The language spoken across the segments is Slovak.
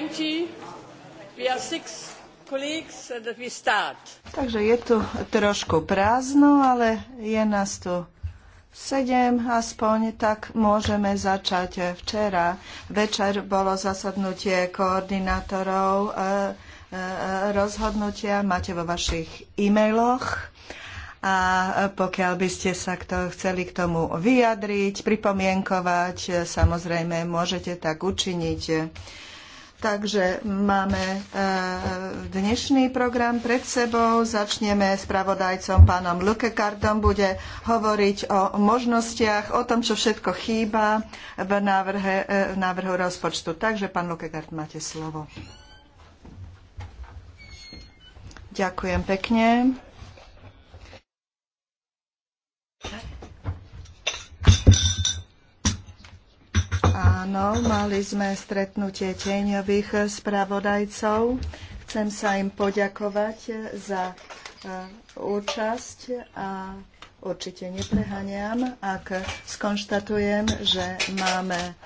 empty. We are six colleagues and we start. Takže je tu trošku prázdno, ale je nás tu sedem aspoň, tak môžeme začať. Včera večer bolo zasadnutie koordinátorov e, e, rozhodnutia, máte vo vašich e-mailoch a pokiaľ by ste sa kto chceli k tomu vyjadriť, pripomienkovať, samozrejme môžete tak učiniť. Takže máme e, dnešný program pred sebou. Začneme s pravodajcom pánom Lukekardom. Bude hovoriť o možnostiach, o tom, čo všetko chýba v, návrhe, e, v návrhu rozpočtu. Takže pán Lukekard, máte slovo. Ďakujem pekne. Áno, mali sme stretnutie tieňových spravodajcov. Chcem sa im poďakovať za e, účasť a určite nepreháňam, ak skonštatujem, že máme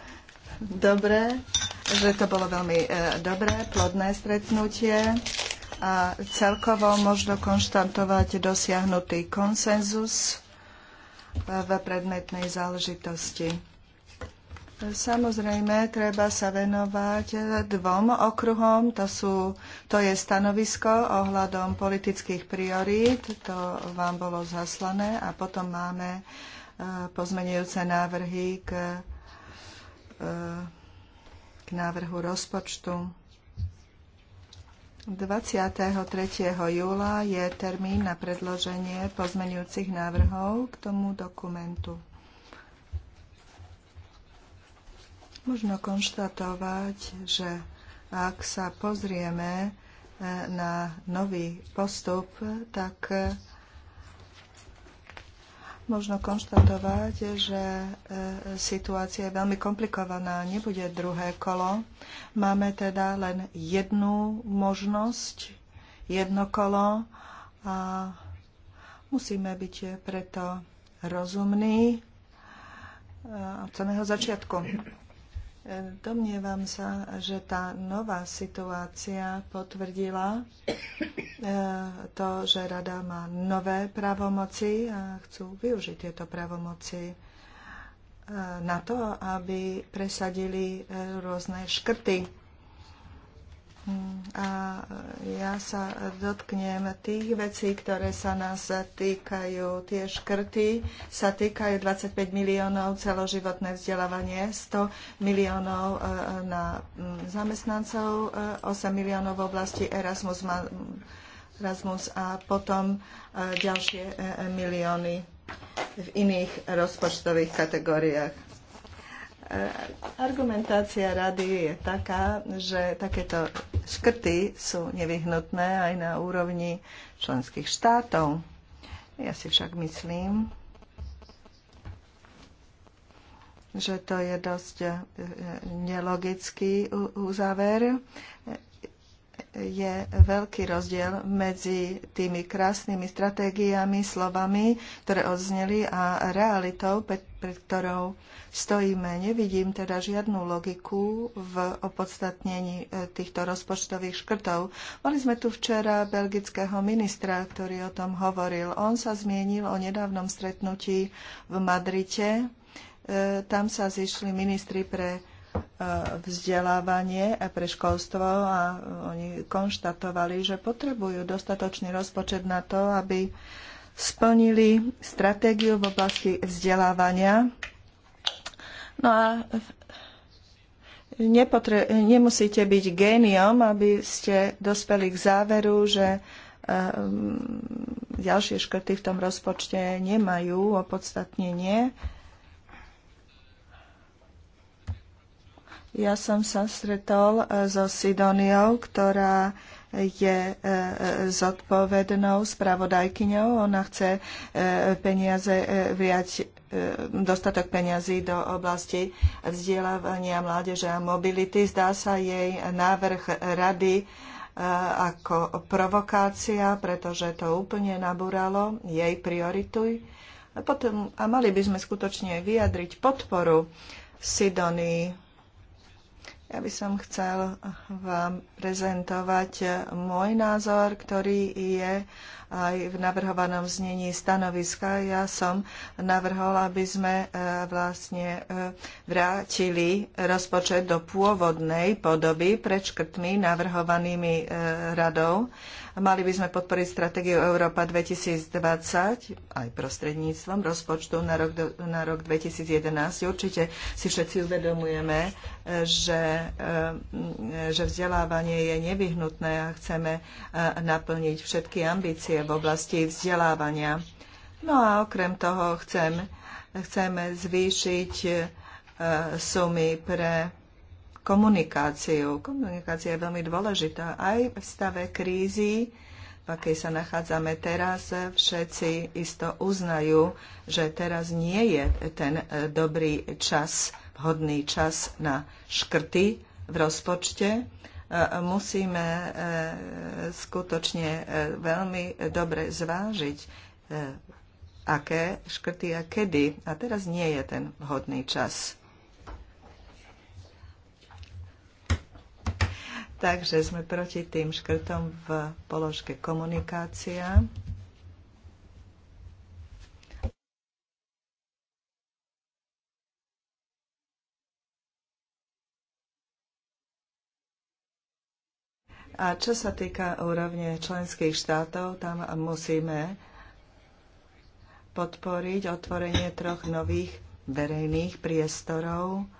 dobré, že to bolo veľmi e, dobré, plodné stretnutie a celkovo možno konštatovať dosiahnutý konsenzus e, v predmetnej záležitosti. Samozrejme, treba sa venovať dvom okruhom. To, sú, to je stanovisko ohľadom politických priorít, to vám bolo zaslané, a potom máme e, pozmenujúce návrhy k, e, k návrhu rozpočtu. 23. júla je termín na predloženie pozmenujúcich návrhov k tomu dokumentu. Možno konštatovať, že ak sa pozrieme eh, na nový postup, tak eh, možno konštatovať, že eh, situácia je veľmi komplikovaná. Nebude druhé kolo. Máme teda len jednu možnosť, jedno kolo a musíme byť preto rozumní od samého začiatku. Domnievam sa, že tá nová situácia potvrdila eh, to, že rada má nové právomoci a chcú využiť tieto právomoci eh, na to, aby presadili eh, rôzne škrty a ja sa dotknem tých vecí, ktoré sa nás týkajú. Tie škrty sa týkajú 25 miliónov celoživotné vzdelávanie, 100 miliónov e, na zamestnancov, 8 e, miliónov v oblasti Erasmus, Erasmus a potom e, ďalšie milióny v iných rozpočtových kategóriách. E, argumentácia rady je taká, že takéto škrty sú nevyhnutné aj na úrovni členských štátov. Ja si však myslím, že to je dosť e, e, nelogický uzáver je veľký rozdiel medzi tými krásnymi stratégiami, slovami, ktoré odzneli a realitou, pred ktorou stojíme. Nevidím teda žiadnu logiku v opodstatnení e, týchto rozpočtových škrtov. Mali sme tu včera belgického ministra, ktorý o tom hovoril. On sa zmienil o nedávnom stretnutí v Madrite. E, tam sa zišli ministri pre vzdelávanie a pre školstvo a oni konštatovali, že potrebujú dostatočný rozpočet na to, aby splnili stratégiu v oblasti vzdelávania. No a nepotre- nemusíte byť géniom, aby ste dospeli k záveru, že ehm, ďalšie škrty v tom rozpočte nemajú opodstatnenie. Ja som sa stretol e, so Sidoniou, ktorá je e, e, zodpovednou spravodajkyňou. Ona chce peniaze viať dostatok peniazy do oblasti vzdelávania mládeže a mobility. Zdá sa jej návrh rady ako provokácia, pretože to úplne nabúralo jej prioritu. A, potom, a mali by sme skutočne vyjadriť podporu Sidonii ja by som chcel vám prezentovať môj názor, ktorý je aj v navrhovanom znení stanoviska. Ja som navrhol, aby sme e, vlastne e, vrátili rozpočet do pôvodnej podoby pred škrtmi navrhovanými e, radou. Mali by sme podporiť stratégiu Európa 2020 aj prostredníctvom rozpočtu na rok, na rok 2011. Určite si všetci uvedomujeme, že, že vzdelávanie je nevyhnutné a chceme naplniť všetky ambície v oblasti vzdelávania. No a okrem toho chcem, chceme zvýšiť e, sumy pre komunikáciu. Komunikácia je veľmi dôležitá aj v stave krízy, v akej sa nachádzame teraz, všetci isto uznajú, že teraz nie je ten e, dobrý čas, vhodný čas na škrty v rozpočte musíme e, skutočne e, veľmi dobre zvážiť, e, aké škrty a kedy. A teraz nie je ten vhodný čas. Takže sme proti tým škrtom v položke komunikácia. A čo sa týka úrovne členských štátov, tam musíme podporiť otvorenie troch nových verejných priestorov.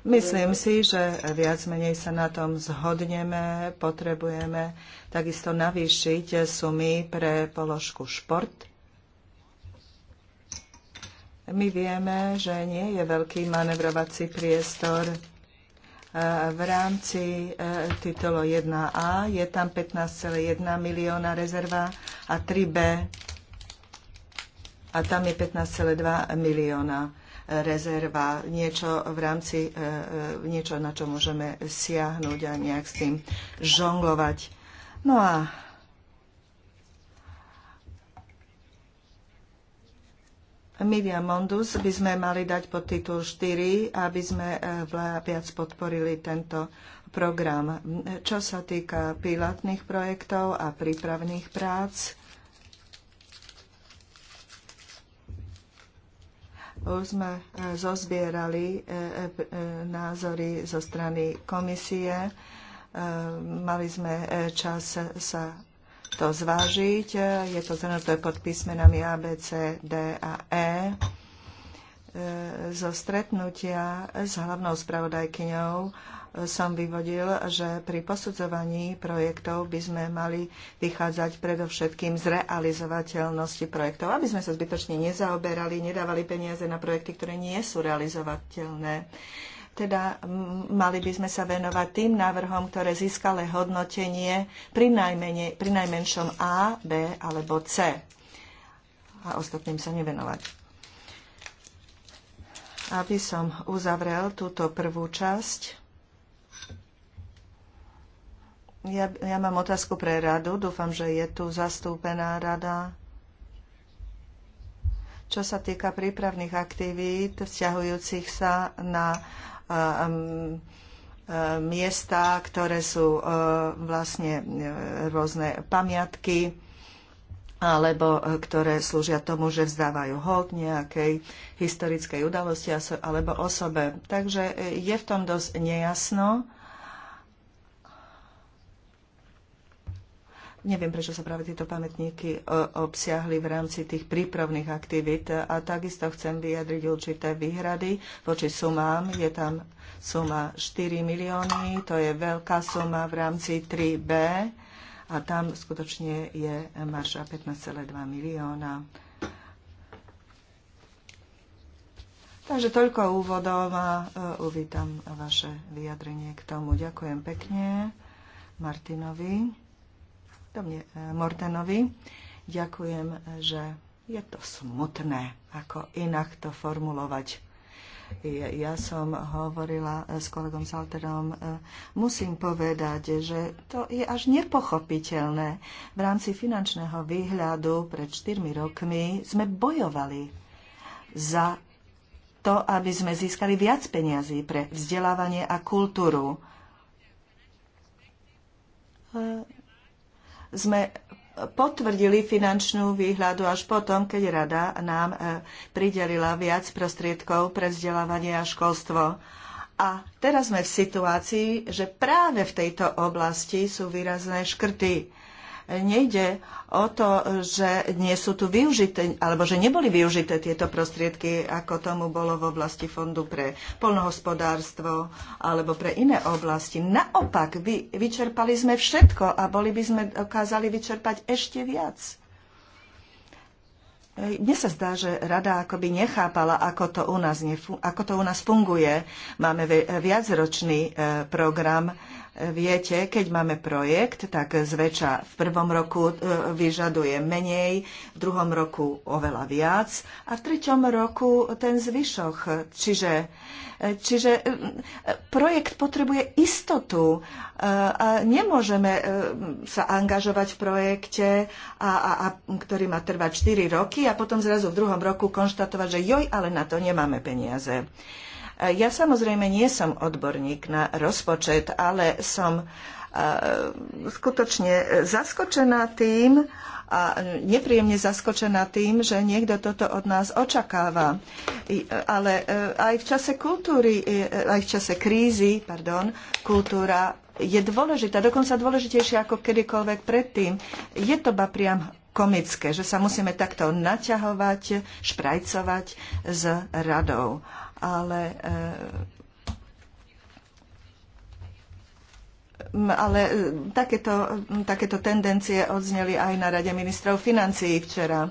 Myslím si, že viac menej sa na tom zhodneme. Potrebujeme takisto navýšiť sumy pre položku šport my vieme, že nie je veľký manevrovací priestor v rámci e, titulu 1A je tam 15,1 milióna rezerva a 3B a tam je 15,2 milióna rezerva, niečo v rámci, e, e, niečo na čo môžeme siahnuť a nejak s tým žonglovať. No a Media Mondus by sme mali dať pod titul 4, aby sme e, viac podporili tento program. Čo sa týka pilotných projektov a prípravných prác, už sme e, zozbierali e, názory zo strany komisie. Mali sme čas sa to zvážiť. Je to zhrnuté pod písmenami A, B, C, D a e. e zo stretnutia s hlavnou spravodajkyňou som vyvodil, že pri posudzovaní projektov by sme mali vychádzať predovšetkým z realizovateľnosti projektov, aby sme sa zbytočne nezaoberali, nedávali peniaze na projekty, ktoré nie sú realizovateľné teda mali by sme sa venovať tým návrhom, ktoré získali hodnotenie pri, pri najmenšom A, B alebo C. A ostatným sa nevenovať. Aby som uzavrel túto prvú časť, ja, ja mám otázku pre radu. Dúfam, že je tu zastúpená rada. Čo sa týka prípravných aktivít vzťahujúcich sa na Um, e, miesta, ktoré sú e, vlastne e, rôzne pamiatky alebo ktoré slúžia tomu, že vzdávajú hold nejakej historickej udalosti alebo osobe. Takže je v tom dosť nejasno Neviem, prečo sa práve tieto pamätníky e, obsiahli v rámci tých prípravných aktivít a takisto chcem vyjadriť určité výhrady voči sumám. Je tam suma 4 milióny, to je veľká suma v rámci 3B a tam skutočne je marša 15,2 milióna. Takže toľko úvodom a e, uvítam vaše vyjadrenie k tomu. Ďakujem pekne Martinovi domne Mordanovi. Ďakujem, že je to smutné, ako inak to formulovať. Ja som hovorila e, s kolegom Salterom, e, musím povedať, že to je až nepochopiteľné. V rámci finančného výhľadu pred 4 rokmi sme bojovali za to, aby sme získali viac peniazy pre vzdelávanie a kultúru e, sme potvrdili finančnú výhľadu až potom, keď rada nám e, pridelila viac prostriedkov pre vzdelávanie a školstvo. A teraz sme v situácii, že práve v tejto oblasti sú výrazné škrty. Nejde o to, že nie sú tu využité, alebo že neboli využité tieto prostriedky, ako tomu bolo v oblasti Fondu pre polnohospodárstvo alebo pre iné oblasti. Naopak, vy, vyčerpali sme všetko a boli by sme dokázali vyčerpať ešte viac. Mne sa zdá, že rada akoby nechápala, ako to u nás, nefu- ako to u nás funguje. Máme viacročný e, program Viete, keď máme projekt, tak zväčša v prvom roku e, vyžaduje menej, v druhom roku oveľa viac a v treťom roku ten zvyšok. Čiže, e, čiže e, projekt potrebuje istotu a nemôžeme sa angažovať v projekte, a, a, a, ktorý má trvať 4 roky a potom zrazu v druhom roku konštatovať, že joj, ale na to nemáme peniaze. Ja samozrejme nie som odborník na rozpočet, ale som e, skutočne zaskočená tým a nepríjemne zaskočená tým, že niekto toto od nás očakáva. Ale e, aj v čase kultúry, e, aj v čase krízy, pardon, kultúra je dôležitá, dokonca dôležitejšia ako kedykoľvek predtým. Je to ba priam komické, že sa musíme takto naťahovať, šprajcovať s radou ale e, ale e, takéto, takéto tendencie odzneli aj na Rade ministrov financií včera.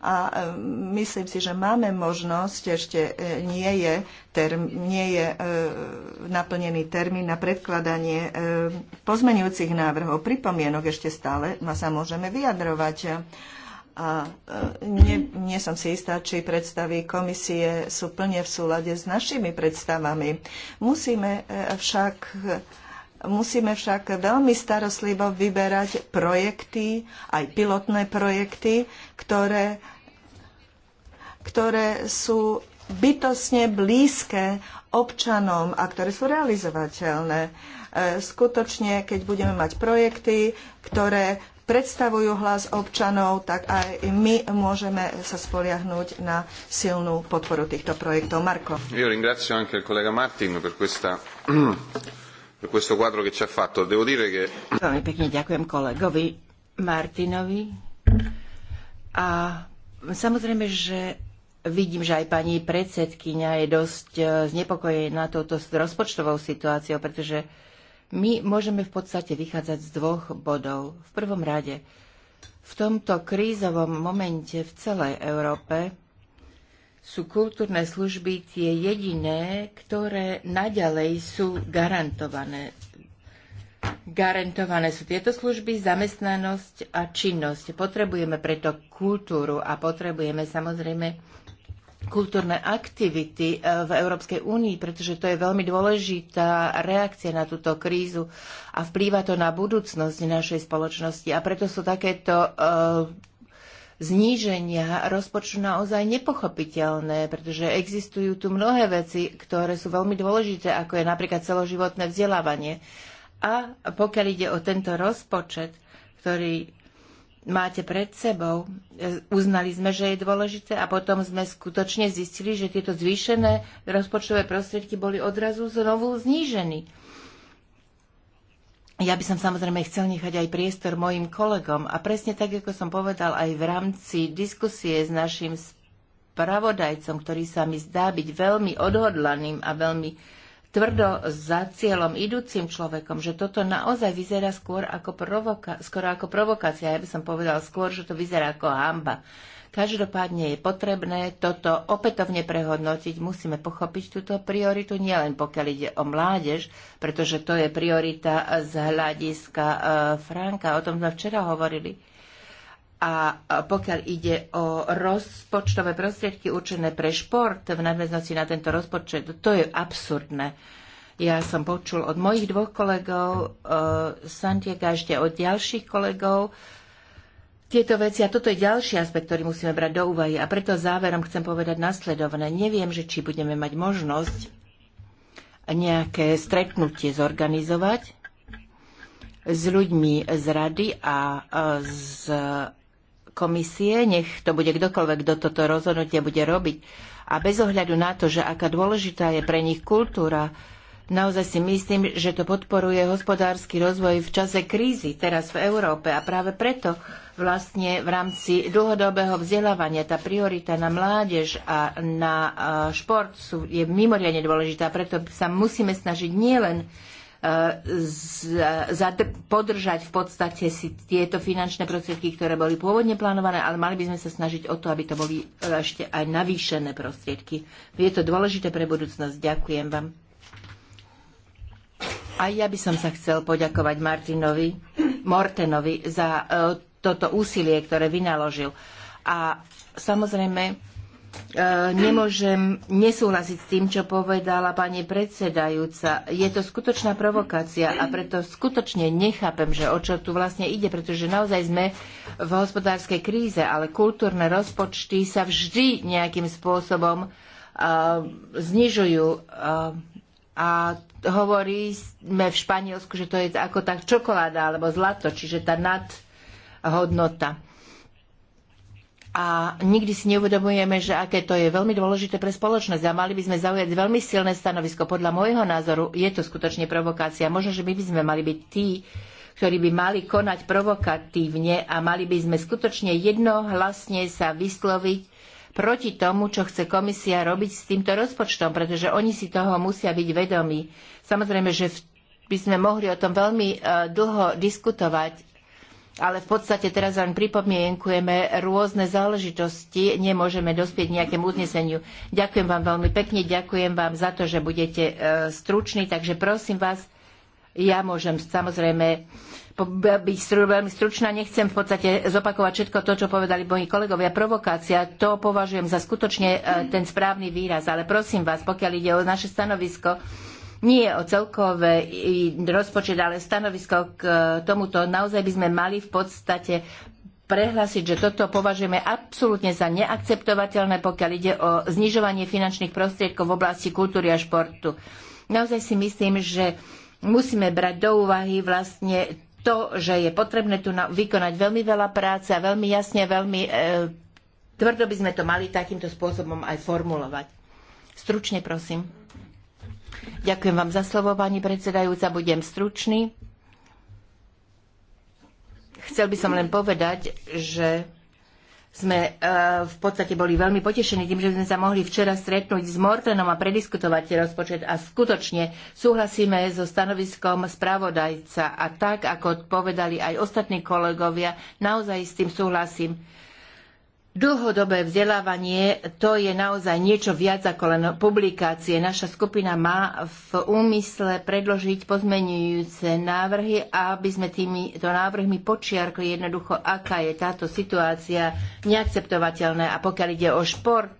A e, myslím si, že máme možnosť, ešte nie je, term, nie je naplnený termín na predkladanie pozmenujúcich návrhov. Pripomienok ešte stále sa môžeme vyjadrovať a e, nie, nie som si istá, či predstavy komisie sú plne v súlade s našimi predstavami. Musíme e, však, musíme však veľmi starostlivo vyberať projekty, aj pilotné projekty, ktoré, ktoré sú bytosne blízke občanom a ktoré sú realizovateľné. E, skutočne, keď budeme mať projekty, ktoré predstavujú hlas občanov, tak aj my môžeme sa spoliahnuť na silnú podporu týchto projektov. Marko. Io ringrazio anche il collega Martin per questa per questo quadro che ci ha fatto. Devo dire che Veľmi pekne ďakujem kolegovi Martinovi. A samozrejme, že vidím, že aj pani predsedkynia je dosť eh, znepokojená touto rozpočtovou situáciou, pretože my môžeme v podstate vychádzať z dvoch bodov. V prvom rade, v tomto krízovom momente v celej Európe sú kultúrne služby tie jediné, ktoré naďalej sú garantované. Garantované sú tieto služby, zamestnanosť a činnosť. Potrebujeme preto kultúru a potrebujeme samozrejme kultúrne aktivity eh, v Európskej únii, pretože to je veľmi dôležitá reakcia na túto krízu a vplýva to na budúcnosť našej spoločnosti. A preto sú takéto eh, zníženia rozpočtu naozaj nepochopiteľné, pretože existujú tu mnohé veci, ktoré sú veľmi dôležité, ako je napríklad celoživotné vzdelávanie. A pokiaľ ide o tento rozpočet, ktorý máte pred sebou. E, uznali sme, že je dôležité a potom sme skutočne zistili, že tieto zvýšené rozpočtové prostriedky boli odrazu znovu znížené. Ja by som samozrejme chcel nechať aj priestor mojim kolegom a presne tak, ako som povedal aj v rámci diskusie s našim spravodajcom, ktorý sa mi zdá byť veľmi odhodlaným a veľmi tvrdo za cieľom idúcim človekom, že toto naozaj vyzerá skôr ako, provoka- skoro ako provokácia. Ja by som povedal skôr, že to vyzerá ako hamba. Každopádne je potrebné toto opätovne prehodnotiť. Musíme pochopiť túto prioritu nielen pokiaľ ide o mládež, pretože to je priorita z hľadiska eh, Franka. O tom sme včera hovorili. A pokiaľ ide o rozpočtové prostriedky určené pre šport v nadväznosti na tento rozpočet, to je absurdné. Ja som počul od mojich dvoch kolegov, uh, e, Santiaga ešte od ďalších kolegov, tieto veci, a toto je ďalší aspekt, ktorý musíme brať do úvahy. A preto záverom chcem povedať nasledovné. Neviem, že či budeme mať možnosť nejaké stretnutie zorganizovať s ľuďmi z rady a e, z komisie, nech to bude kdokoľvek, kto toto rozhodnutie bude robiť. A bez ohľadu na to, že aká dôležitá je pre nich kultúra, naozaj si myslím, že to podporuje hospodársky rozvoj v čase krízy teraz v Európe. A práve preto vlastne v rámci dlhodobého vzdelávania tá priorita na mládež a na šport sú, je mimoriadne dôležitá. Preto sa musíme snažiť nielen podržať v podstate si tieto finančné prostriedky, ktoré boli pôvodne plánované, ale mali by sme sa snažiť o to, aby to boli e, ešte aj navýšené prostriedky. Je to dôležité pre budúcnosť. Ďakujem vám. A ja by som sa chcel poďakovať Martinovi, Mortenovi za e, toto úsilie, ktoré vynaložil. A samozrejme, E, nemôžem nesúhlasiť s tým, čo povedala pani predsedajúca. Je to skutočná provokácia a preto skutočne nechápem, že o čo tu vlastne ide, pretože naozaj sme v hospodárskej kríze, ale kultúrne rozpočty sa vždy nejakým spôsobom uh, znižujú. Uh, a hovoríme v Španielsku, že to je ako tak čokoláda alebo zlato, čiže tá nadhodnota a nikdy si neuvedomujeme, že aké to je veľmi dôležité pre spoločnosť a mali by sme zaujať veľmi silné stanovisko. Podľa môjho názoru je to skutočne provokácia. Možno, že my by sme mali byť tí, ktorí by mali konať provokatívne a mali by sme skutočne jednohlasne sa vysloviť proti tomu, čo chce komisia robiť s týmto rozpočtom, pretože oni si toho musia byť vedomí. Samozrejme, že by sme mohli o tom veľmi eh, dlho diskutovať ale v podstate teraz len pripomienkujeme rôzne záležitosti, nemôžeme dospieť nejakému uzneseniu. Ďakujem vám veľmi pekne, ďakujem vám za to, že budete e, struční, takže prosím vás, ja môžem samozrejme byť veľmi stručná, nechcem v podstate zopakovať všetko to, čo povedali moji kolegovia. Provokácia, to považujem za skutočne e, ten správny výraz, ale prosím vás, pokiaľ ide o naše stanovisko, nie o celkový rozpočet, ale stanovisko k tomuto, naozaj by sme mali v podstate prehlásiť, že toto považujeme absolútne za neakceptovateľné, pokiaľ ide o znižovanie finančných prostriedkov v oblasti kultúry a športu. Naozaj si myslím, že musíme brať do úvahy vlastne to, že je potrebné tu vykonať veľmi veľa práce a veľmi jasne, veľmi e, tvrdo by sme to mali takýmto spôsobom aj formulovať. Stručne prosím. Ďakujem vám za slovo, pani predsedajúca. Budem stručný. Chcel by som len povedať, že sme e, v podstate boli veľmi potešení tým, že sme sa mohli včera stretnúť s Mortenom a prediskutovať rozpočet a skutočne súhlasíme so stanoviskom spravodajca a tak, ako povedali aj ostatní kolegovia, naozaj s tým súhlasím. Dlhodobé vzdelávanie to je naozaj niečo viac ako len publikácie. Naša skupina má v úmysle predložiť pozmenujúce návrhy, aby sme týmito návrhmi počiarkli jednoducho, aká je táto situácia neakceptovateľná. A pokiaľ ide o šport,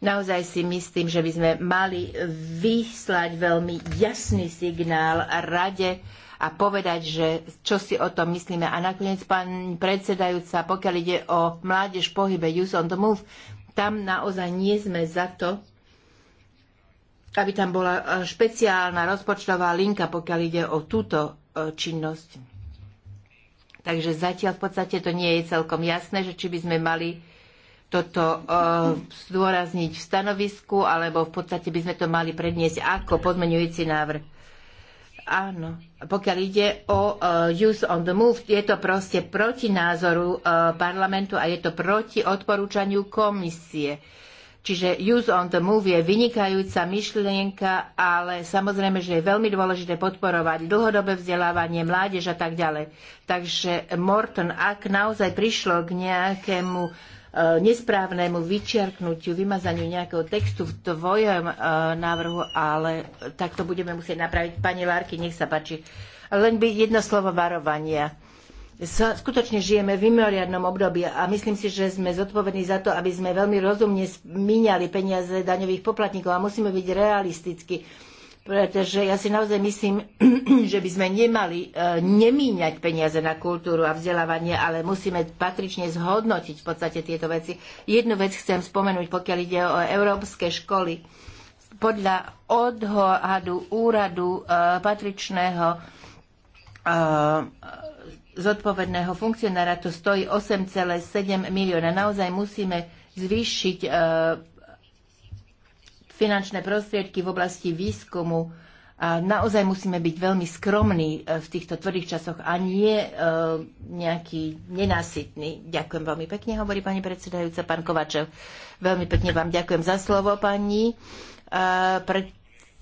naozaj si myslím, že by sme mali vyslať veľmi jasný signál rade, a povedať, že čo si o tom myslíme. A nakoniec, pán predsedajúca, pokiaľ ide o mládež pohybe Youth on the Move, tam naozaj nie sme za to, aby tam bola e, špeciálna rozpočtová linka, pokiaľ ide o túto e, činnosť. Takže zatiaľ v podstate to nie je celkom jasné, že či by sme mali toto e, zdôrazniť v stanovisku, alebo v podstate by sme to mali predniesť ako pozmeňujúci návrh áno, pokiaľ ide o uh, eh, use on the Move, je to proste proti názoru uh, parlamentu a je to proti odporúčaniu komisie. Čiže use on the Move je vynikajúca myšlienka, ale samozrejme, že je veľmi dôležité podporovať dlhodobé vzdelávanie, mládež a tak ďalej. Takže Morton, ak naozaj prišlo k nejakému uh, E, nesprávnemu vyčerknutiu, vymazaniu nejakého textu v tvojom e, návrhu, ale tak to budeme musieť napraviť. Pani Lárky, nech sa páči. Len by jedno slovo varovania. Skutočne žijeme v mimoriadnom období a myslím si, že sme zodpovední za to, aby sme veľmi rozumne míňali peniaze daňových poplatníkov a musíme byť realistickí pretože ja si naozaj myslím, že by sme nemali e, nemíňať peniaze na kultúru a vzdelávanie, ale musíme patrične zhodnotiť v podstate tieto veci. Jednu vec chcem spomenúť, pokiaľ ide o európske školy. Podľa odhadu úradu e, patričného e, zodpovedného funkcionára to stojí 8,7 milióna. Naozaj musíme zvýšiť finančné prostriedky v oblasti výskumu. A naozaj musíme byť veľmi skromní e, v týchto tvrdých časoch a nie e, nejaký nenásytný. Ďakujem veľmi pekne, hovorí pani predsedajúca, pán Kovačev. Veľmi pekne vám ďakujem za slovo, pani e,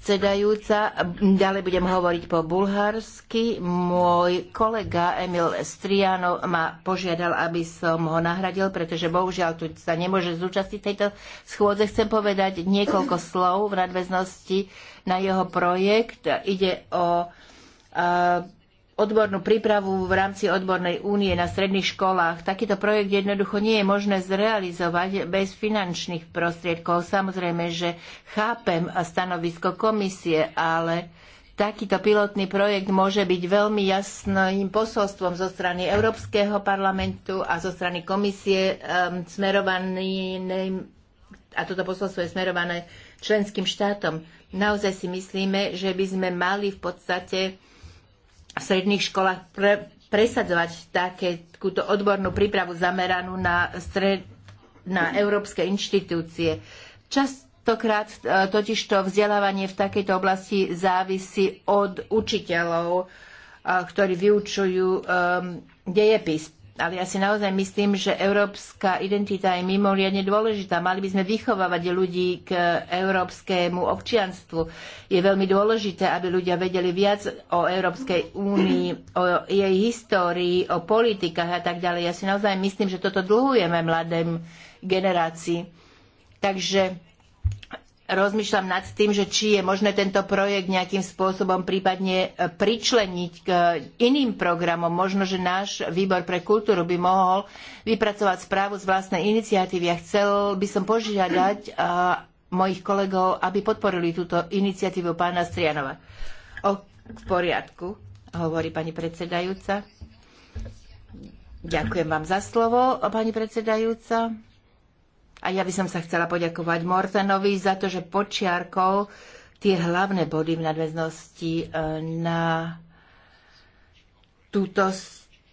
predsedajúca. Ďalej budem hovoriť po bulharsky. Môj kolega Emil Striano ma požiadal, aby som ho nahradil, pretože bohužiaľ tu sa nemôže zúčastiť tejto schôdze. Chcem povedať niekoľko slov v nadväznosti na jeho projekt. Ide o eh, odbornú prípravu v rámci odbornej únie na stredných školách. Takýto projekt jednoducho nie je možné zrealizovať bez finančných prostriedkov. Samozrejme, že chápem stanovisko komisie, ale takýto pilotný projekt môže byť veľmi jasným posolstvom zo strany Európskeho parlamentu a zo strany komisie um, ehm, smerovaným a toto posolstvo je smerované členským štátom. Naozaj si myslíme, že by sme mali v podstate v stredných školách pre, presadzovať takúto odbornú prípravu zameranú na, stred, na európske inštitúcie. Častokrát e, to vzdelávanie v takejto oblasti závisí od učiteľov, e, ktorí vyučujú e, dejepis ale ja si naozaj myslím, že európska identita je mimoriadne dôležitá. Mali by sme vychovávať ľudí k európskemu občianstvu. Je veľmi dôležité, aby ľudia vedeli viac o Európskej únii, o jej histórii, o politikách a tak ďalej. Ja si naozaj myslím, že toto dlhujeme mladým generácii. Takže rozmýšľam nad tým, že či je možné tento projekt nejakým spôsobom prípadne e, pričleniť k e, iným programom. Možno, že náš výbor pre kultúru by mohol vypracovať správu z vlastnej iniciatívy. Ja chcel by som požiadať e, mojich kolegov, aby podporili túto iniciatívu pána Strianova. O v poriadku, hovorí pani predsedajúca. Ďakujem vám za slovo, pani predsedajúca. A ja by som sa chcela poďakovať Mortenovi za to, že počiarkol tie hlavné body v nadväznosti e, na túto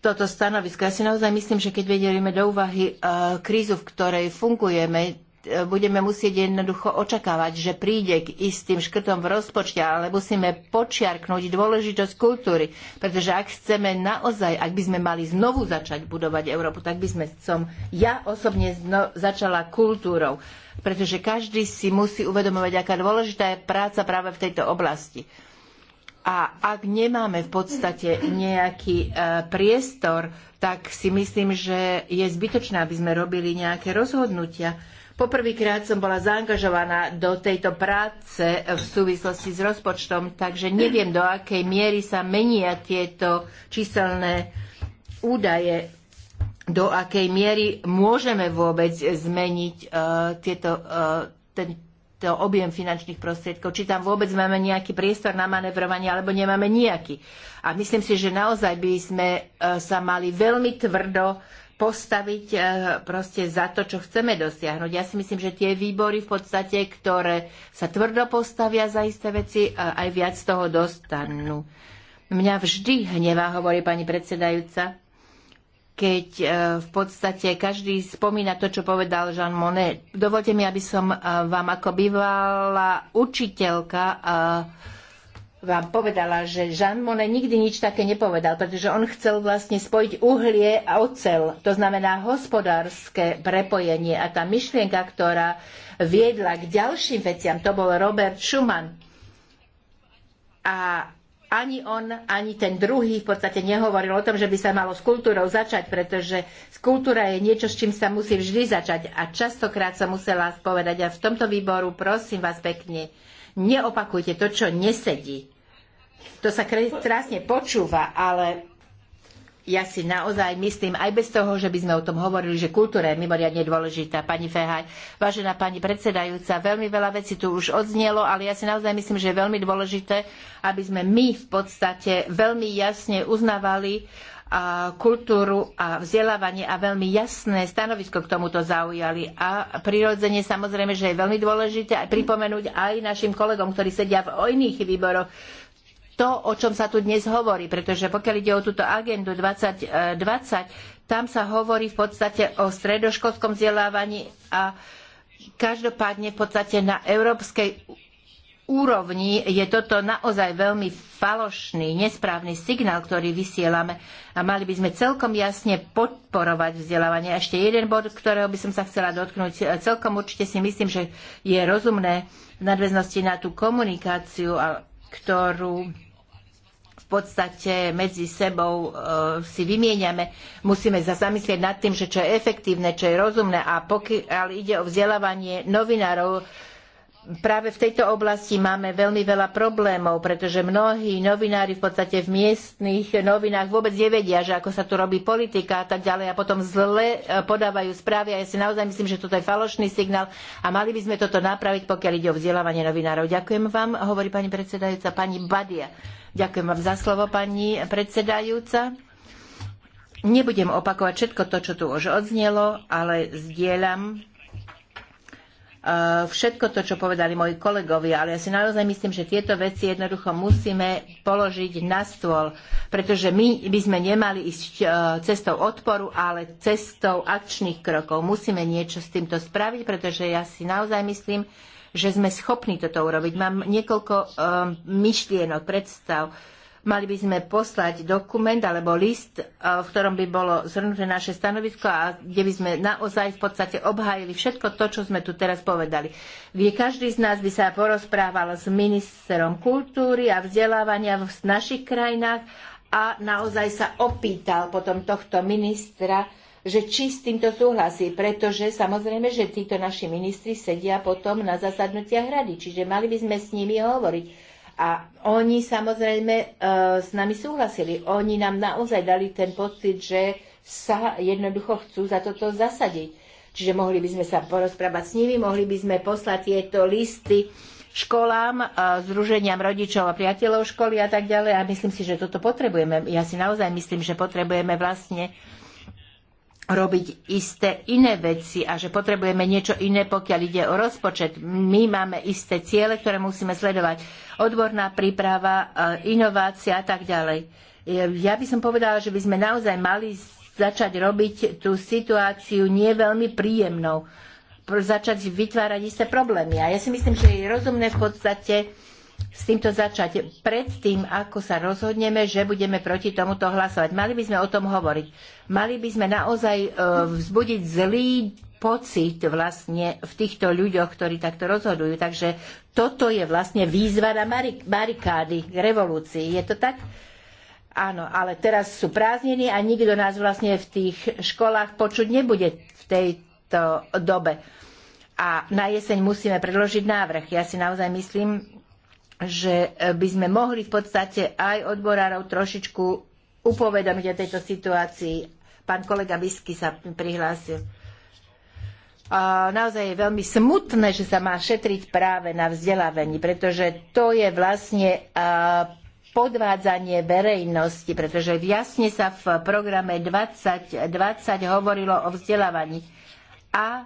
toto stanovisko. Ja si naozaj myslím, že keď vedelíme do úvahy e, krízu, v ktorej fungujeme, budeme musieť jednoducho očakávať, že príde k istým škrtom v rozpočte, ale musíme počiarknúť dôležitosť kultúry, pretože ak chceme naozaj, ak by sme mali znovu začať budovať Európu, tak by sme som ja osobne začala kultúrou, pretože každý si musí uvedomovať, aká dôležitá je práca práve v tejto oblasti. A ak nemáme v podstate nejaký e, priestor, tak si myslím, že je zbytočné, aby sme robili nejaké rozhodnutia, Poprvýkrát som bola zaangažovaná do tejto práce v súvislosti s rozpočtom, takže neviem, do akej miery sa menia tieto číselné údaje, do akej miery môžeme vôbec zmeniť uh, tieto, uh, tento objem finančných prostriedkov, či tam vôbec máme nejaký priestor na manevrovanie, alebo nemáme nejaký. A myslím si, že naozaj by sme uh, sa mali veľmi tvrdo postaviť e, proste za to, čo chceme dosiahnuť. Ja si myslím, že tie výbory v podstate, ktoré sa tvrdo postavia za isté veci, e, aj viac z toho dostanú. Mňa vždy hnevá, hovorí pani predsedajúca, keď e, v podstate každý spomína to, čo povedal Jean Monnet. Dovolte mi, aby som vám ako bývalá učiteľka vám povedala, že Jean Monnet nikdy nič také nepovedal, pretože on chcel vlastne spojiť uhlie a ocel, to znamená hospodárske prepojenie. A tá myšlienka, ktorá viedla k ďalším veciam, to bol Robert Schumann. A ani on, ani ten druhý v podstate nehovoril o tom, že by sa malo s kultúrou začať, pretože kultúra je niečo, s čím sa musí vždy začať. A častokrát sa musela povedať, a v tomto výboru prosím vás pekne, neopakujte to, čo nesedí to sa krásne počúva, ale ja si naozaj myslím, aj bez toho, že by sme o tom hovorili, že kultúra je mimoriadne dôležitá. Pani Fehaj, vážená pani predsedajúca, veľmi veľa vecí tu už odznielo, ale ja si naozaj myslím, že je veľmi dôležité, aby sme my v podstate veľmi jasne uznávali a kultúru a vzdelávanie a veľmi jasné stanovisko k tomuto zaujali. A prirodzene samozrejme, že je veľmi dôležité aj pripomenúť aj našim kolegom, ktorí sedia v iných výboroch, to, o čom sa tu dnes hovorí, pretože pokiaľ ide o túto agendu 2020, eh, tam sa hovorí v podstate o stredoškolskom vzdelávaní a každopádne v podstate na európskej úrovni je toto naozaj veľmi falošný, nesprávny signál, ktorý vysielame a mali by sme celkom jasne podporovať vzdelávanie. Ešte jeden bod, ktorého by som sa chcela dotknúť. Eh, celkom určite si myslím, že je rozumné v nadväznosti na tú komunikáciu, ktorú podstate medzi sebou e, si vymieňame, musíme sa zamyslieť nad tým, že čo je efektívne, čo je rozumné a pokiaľ ide o vzdelávanie novinárov, práve v tejto oblasti máme veľmi veľa problémov, pretože mnohí novinári v podstate v miestnych novinách vôbec nevedia, že ako sa tu robí politika a tak ďalej a potom zle e, podávajú správy a ja si naozaj myslím, že toto je falošný signál a mali by sme toto napraviť, pokiaľ ide o vzdelávanie novinárov. Ďakujem vám, hovorí pani predsedajúca, pani Badia. Ďakujem vám za slovo, pani predsedajúca. Nebudem opakovať všetko to, čo tu už odznelo, ale zdieľam Eh, všetko to, čo povedali moji kolegovia, ale ja si naozaj myslím, že tieto veci jednoducho musíme položiť na stôl, pretože my by sme nemali ísť eh, cestou odporu, ale cestou akčných krokov. Musíme niečo s týmto spraviť, pretože ja si naozaj myslím, že sme schopní toto urobiť. Mám niekoľko eh, myšlienok, predstav Mali by sme poslať dokument alebo list, e, v ktorom by bolo zhrnuté naše stanovisko a kde by sme naozaj v podstate obhájili všetko to, čo sme tu teraz povedali. Kde každý z nás by sa porozprával s ministrom kultúry a vzdelávania v našich krajinách a naozaj sa opýtal potom tohto ministra, že či s týmto súhlasí, pretože samozrejme, že títo naši ministri sedia potom na zasadnutiach rady, čiže mali by sme s nimi hovoriť. A oni samozrejme e, s nami súhlasili. Oni nám naozaj dali ten pocit, že sa jednoducho chcú za toto zasadiť. Čiže mohli by sme sa porozprávať s nimi, mohli by sme poslať tieto listy školám, e, združeniam rodičov a priateľov školy a tak ďalej. A myslím si, že toto potrebujeme. Ja si naozaj myslím, že potrebujeme vlastne robiť isté iné veci a že potrebujeme niečo iné, pokiaľ ide o rozpočet. My máme isté ciele, ktoré musíme sledovať. Odborná príprava, e, inovácia a tak ďalej. E, ja by som povedala, že by sme naozaj mali začať robiť tú situáciu nie veľmi príjemnou. Začať vytvárať isté problémy. A ja si myslím, že je rozumné v podstate s týmto začať predtým, ako sa rozhodneme, že budeme proti tomuto hlasovať. Mali by sme o tom hovoriť. Mali by sme naozaj e, vzbudiť zlý pocit vlastne v týchto ľuďoch, ktorí takto rozhodujú. Takže toto je vlastne výzva na barikády k revolúcii. Je to tak? Áno, ale teraz sú prázdniny a nikto nás vlastne v tých školách počuť nebude v tejto dobe. A na jeseň musíme predložiť návrh. Ja si naozaj myslím, že e, by sme mohli v podstate aj odborárov trošičku upovedomiť o tejto situácii. Pán kolega Bisky sa prihlásil. A naozaj je veľmi smutné, že sa má šetriť práve na vzdelávaní, pretože to je vlastne e, podvádzanie verejnosti, pretože jasne sa v programe 2020 hovorilo o vzdelávaní. A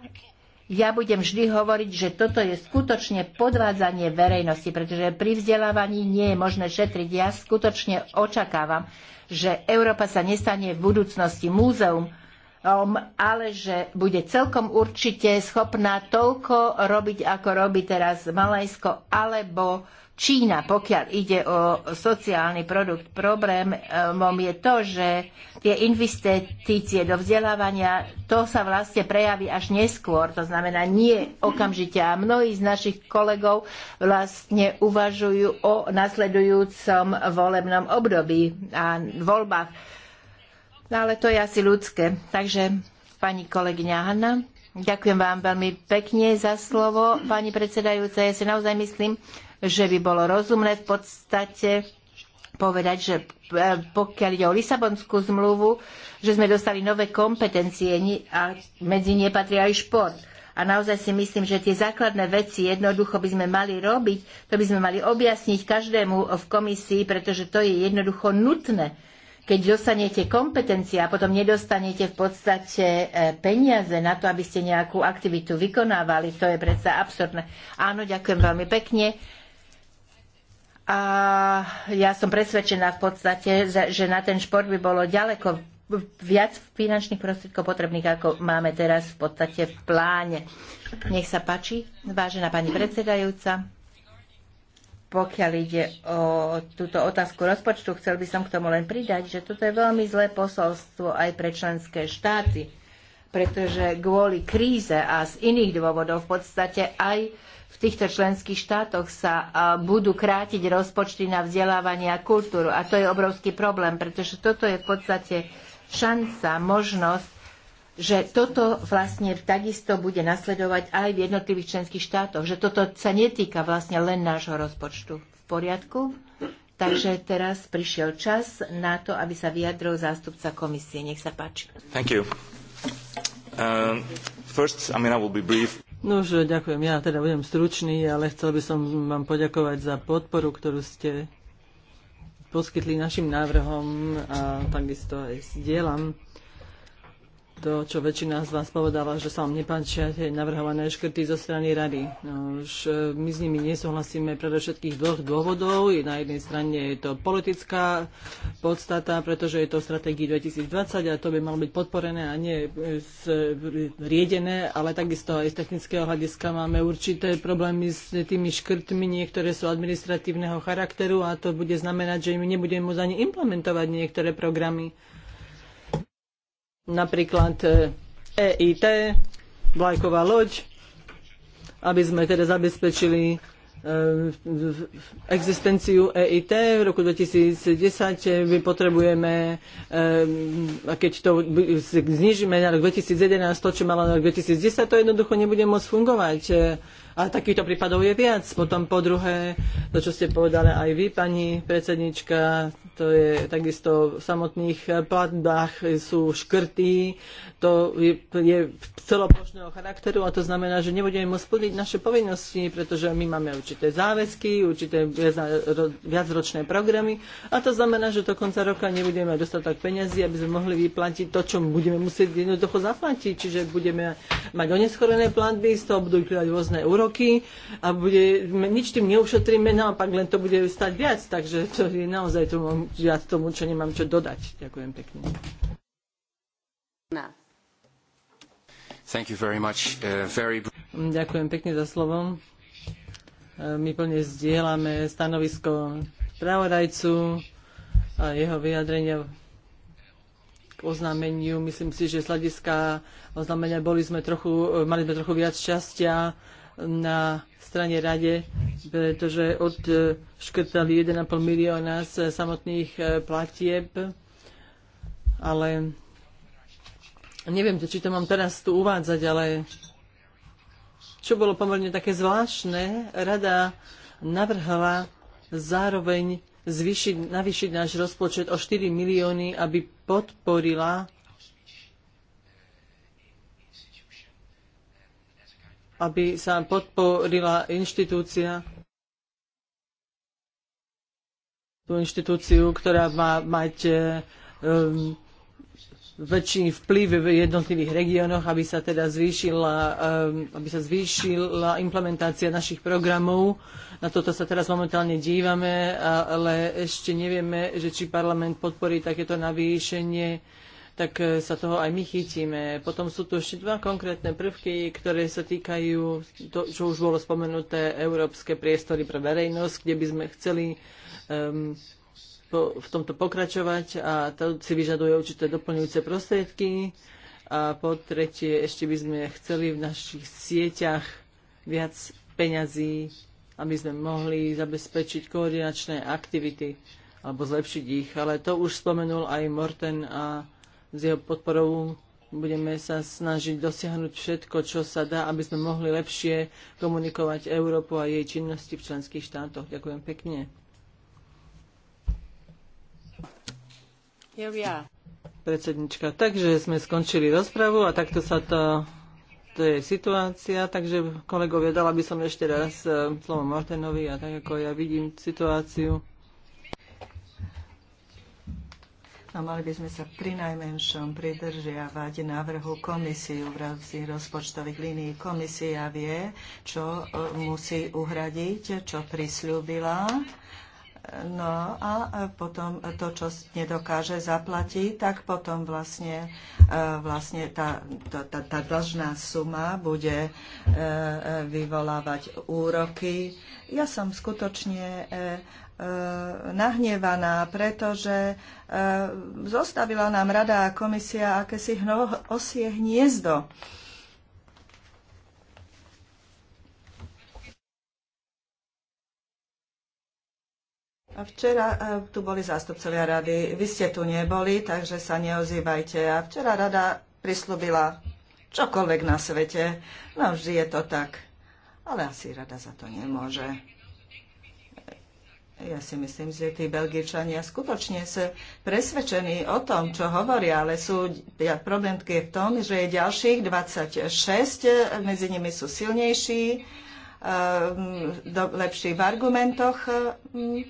ja budem vždy hovoriť, že toto je skutočne podvádzanie verejnosti, pretože pri vzdelávaní nie je možné šetriť. Ja skutočne očakávam, že Európa sa nestane v budúcnosti múzeum, um, ale že bude celkom určite schopná toľko robiť, ako robí teraz Malajsko, alebo Čína, pokiaľ ide o sociálny produkt, problémom je to, že tie investície do vzdelávania, to sa vlastne prejaví až neskôr, to znamená nie okamžite. A mnohí z našich kolegov vlastne uvažujú o nasledujúcom volebnom období a voľbách. No ale to je asi ľudské. Takže pani kolegyňa Hanna. Ďakujem vám veľmi pekne za slovo, pani predsedajúca. Ja si naozaj myslím, že by bolo rozumné v podstate povedať, že e, pokiaľ ide o Lisabonskú zmluvu, že sme dostali nové kompetencie a medzi nie patrí aj šport. A naozaj si myslím, že tie základné veci jednoducho by sme mali robiť, to by sme mali objasniť každému v komisii, pretože to je jednoducho nutné. Keď dostanete kompetencie a potom nedostanete v podstate e, peniaze na to, aby ste nejakú aktivitu vykonávali, to je predsa absurdné. Áno, ďakujem veľmi pekne. A ja som presvedčená v podstate, že na ten šport by bolo ďaleko viac finančných prostriedkov potrebných, ako máme teraz v podstate v pláne. Nech sa páči, vážená pani predsedajúca. Pokiaľ ide o túto otázku rozpočtu, chcel by som k tomu len pridať, že toto je veľmi zlé posolstvo aj pre členské štáty, pretože kvôli kríze a z iných dôvodov v podstate aj v týchto členských štátoch sa budú krátiť rozpočty na vzdelávanie a kultúru. A to je obrovský problém, pretože toto je v podstate šanca, možnosť, že toto vlastne takisto bude nasledovať aj v jednotlivých členských štátoch, že toto sa netýka vlastne len nášho rozpočtu. V poriadku? Takže teraz prišiel čas na to, aby sa vyjadril zástupca komisie. Nech sa páči. Thank you. Uh, first, I mean, I will be brief. Nož, ďakujem. Ja teda budem stručný, ale chcel by som vám poďakovať za podporu, ktorú ste poskytli našim návrhom a takisto aj sdielam to, čo väčšina z vás povedala, že sa vám nepáčia tie navrhované škrty zo strany rady. No, už e, my s nimi nesúhlasíme pre všetkých dvoch dôvodov. Na jednej strane je to politická podstata, pretože je to v 2020 a to by malo byť podporené a nie e, riedené, ale takisto aj z technického hľadiska máme určité problémy s tými škrtmi, niektoré sú administratívneho charakteru a to bude znamenať, že my nebudeme môcť ani implementovať niektoré programy napríklad EIT, e vlajková loď, aby sme teda zabezpečili e, existenciu EIT. V roku 2010 my potrebujeme, e, keď to znižíme na rok 2011, to, čo malo na rok 2010, to jednoducho nebude môcť fungovať. A takýchto prípadov je viac. Potom po druhé, to čo ste povedali aj vy, pani predsednička, to je takisto v samotných platbách sú škrty, to je, je celoplošného charakteru a to znamená, že nebudeme môcť splniť naše povinnosti, pretože my máme určité záväzky, určité viacročné programy a to znamená, že do konca roka nebudeme dostatok peňazí, aby sme mohli vyplatiť to, čo budeme musieť jednoducho zaplatiť. Čiže budeme mať oneskorené platby, z toho budú kľať rôzne úroky roky a bude, nič tým neušetríme, naopak no len to bude stať viac, takže to je naozaj tomu, ja tomu, čo nemám čo dodať. Ďakujem pekne. Thank you very much. Uh, very... Ďakujem pekne za slovo. Uh, my plne zdieľame stanovisko pravodajcu a jeho vyjadrenia k oznámeniu. Myslím si, že z hľadiska oznámenia boli sme trochu, uh, mali sme trochu viac šťastia na strane rade, pretože odškrtali 1,5 milióna z samotných e, platieb, ale neviem, či to mám teraz tu uvádzať, ale čo bolo pomerne také zvláštne, rada navrhla zároveň zvýšiť, navýšiť náš rozpočet o 4 milióny, aby podporila aby sa podporila inštitúcia tú inštitúciu, ktorá má mať um, väčší vplyv v jednotlivých regiónoch, aby sa teda zvýšila, um, aby sa zvýšila implementácia našich programov. Na toto sa teraz momentálne dívame, ale ešte nevieme, že či parlament podporí takéto navýšenie tak e, sa toho aj my chytíme. Potom sú tu ešte dva konkrétne prvky, ktoré sa týkajú, to, čo už bolo spomenuté, európske priestory pre verejnosť, kde by sme chceli um, po, v tomto pokračovať a to si vyžaduje určité doplňujúce prostriedky. A po tretie, ešte by sme chceli v našich sieťach viac peňazí, aby sme mohli zabezpečiť koordinačné aktivity alebo zlepšiť ich. Ale to už spomenul aj Morten a s jeho podporou budeme sa snažiť dosiahnuť všetko, čo sa dá, aby sme mohli lepšie komunikovať Európu a jej činnosti v členských štátoch. Ďakujem pekne. Predsednička, takže sme skončili rozpravu a takto sa to, to je situácia. Takže kolegovia, dala by som ešte raz eh, slovo Martinovi a tak ako ja vidím situáciu. a mali by sme sa pri najmenšom pridržiavať návrhu komisiu v rámci rozpočtových línií. Komisia vie, čo e, musí uhradiť, čo prisľúbila. No a e, potom to, čo nedokáže zaplatiť, tak potom vlastne, e, vlastne tá, tá, tá, tá dlžná suma bude vyvolávať úroky. Ja som skutočne E, nahnevaná, pretože e, zostavila nám rada a komisia akési osie hniezdo. A včera e, tu boli zástupcovia rady, vy ste tu neboli, takže sa neozývajte. A včera rada prislúbila čokoľvek na svete. No vždy je to tak. Ale asi rada za to nemôže. Ja si myslím, že tí Belgičania skutočne sú presvedčení o tom, čo hovoria, ale sú, ja, problém je v tom, že je ďalších 26, medzi nimi sú silnejší, eh, do, lepší v argumentoch. Hm,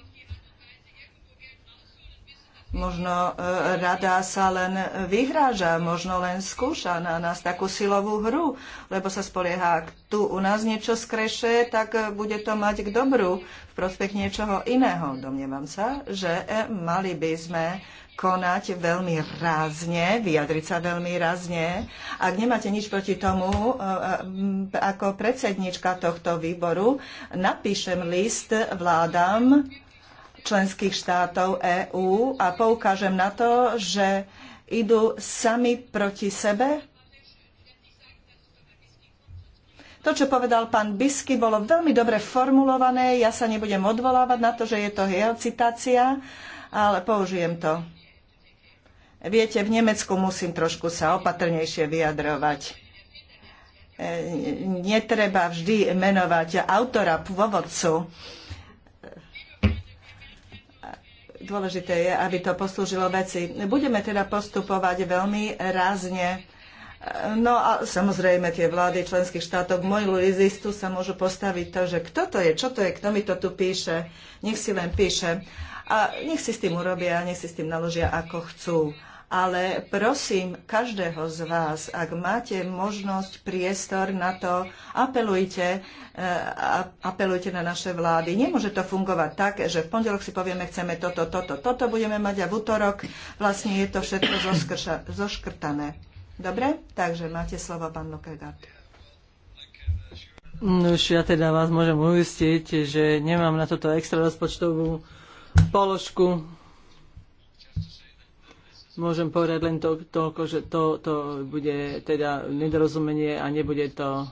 Možno e, rada sa len vyhráža, možno len skúša na nás takú silovú hru, lebo sa spolieha, ak tu u nás niečo skreše, tak e, bude to mať k dobru v prospech niečoho iného. Domnievam sa, že e, mali by sme konať veľmi rázne, vyjadriť sa veľmi rázne. Ak nemáte nič proti tomu, ako predsednička tohto výboru, napíšem list vládam členských štátov EÚ a poukážem na to, že idú sami proti sebe? To, čo povedal pán Bisky, bolo veľmi dobre formulované. Ja sa nebudem odvolávať na to, že je to jeho citácia, ale použijem to. Viete, v Nemecku musím trošku sa opatrnejšie vyjadrovať. E, netreba vždy menovať autora, pôvodcu Dôležité je, aby to poslúžilo veci. Budeme teda postupovať veľmi rázne. No a samozrejme tie vlády členských štátov k môjmu sa môžu postaviť to, že kto to je, čo to je, kto mi to tu píše, nech si len píše. A nech si s tým urobia, nech si s tým naložia ako chcú ale prosím každého z vás, ak máte možnosť, priestor na to, apelujte, eh, apelujte na naše vlády. Nemôže to fungovať tak, že v pondelok si povieme, chceme toto, toto, toto budeme mať a v útorok vlastne je to všetko zoskrša, zoškrtané. Dobre? Takže máte slovo, pán Lokegaard. No už ja teda vás môžem uistiť, že nemám na toto extra rozpočtovú položku Môžem povedať len to, toľko, že to, to bude teda nedorozumenie a nebude to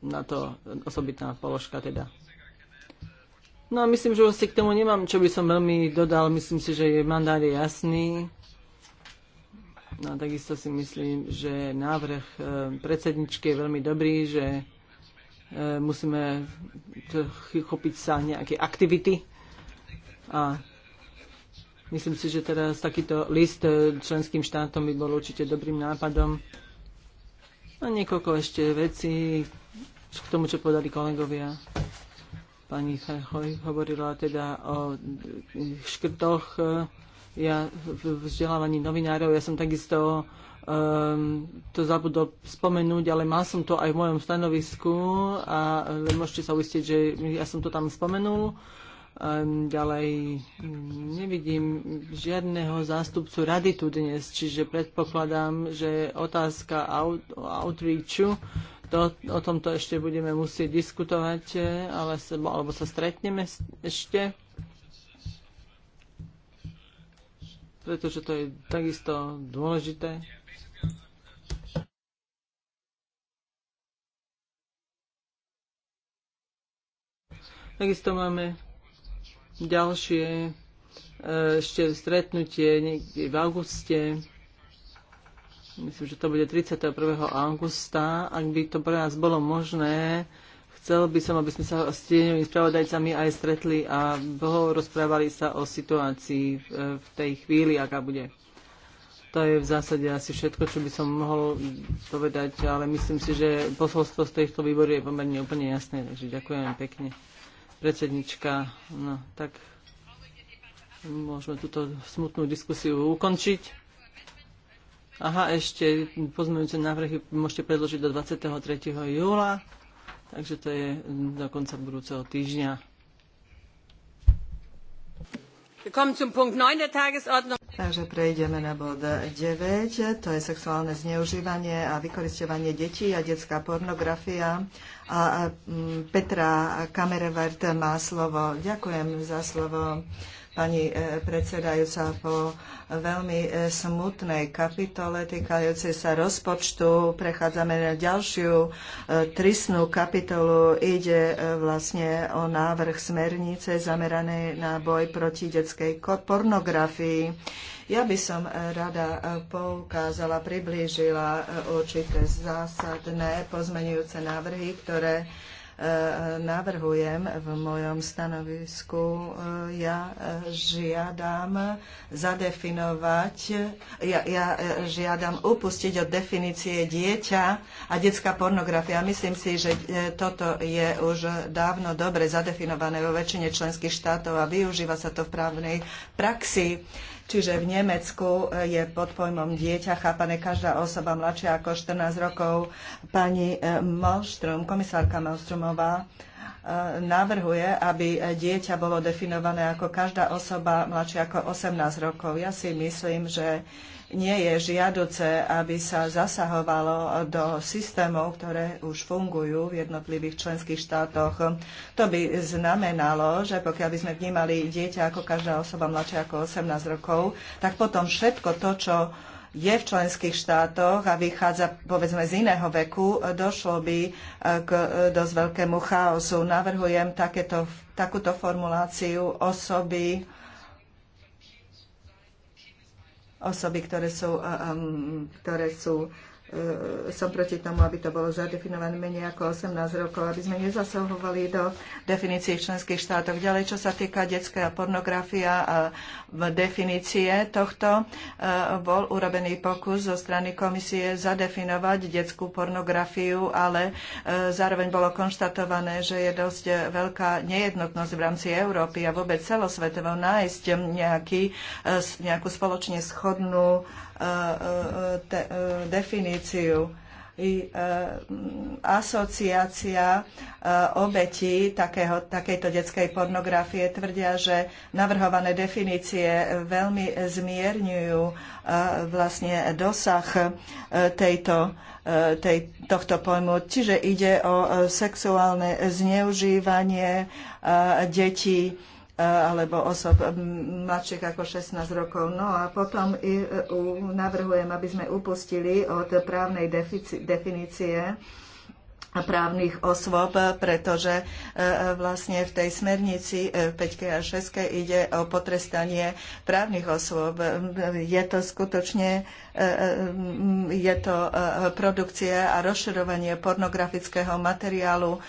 na to osobitná položka teda. No a myslím, že vlastne k tomu nemám, čo by som veľmi dodal. Myslím si, že je mandát je jasný. No a takisto si myslím, že návrh e, predsedničky je veľmi dobrý, že e, musíme chopiť sa nejaké aktivity a Myslím si, že teraz takýto list e, členským štátom by bol určite dobrým nápadom. A niekoľko ešte vecí k tomu, čo povedali kolegovia pani Hoj hovorila teda o škrtoch ja v vzdelávaní novinárov. Ja som takisto um, to zabudol spomenúť, ale mal som to aj v mojom stanovisku a e, môžete sa uistiť, že ja som to tam spomenul. Uh, Ehm, ďalej mm, nevidím žiadneho zástupcu rady tu dnes, čiže predpokladám, že otázka o outreachu, to, o tomto ešte budeme musieť diskutovať, e, ale, alebo sa stretneme ešte, pretože to je takisto dôležité. Takisto máme ďalšie e, ešte stretnutie niekde v auguste. Myslím, že to bude 31. augusta. Ak by to pre nás bolo možné, chcel by som, aby sme sa s tieňovými spravodajcami aj stretli a rozprávali sa o situácii v, e, v tej chvíli, aká bude. To je v zásade asi všetko, čo by som mohol povedať, ale myslím si, že posolstvo z tejto výboru je pomerne úplne jasné, takže ďakujem pekne predsednička. No, tak môžeme túto smutnú diskusiu ukončiť. Aha, ešte pozmeňujúce návrhy môžete predložiť do 23. júla, takže to je do konca budúceho týždňa. Takže prejdeme na bod 9, to je sexuálne zneužívanie a vykoristovanie detí a detská pornografia. A Petra Kamerevert má slovo. Ďakujem za slovo pani e, predsedajúca, po veľmi e, smutnej kapitole týkajúcej sa rozpočtu prechádzame na ďalšiu e, tristnú kapitolu. Ide vlastne o návrh smernice zameranej na boj proti detskej pornografii. Ja by som rada poukázala, priblížila určité zásadné pozmenujúce návrhy, ktoré E, navrhujem v mojom stanovisku, e, ja e, žiadam zadefinovať, ja, ja žiadam upustiť od definície dieťa a detská pornografia. Myslím si, že toto je už dávno dobre zadefinované vo väčšine členských štátov a využíva sa to v právnej praxi. Čiže v Nemecku eh, je pod pojmom dieťa chápané každá osoba mladšia ako 14 rokov. Pani eh, Malström, komisárka Malströmová, eh, navrhuje, aby dieťa bolo definované ako každá osoba mladšia ako 18 rokov. Ja si myslím, že nie je žiaduce, aby sa zasahovalo do systémov, ktoré už fungujú v jednotlivých členských štátoch. To by znamenalo, že pokiaľ by sme vnímali dieťa ako každá osoba mladšia ako 18 rokov, tak potom všetko to, čo je v členských štátoch a vychádza povedzme z iného veku, došlo by e, k dosť veľkému chaosu. Navrhujem takéto, takúto formuláciu osoby, osoby, ktoré sú, eh, ktoré sú E, som proti tomu, aby to bolo zadefinované menej ako 18 rokov, aby sme nezasahovali do definícií v členských štátoch. Ďalej, čo sa týka detská pornografia a definície tohto, e, bol urobený pokus zo strany komisie zadefinovať detskú pornografiu, ale e, zároveň bolo konštatované, že je dosť veľká nejednotnosť v rámci Európy a vôbec celosvetovo nájsť nejaký, nejakú spoločne schodnú E, e, e, definíciu. I, asociácia obetí takého, takejto detskej pornografie tvrdia, že navrhované definície veľmi zmierňujú vlastne dosah tejto, tej, tohto pojmu. Čiže ide o sexuálne zneužívanie detí alebo osob mladších ako 16 rokov. No a potom navrhujem, aby sme upustili od právnej definície právnych osôb, pretože e, vlastne v tej smernici 5 e, a 6 ide o potrestanie právnych osôb. Je to skutočne e, je to produkcia a rozširovanie pornografického materiálu.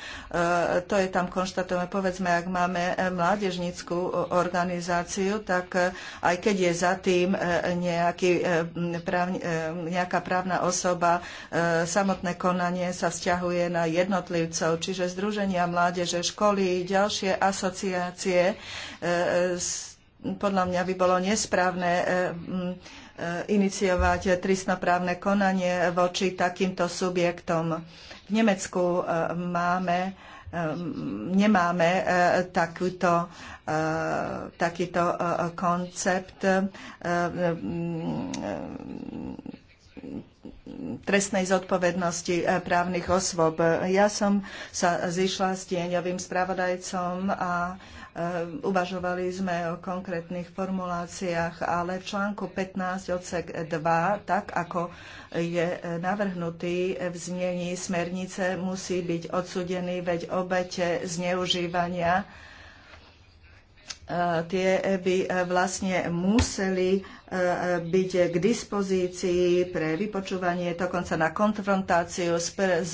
To je tam konštatované. Povedzme, ak máme mládežnickú organizáciu, tak aj keď je za tým nejaký, práv, nejaká právna osoba, samotné konanie sa vzťahuje na jednotlivcov, čiže Združenia mládeže, školy, ďalšie asociácie. E, e, podľa mňa by bolo nesprávne e, iniciovať trestnoprávne konanie voči takýmto subjektom. V Nemecku máme nemáme takýto, takýto koncept trestnej zodpovednosti eh, právnych osôb. Ja som sa zišla s tieňovým spravodajcom a eh, uvažovali sme o konkrétnych formuláciách, ale v článku 15 odsek 2, tak ako je navrhnutý v znení smernice, musí byť odsudený veď obete zneužívania eh, tie by vlastne museli byť k dispozícii pre vypočúvanie, dokonca na konfrontáciu s, s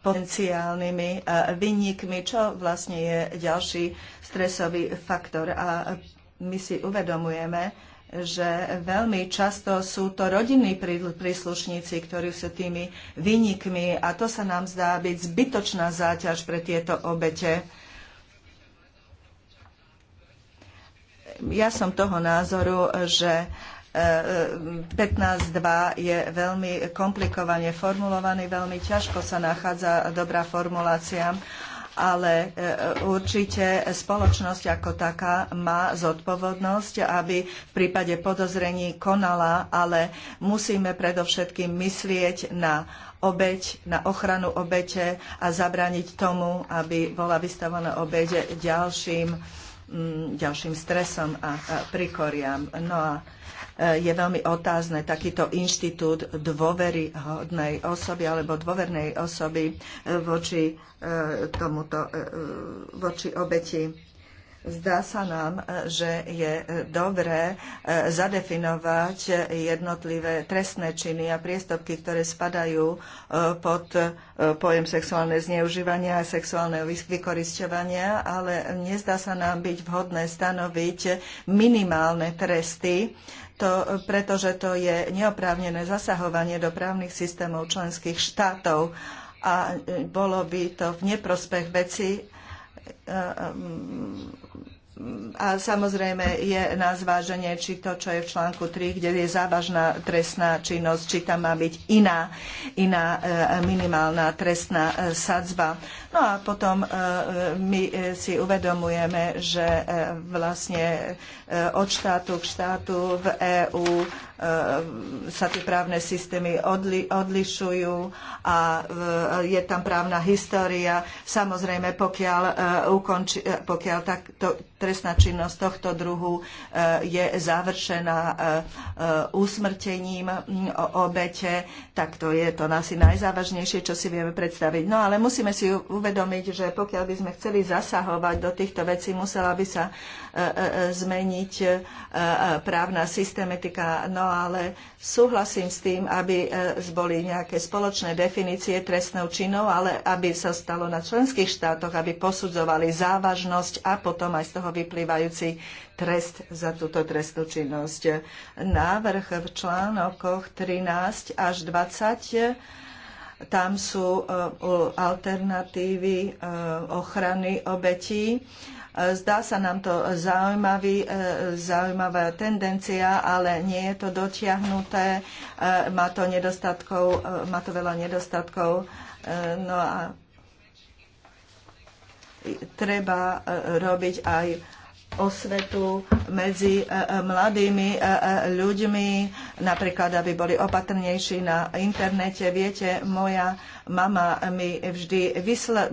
potenciálnymi e, vynikmi, čo vlastne je ďalší stresový faktor. A my si uvedomujeme, že veľmi často sú to rodinní príslušníci, ktorí sú tými vynikmi a to sa nám zdá byť zbytočná záťaž pre tieto obete ja som toho názoru, že 15.2 e, e, je veľmi komplikovane formulovaný, veľmi ťažko sa nachádza dobrá formulácia ale e, určite spoločnosť ako taká má zodpovednosť, aby v prípade podozrení konala, ale musíme predovšetkým myslieť na obeť, na ochranu obete a zabrániť tomu, aby bola vystavená obeť ďalším Mm, ďalším stresom a prikoriam. No a e, je veľmi otázne takýto inštitút dôveryhodnej osoby alebo dôvernej osoby e, voči e, tomuto, voči obeti Zdá sa nám, e, že je e, dobré e, zadefinovať jednotlivé trestné činy a priestupky, ktoré spadajú pod pojem sexuálne zneužívania a sexuálneho vykorisťovania, ale nezdá sa nám byť vhodné stanoviť minimálne tresty, to, pretože to je neoprávnené zasahovanie do právnych systémov členských štátov a bolo by to v neprospech veci a samozrejme je na zváženie, či to, čo je v článku 3, kde je závažná trestná činnosť, či tam má byť iná, iná e, minimálna trestná e, sadzba. No a potom e, my si uvedomujeme, že vlastne od štátu k štátu v EÚ sa tie právne systémy odli, odlišujú a je tam právna história. Samozrejme, pokiaľ, e, ukonči, e, pokiaľ takto trestná činnosť tohto druhu e, je završená usmrtením obete, tak to je to asi najzávažnejšie, čo si vieme predstaviť. No ale musíme si uvedomiť, že pokiaľ by sme chceli zasahovať do týchto vecí, musela by sa zmeniť právna systematika. No povedala, ale súhlasím s tým, aby e, boli nejaké spoločné definície trestnou činou, ale aby sa stalo na členských štátoch, aby posudzovali závažnosť a potom aj z toho vyplývajúci trest za túto trestnú činnosť. Návrh v článokoch 13 až 20 tam sú e, alternatívy e, ochrany obetí Zdá sa nám to zaujímavý, e, zaujímavá tendencia, ale nie je to dotiahnuté. E, má to, nedostatkov, e, má to veľa nedostatkov. No a treba robiť aj osvetu medzi mladými ľuďmi, napríklad, aby boli opatrnejší na internete. Viete, moja Mama mi vždy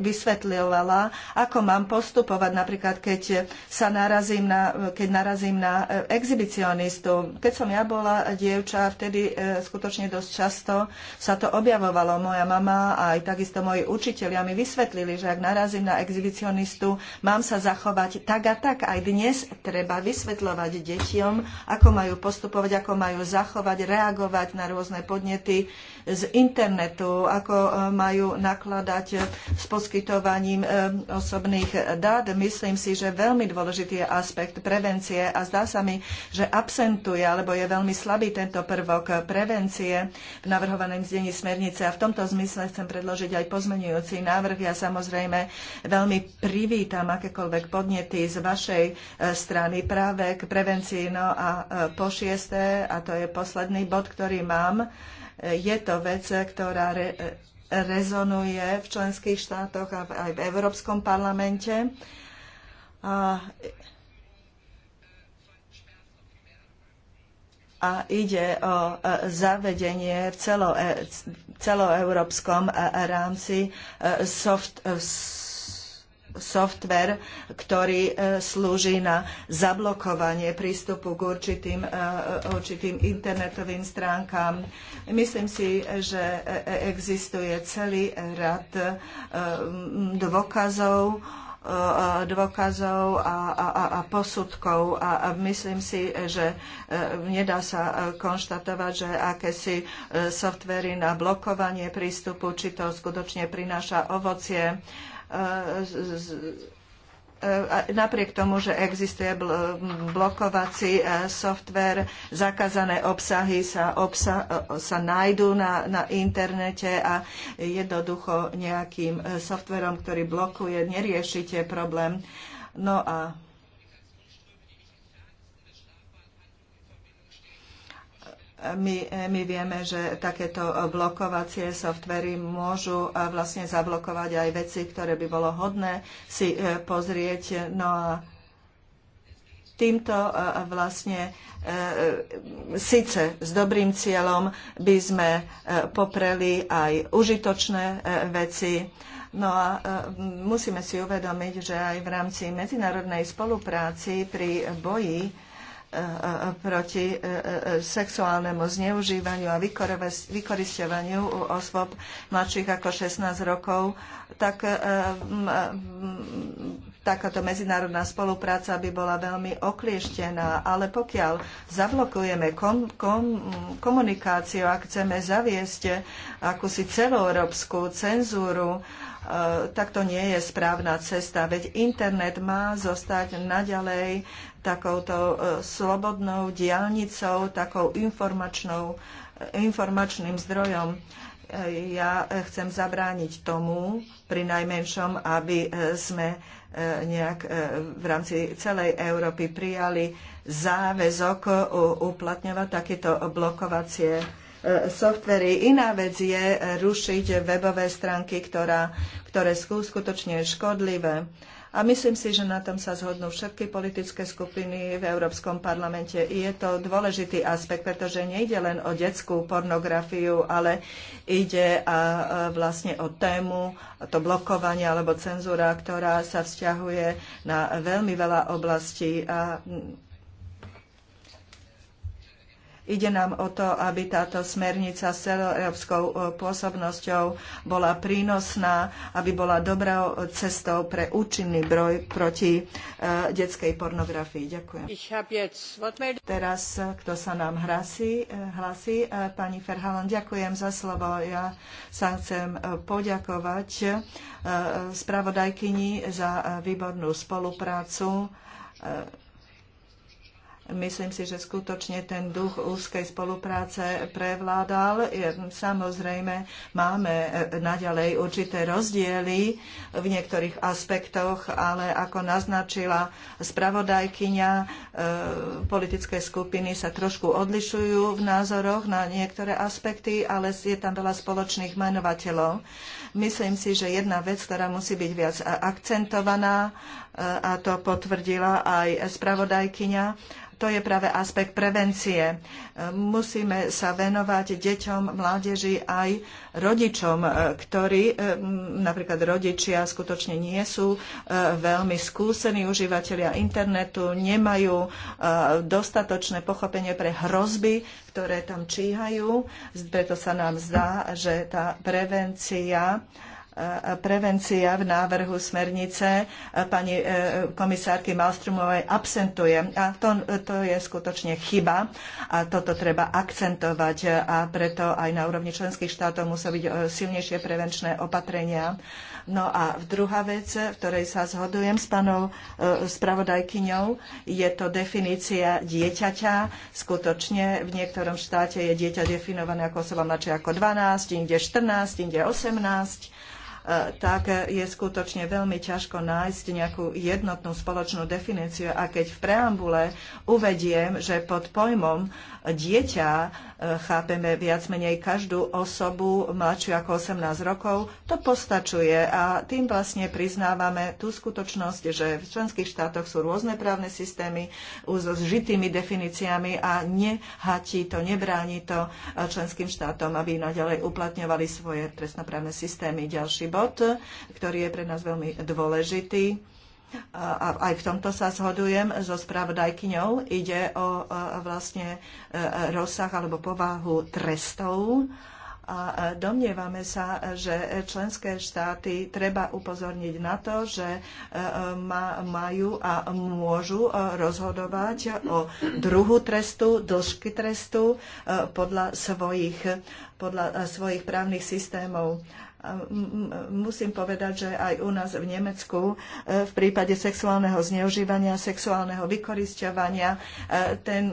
vysvetľovala, ako mám postupovať, napríklad keď sa narazím na, keď narazím na eh, exhibicionistu. Keď som ja bola dievča, vtedy eh, skutočne dosť často sa to objavovalo. Moja mama a aj takisto moji učiteľia mi vysvetlili, že ak narazím na exhibicionistu, mám sa zachovať tak a tak. Aj dnes treba vysvetľovať deťom, ako majú postupovať, ako majú zachovať, reagovať na rôzne podnety z internetu, ako e, majú nakladať e, s poskytovaním e, osobných dát. Myslím si, že veľmi dôležitý je aspekt prevencie a zdá sa mi, že absentuje alebo je veľmi slabý tento prvok prevencie v navrhovaném zdení smernice a v tomto zmysle chcem predložiť aj pozmenujúci návrh. Ja samozrejme veľmi privítam akékoľvek podnety z vašej strany práve k prevencii. No a po šiesté, a to je posledný bod, ktorý mám, je to vec, ktorá re, rezonuje v členských štátoch a aj v Európskom parlamente. A a ide o e, zavedenie v celo, e, celoeurópskom e, rámci soft, soft software, ktorý e, slúži na zablokovanie prístupu k určitým, e, e, určitým internetovým stránkam. Myslím si, že existuje celý rad dôkazov, dôkazov a, a, a posudkov a, a myslím si, že nedá sa konštatovať, že akési softvery na blokovanie prístupu, či to skutočne prináša ovocie napriek tomu, že existuje blokovací e, software, zakázané obsahy sa, obsa, e, sa nájdú na, na internete a jednoducho nejakým e, softverom, ktorý blokuje, neriešite problém. No a my, my vieme, že takéto blokovacie softvery môžu eh, vlastne zablokovať aj veci, ktoré by bolo hodné si eh, pozrieť. No a týmto eh, vlastne síce s dobrým cieľom by sme popreli aj užitočné veci, No a musíme si uvedomiť, že aj v rámci medzinárodnej spolupráci pri boji proti e, e, sexuálnemu zneužívaniu a vykoristovaniu u osôb mladších ako 16 rokov, tak e, takáto medzinárodná spolupráca by bola veľmi oklieštená. Ale pokiaľ zablokujeme kom, kom, komunikáciu a chceme zaviesť akúsi celoeurópsku cenzúru, E, tak to nie je správna cesta, veď internet má zostať naďalej takouto e, slobodnou diálnicou, takou informačnou, e, informačným zdrojom. Ja chcem zabrániť tomu, pri najmenšom, aby sme nejak v rámci celej Európy prijali záväzok uplatňovať takéto blokovacie softvery. Iná vec je rušiť webové stránky, ktorá, ktoré sú skutočne škodlivé. A myslím si, že na tom sa zhodnú všetky politické skupiny v Európskom parlamente. Je to dôležitý aspekt, pretože nejde len o detskú pornografiu, ale ide a vlastne o tému, to blokovanie alebo cenzúra, ktorá sa vzťahuje na veľmi veľa oblastí. A Ide nám o to, aby táto smernica s celoeurópskou e, pôsobnosťou bola prínosná, aby bola dobrou cestou pre účinný broj proti e, detskej pornografii. Ďakujem. Teraz, e, kto sa nám hlasí, hlasí pani Ferhalon, ďakujem za slovo. Ja sa chcem poďakovať spravodajkyni za výbornú spoluprácu myslím si, že skutočne ten duch úzkej spolupráce prevládal. Samozrejme, máme e, naďalej určité rozdiely v niektorých aspektoch, ale ako naznačila spravodajkyňa, e, politické skupiny sa trošku odlišujú v názoroch na niektoré aspekty, ale je tam veľa spoločných menovateľov. Myslím si, že jedna vec, ktorá musí byť viac akcentovaná, e, a to potvrdila aj spravodajkyňa, to je práve aspekt prevencie. Musíme sa venovať deťom, mládeži aj rodičom, e, ktorí e, napríklad rodičia skutočne nie sú e, veľmi skúsení užívateľia internetu, nemajú dostatočné pochopenie pre hrozby, ktoré tam číhajú. Preto sa nám zdá, že tá prevencia prevencia v návrhu smernice pani e, komisárky Malstrumovej absentuje. A to, to je skutočne chyba a toto treba akcentovať a preto aj na úrovni členských štátov musia byť e, silnejšie prevenčné opatrenia. No a druhá vec, v ktorej sa zhodujem s panou e, spravodajkyňou, je to definícia dieťaťa. Skutočne v niektorom štáte je dieťa definované ako osoba mladšia ako 12, inde 14, inde 18 E, tak je skutočne veľmi ťažko nájsť nejakú jednotnú spoločnú definíciu. A keď v preambule uvediem, že pod pojmom dieťa e, chápeme viac menej každú osobu mladšiu ako 18 rokov, to postačuje a tým vlastne priznávame tú skutočnosť, že v členských štátoch sú rôzne právne systémy s žitými definíciami a nehatí to, nebráni to e, členským štátom, aby naďalej uplatňovali svoje trestnoprávne systémy. Ďalší bod, ktorý je pre nás veľmi dôležitý. A aj v tomto sa zhodujem so spravodajkyňou. Ide o vlastne e, rozsah alebo povahu trestov a domnievame sa, že členské štáty treba upozorniť na to, že e, majú a môžu e, rozhodovať o druhu trestu, dĺžky trestu podľa svojich, podľa svojich právnych systémov musím povedať, že aj u nás v Nemecku e, v prípade sexuálneho zneužívania, sexuálneho vykorisťovania e, ten,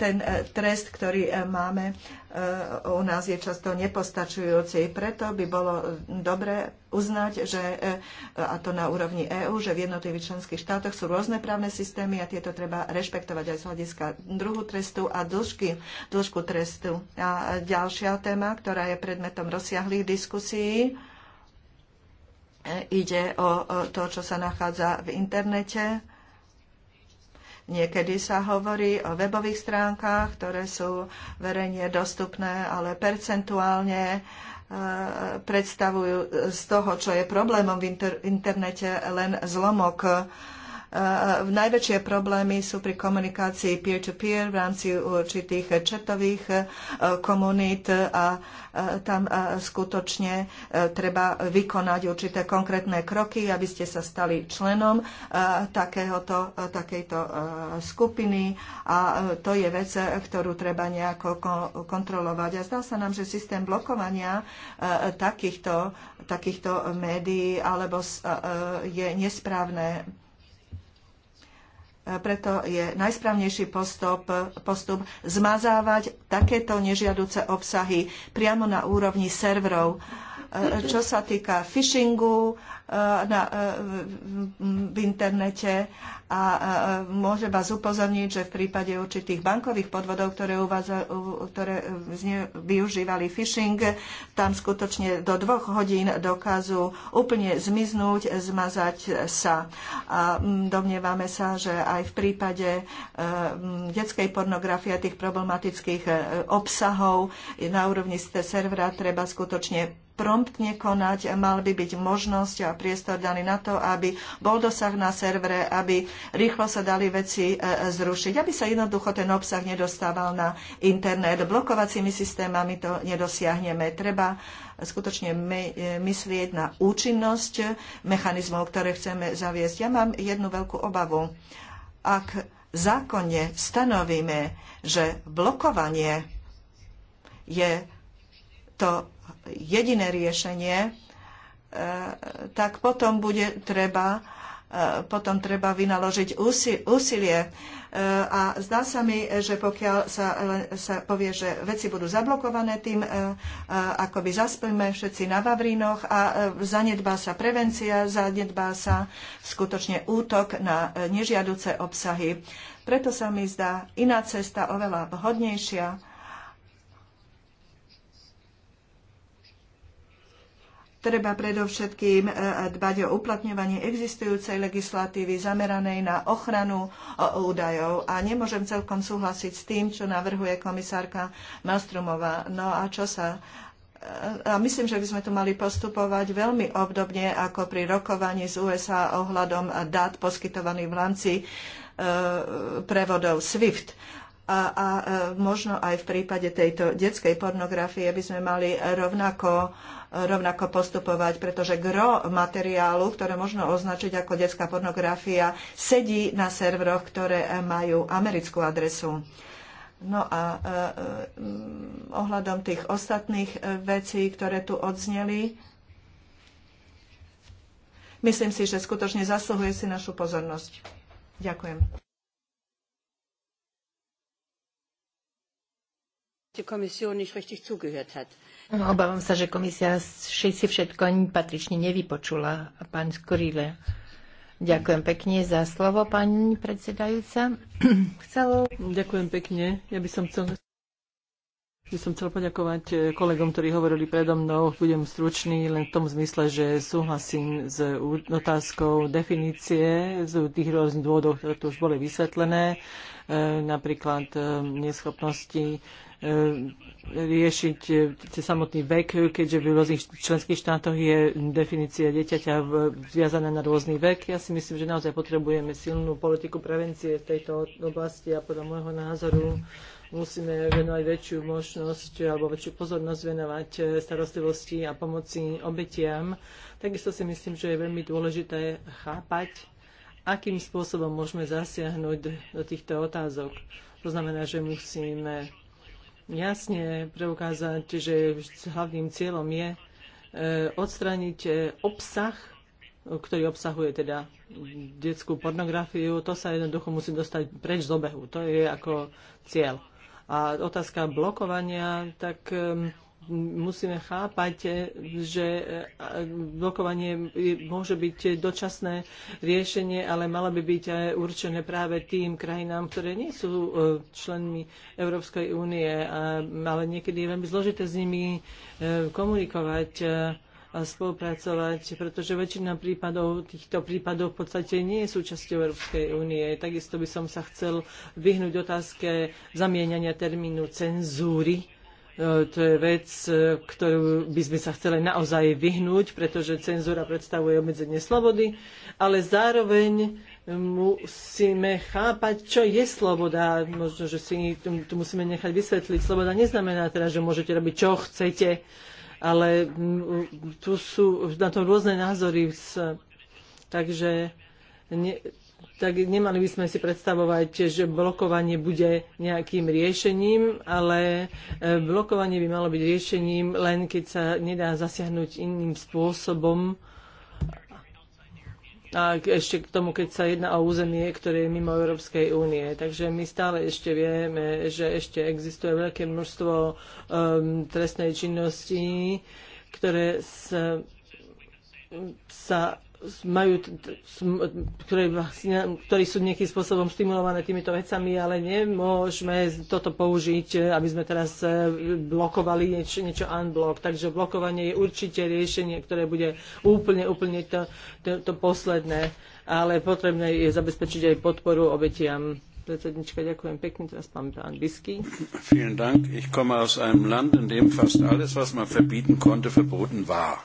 ten e, trest, ktorý máme E, u nás je často nepostačujúci. Preto by bolo dobre uznať, že, e, a to na úrovni EÚ, že v jednotlivých členských štátoch sú rôzne právne systémy a tieto treba rešpektovať aj z hľadiska druhu trestu a dĺžky, dĺžku trestu. A ďalšia téma, ktorá je predmetom rozsiahlých diskusí, e, ide o to, čo sa nachádza v internete Niekedy sa hovorí o webových stránkach, ktoré sú verejne dostupné, ale percentuálne e, predstavujú z toho, čo je problémom v internete, len zlomok Eh, najväčšie problémy sú pri komunikácii peer-to-peer v rámci určitých četových eh, komunít a eh, tam skutočne treba vykonať určité konkrétne kroky, aby ste sa stali členom takéhoto, takejto skupiny a to je vec, ktorú treba nejako kontrolovať. A zdá sa nám, že systém blokovania takýchto, takýchto médií alebo je nesprávne preto je najsprávnejší postup, postup zmazávať takéto nežiaduce obsahy priamo na úrovni serverov E, čo sa týka phishingu e, na, e, v internete a môžem vás upozorniť, že v prípade určitých bankových podvodov, ktoré, uvaz, ktoré využívali phishing, tam skutočne do dvoch hodín dokážu úplne zmiznúť, zmazať sa. A domnievame sa, že aj v prípade detskej pornografie a tých problematických obsahov na úrovni servera treba skutočne promptne konať, mal by byť možnosť a priestor daný na to, aby bol dosah na servere, aby rýchlo sa dali veci e, e, zrušiť, aby sa jednoducho ten obsah nedostával na internet. Blokovacími systémami to nedosiahneme. Treba skutočne e, myslieť na účinnosť mechanizmov, ktoré chceme zaviesť. Ja mám jednu veľkú obavu. Ak zákonne stanovíme, že blokovanie je to jediné riešenie, e, tak potom bude treba e, potom treba vynaložiť úsilie. E, a zdá sa mi, že pokiaľ sa, sa povie, že veci budú zablokované tým, ako by zaspíme všetci na Vavrinoch a zanedbá sa prevencia, zanedbá sa skutočne útok na nežiaduce obsahy. Preto sa mi zdá iná cesta oveľa vhodnejšia Treba predovšetkým e, e, dbať o uplatňovanie existujúcej legislatívy zameranej na ochranu e, údajov. A nemôžem celkom súhlasiť s tým, čo navrhuje komisárka Malstrumová. No a čo sa a myslím, že by sme tu mali postupovať veľmi obdobne ako pri rokovaní z USA ohľadom dát poskytovaných v rámci prevodov SWIFT. A, a možno aj v prípade tejto detskej pornografie by sme mali rovnako rovnako postupovať, pretože gro materiálu, ktoré možno označiť ako detská pornografia, sedí na serveroch, ktoré majú americkú adresu. No a e, e, ohľadom tých ostatných e, vecí, ktoré tu odzneli, myslím si, že skutočne zasluhuje si našu pozornosť. Ďakujem. Die Kommission nicht richtig zugehört hat. Obávam sa, že komisia si všetko patrične nevypočula. Pán Skurile, ďakujem pekne za slovo, pani predsedajúca. Chcelo... Ďakujem pekne. Ja by som chcel... By som chcel poďakovať eh, kolegom, ktorí hovorili predo mnou. Budem stručný len v tom zmysle, že súhlasím s otázkou definície z tých rôznych dôvodov, ktoré tu už boli vysvetlené. E, napríklad e, neschopnosti e, riešiť samotný vek, keďže v rôznych členských štátoch je definícia dieťaťa viazaná na rôzny vek. Ja si myslím, že naozaj potrebujeme silnú politiku prevencie v tejto oblasti a podľa môjho názoru musíme venovať väčšiu možnosť alebo väčšiu pozornosť venovať starostlivosti a pomoci obetiam. Takisto si myslím, že je veľmi dôležité chápať akým spôsobom môžeme zasiahnuť do týchto otázok. To znamená, že musíme jasne preukázať, že hlavným cieľom je eh, odstrániť eh, obsah, ktorý obsahuje teda detskú pornografiu. To sa jednoducho musí dostať preč z obehu. To je ako cieľ. A otázka blokovania, tak ehm, musíme chápať, e, že e, blokovanie môže byť dočasné riešenie, ale malo by byť aj určené práve tým krajinám, ktoré nie sú e, členmi Európskej únie, ale niekedy je veľmi zložité s nimi komunikovať a spolupracovať, pretože väčšina prípadov, týchto prípadov v podstate nie je súčasťou Európskej únie. Takisto by som sa chcel vyhnúť otázke zamieniania termínu cenzúry E, to je vec, e, ktorú by sme sa chceli naozaj vyhnúť, pretože cenzúra predstavuje obmedzenie slobody, ale zároveň musíme chápať, čo je sloboda. Možno, že si tu, musíme nechať vysvetliť. Sloboda neznamená teda, že môžete robiť, čo chcete, ale mm, tu sú na to rôzne názory. Takže tak nemali by sme si predstavovať, že blokovanie bude nejakým riešením, ale e, blokovanie by malo byť riešením len keď sa nedá zasiahnuť iným spôsobom. A ešte k tomu, keď sa jedná o územie, ktoré je mimo Európskej únie. Takže my stále ešte vieme, že ešte existuje veľké množstvo um, trestnej činnosti, ktoré sa, sa majú, ktoré, ktorí sú nejakým spôsobom stimulované týmito vecami, ale nemôžeme toto použiť, e, aby sme teraz e, blokovali niečo, niečo unblock. Takže blokovanie je určite riešenie, ktoré bude úplne, úplne to, to, to posledné, ale potrebné je zabezpečiť aj podporu obetiam. Predsednička, ďakujem pekne. Teraz pán Pán Bisky. Vielen Dank. Ich komme aus einem Land, in dem fast alles, was man verbieten konnte, verboten war.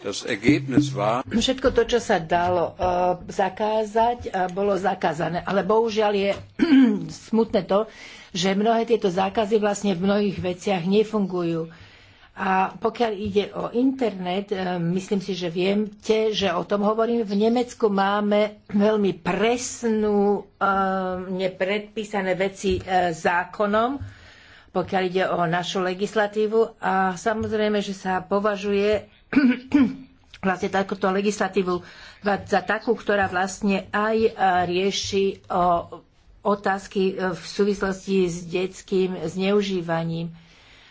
Všetko to, čo sa dalo eh, zakázať, eh, bolo zakázané. Ale bohužiaľ je smutné to, že mnohé tieto zákazy vlastne v mnohých veciach nefungujú. A pokiaľ ide o internet, eh, myslím si, že viemte, že o tom hovorím. V Nemecku máme veľmi presnú, nepredpísané veci zákonom, pokiaľ ide o našu legislatívu. A samozrejme, že sa považuje vlastne takúto legislatívu za takú, ktorá vlastne aj e, rieši otázky e, v súvislosti s detským zneužívaním.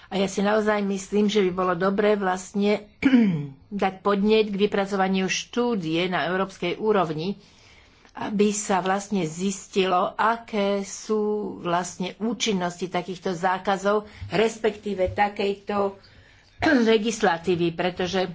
A ja si naozaj myslím, že by bolo dobré vlastne dať podnieť k vypracovaniu štúdie na európskej úrovni, aby sa vlastne zistilo, aké sú vlastne účinnosti takýchto zákazov, respektíve takejto legislatívy, pretože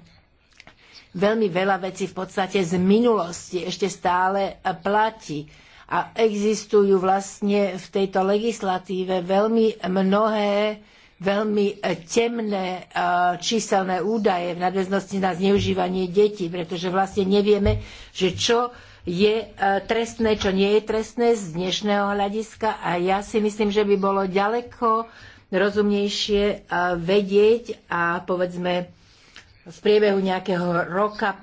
veľmi veľa vecí v podstate z minulosti ešte stále platí. A existujú vlastne v tejto legislatíve veľmi mnohé veľmi temné e, číselné údaje v nadväznosti na zneužívanie detí, pretože vlastne nevieme, že čo je e, trestné, čo nie je trestné z dnešného hľadiska a ja si myslím, že by bolo ďaleko rozumnejšie e, vedieť a povedzme v priebehu nejakého roka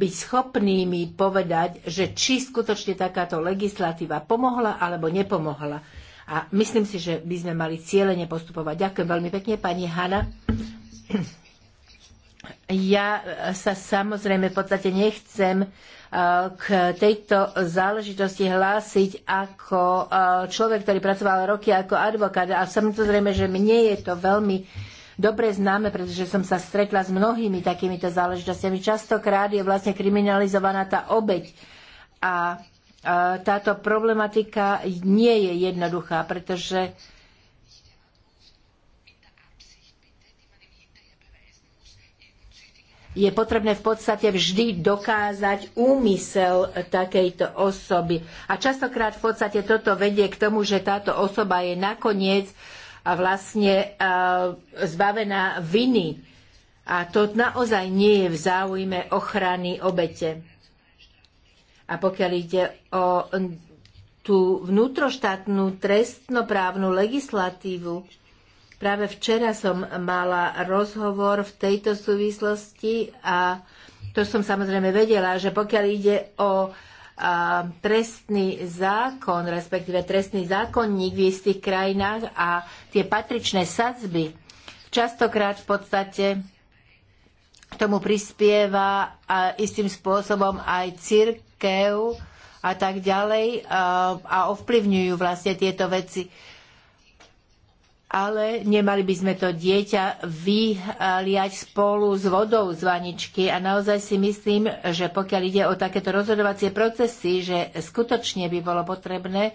byť schopný mi povedať, že či skutočne takáto legislatíva pomohla alebo nepomohla. A myslím si, že by sme mali cieľene postupovať. Ďakujem veľmi pekne, pani Hanna. Ja sa samozrejme v podstate nechcem k tejto záležitosti hlásiť ako e, človek, ktorý pracoval roky ako advokát. A samozrejme, že mne je to veľmi dobre známe, pretože som sa stretla s mnohými takýmito záležitostiami. Častokrát je vlastne kriminalizovaná tá obeď. A e, táto problematika nie je jednoduchá, pretože je potrebné v podstate vždy dokázať úmysel takejto osoby. A častokrát v podstate toto vedie k tomu, že táto osoba je nakoniec a vlastne zbavená viny. A to naozaj nie je v záujme ochrany obete. A pokiaľ ide o tú vnútroštátnu trestnoprávnu legislatívu, Práve včera som mala rozhovor v tejto súvislosti a to som samozrejme vedela, že pokiaľ ide o a trestný zákon, respektíve trestný zákonník v istých krajinách a tie patričné sadzby častokrát v podstate tomu prispieva a istým spôsobom aj církev a tak ďalej a, a ovplyvňujú vlastne tieto veci ale nemali by sme to dieťa vyliať spolu s vodou z vaničky a naozaj si myslím, že pokiaľ ide o takéto rozhodovacie procesy, že skutočne by bolo potrebné e,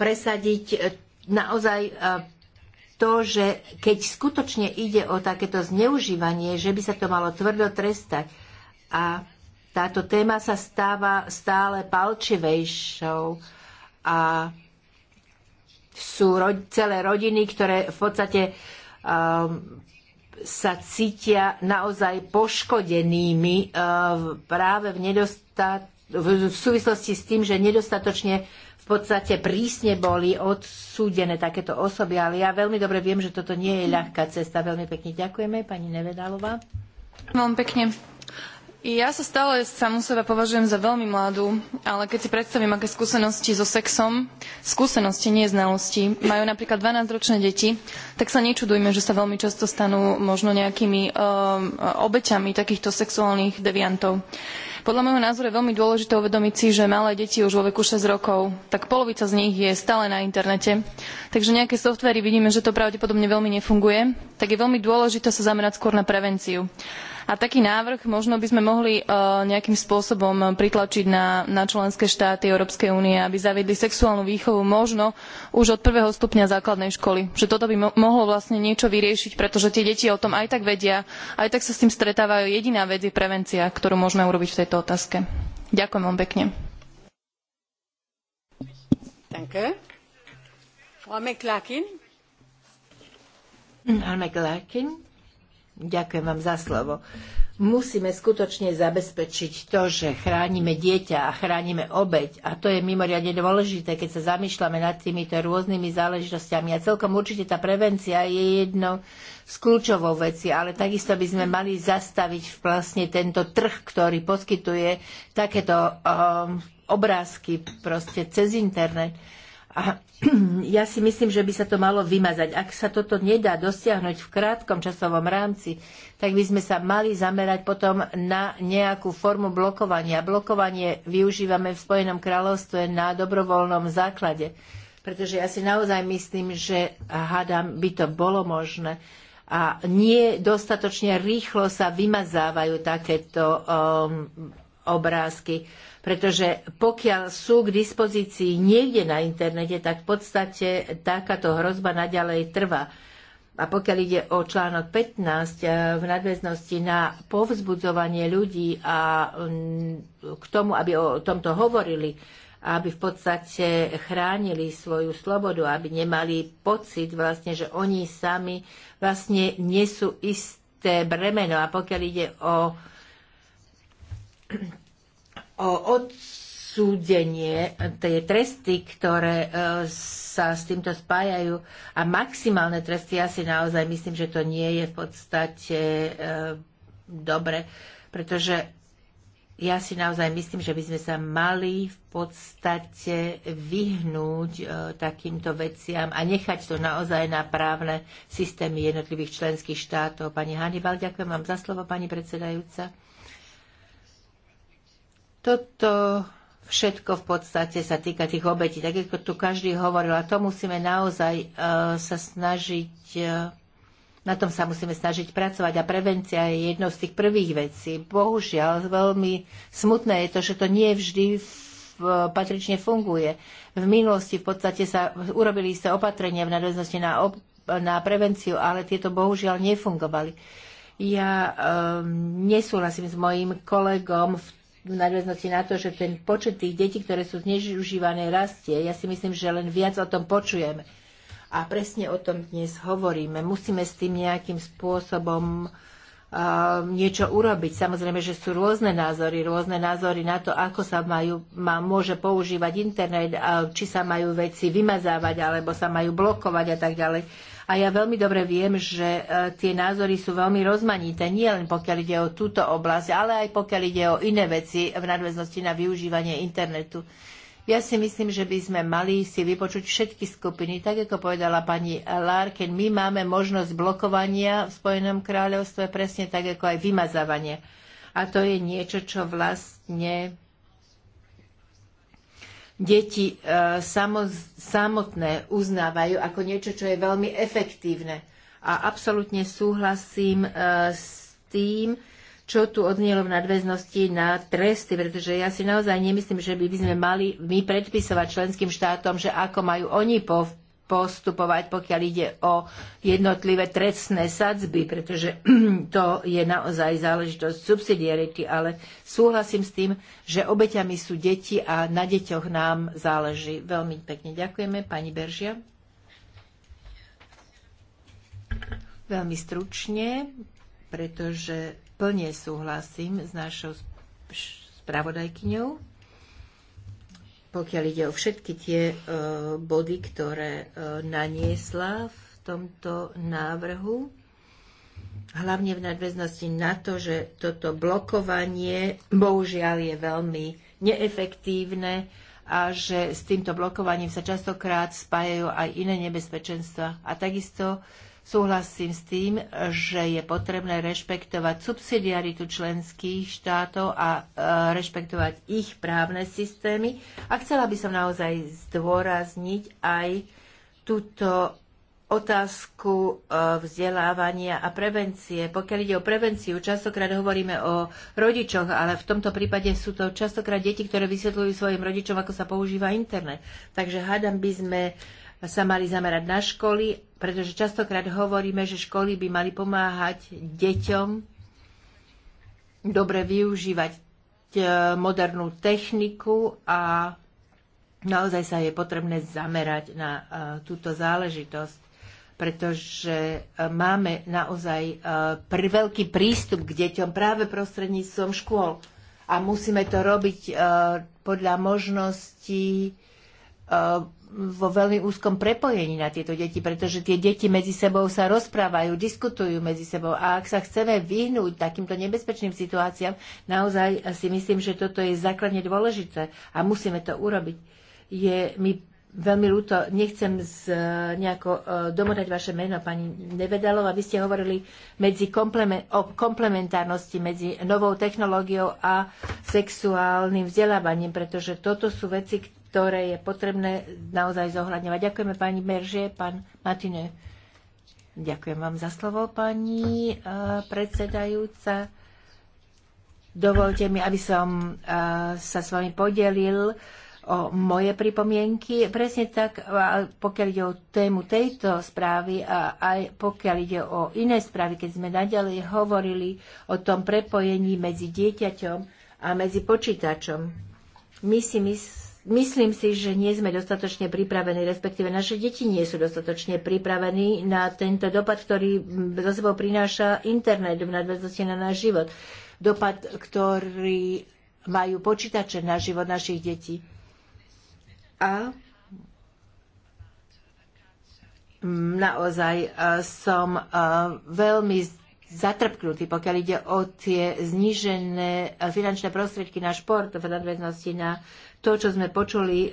presadiť e, naozaj e, to, že keď skutočne ide o takéto zneužívanie, že by sa to malo tvrdo trestať. A táto téma sa stáva stále palčivejšou a sú ro- celé rodiny, ktoré v podstate um, sa cítia naozaj poškodenými uh, práve v, nedostat- v, v súvislosti s tým, že nedostatočne v podstate prísne boli odsúdené takéto osoby, ale ja veľmi dobre viem, že toto nie je ľahká cesta. Veľmi pekne ďakujeme, pani Nevedalová. Veľmi pekne. Ja sa stále samú seba považujem za veľmi mladú, ale keď si predstavím, aké skúsenosti so sexom, skúsenosti, nie znalosti, majú napríklad 12-ročné deti, tak sa nečudujme, že sa veľmi často stanú možno nejakými um, obeťami takýchto sexuálnych deviantov. Podľa môjho názoru je veľmi dôležité uvedomiť si, že malé deti už vo veku 6 rokov, tak polovica z nich je stále na internete. Takže nejaké softvery vidíme, že to pravdepodobne veľmi nefunguje, tak je veľmi dôležité sa zamerať skôr na prevenciu. A taký návrh možno by sme mohli e, nejakým spôsobom pritlačiť na, na členské štáty Európskej únie, aby zaviedli sexuálnu výchovu možno už od prvého stupňa základnej školy. Že toto by mo mohlo vlastne niečo vyriešiť, pretože tie deti o tom aj tak vedia, aj tak sa s tým stretávajú. Jediná vec je prevencia, ktorú môžeme urobiť v tejto otázke. Ďakujem vám pekne. Danke. Frau McLarkin. Frau McLarkin. Ďakujem vám za slovo. Musíme skutočne zabezpečiť to, že chránime dieťa a chránime obeď. A to je mimoriadne dôležité, keď sa zamýšľame nad týmito rôznymi záležitostiami. A celkom určite tá prevencia je jedno z kľúčovou veci, ale takisto by sme mali zastaviť vlastne tento trh, ktorý poskytuje takéto um, obrázky proste cez internet a ja si myslím, že by sa to malo vymazať. Ak sa toto nedá dosiahnuť v krátkom časovom rámci, tak by sme sa mali zamerať potom na nejakú formu blokovania. Blokovanie využívame v Spojenom kráľovstve na dobrovoľnom základe. Pretože ja si naozaj myslím, že hádam, by to bolo možné. A nie dostatočne rýchlo sa vymazávajú takéto um, obrázky. Pretože pokiaľ sú k dispozícii niekde na internete, tak v podstate takáto hrozba naďalej trvá. A pokiaľ ide o článok 15 eh, v nadväznosti na povzbudzovanie ľudí a mm, k tomu, aby o tomto hovorili, aby v podstate chránili svoju slobodu, aby nemali pocit vlastne, že oni sami vlastne nesú isté bremeno. A pokiaľ ide o o odsúdenie tej tresty, ktoré e, sa s týmto spájajú a maximálne tresty, ja si naozaj myslím, že to nie je v podstate e, dobre, pretože ja si naozaj myslím, že by sme sa mali v podstate vyhnúť e, takýmto veciam a nechať to naozaj na právne systémy jednotlivých členských štátov. Pani Hannibal, ďakujem vám za slovo, pani predsedajúca. Toto všetko v podstate sa týka tých obetí, tak ako tu každý hovoril. A to musíme naozaj e, sa snažiť, e, na tom sa musíme snažiť pracovať. A prevencia je jednou z tých prvých vecí. Bohužiaľ, veľmi smutné je to, že to nie vždy e, patrične funguje. V minulosti v podstate sa urobili isté opatrenia v nadväznosti na, op- na prevenciu, ale tieto bohužiaľ nefungovali. Ja um, nesúhlasím s mojim kolegom v v nadväznosti na to, že ten počet tých detí, ktoré sú zneužívané, rastie. Ja si myslím, že len viac o tom počujeme. A presne o tom dnes hovoríme. Musíme s tým nejakým spôsobom uh, niečo urobiť. Samozrejme, že sú rôzne názory, rôzne názory na to, ako sa majú, má, môže používať internet, a či sa majú veci vymazávať, alebo sa majú blokovať a tak ďalej a ja veľmi dobre viem, že e, tie názory sú veľmi rozmanité, nie len pokiaľ ide o túto oblasť, ale aj pokiaľ ide o iné veci v nadväznosti na využívanie internetu. Ja si myslím, že by sme mali si vypočuť všetky skupiny. Tak ako povedala pani Larkin, my máme možnosť blokovania v Spojenom kráľovstve, presne tak ako aj vymazávanie. A to je niečo, čo vlastne deti e, samotné uznávajú ako niečo, čo je veľmi efektívne. A absolútne súhlasím e, s tým, čo tu odnielo v nadväznosti na tresty, pretože ja si naozaj nemyslím, že by sme mali my predpisovať členským štátom, že ako majú oni postupovať, pokiaľ ide o jednotlivé trestné sadzby, pretože to je naozaj záležitosť subsidiarity, ale súhlasím s tým, že obeťami sú deti a na deťoch nám záleží. Veľmi pekne ďakujeme. Pani Beržia. Veľmi stručne, pretože plne súhlasím s našou spravodajkyňou pokiaľ ide o všetky tie e, body, ktoré e, naniesla v tomto návrhu, hlavne v nadväznosti na to, že toto blokovanie bohužiaľ je veľmi neefektívne a že s týmto blokovaním sa častokrát spájajú aj iné nebezpečenstva. A takisto uh, Súhlasím s tým, že je potrebné rešpektovať subsidiaritu členských štátov a e, rešpektovať ich právne systémy. A chcela by som naozaj zdôrazniť aj túto otázku e, vzdelávania a prevencie. Pokiaľ ide o prevenciu, častokrát hovoríme o rodičoch, ale v tomto prípade sú to častokrát deti, ktoré vysvetľujú svojim rodičom, ako sa používa internet. Takže hádam by sme sa mali zamerať na školy, pretože častokrát hovoríme, že školy by mali pomáhať deťom dobre využívať e, modernú techniku a naozaj sa je potrebné zamerať na e, túto záležitosť, pretože e, máme naozaj veľký prístup k deťom práve prostredníctvom škôl a musíme to robiť podľa možností vo veľmi úzkom prepojení na tieto deti, pretože tie deti medzi sebou sa rozprávajú, diskutujú medzi sebou a ak sa chceme vyhnúť takýmto nebezpečným situáciám, naozaj si myslím, že toto je základne dôležité a musíme to urobiť. Je mi veľmi ľúto, nechcem z, e, nejako e, domodať vaše meno, pani Nevedalov, aby ste hovorili medzi komplement, o komplementárnosti medzi novou technológiou a sexuálnym vzdelávaním, pretože toto sú veci, ktoré je potrebné naozaj zohľadňovať. Ďakujeme pani Berže, pán Matine. Ďakujem vám za slovo, pani eh, predsedajúca. Dovolte mi, aby som eh, sa s vami podelil o moje pripomienky. Presne tak, eh, pokiaľ ide o tému tejto správy a aj pokiaľ ide o iné správy, keď sme naďalej hovorili o tom prepojení medzi dieťaťom a medzi počítačom. My si myslíme, myslím si, že nie sme dostatočne pripravení, respektíve naše deti nie sú dostatočne pripravení na tento dopad, ktorý za sebou prináša internet v nadväznosti na náš život. Dopad, ktorý majú počítače na život našich detí. A naozaj e, som e, veľmi zatrpknutý, pokiaľ ide o tie znížené e, finančné prostriedky na šport v nadväznosti na to, čo sme počuli eh,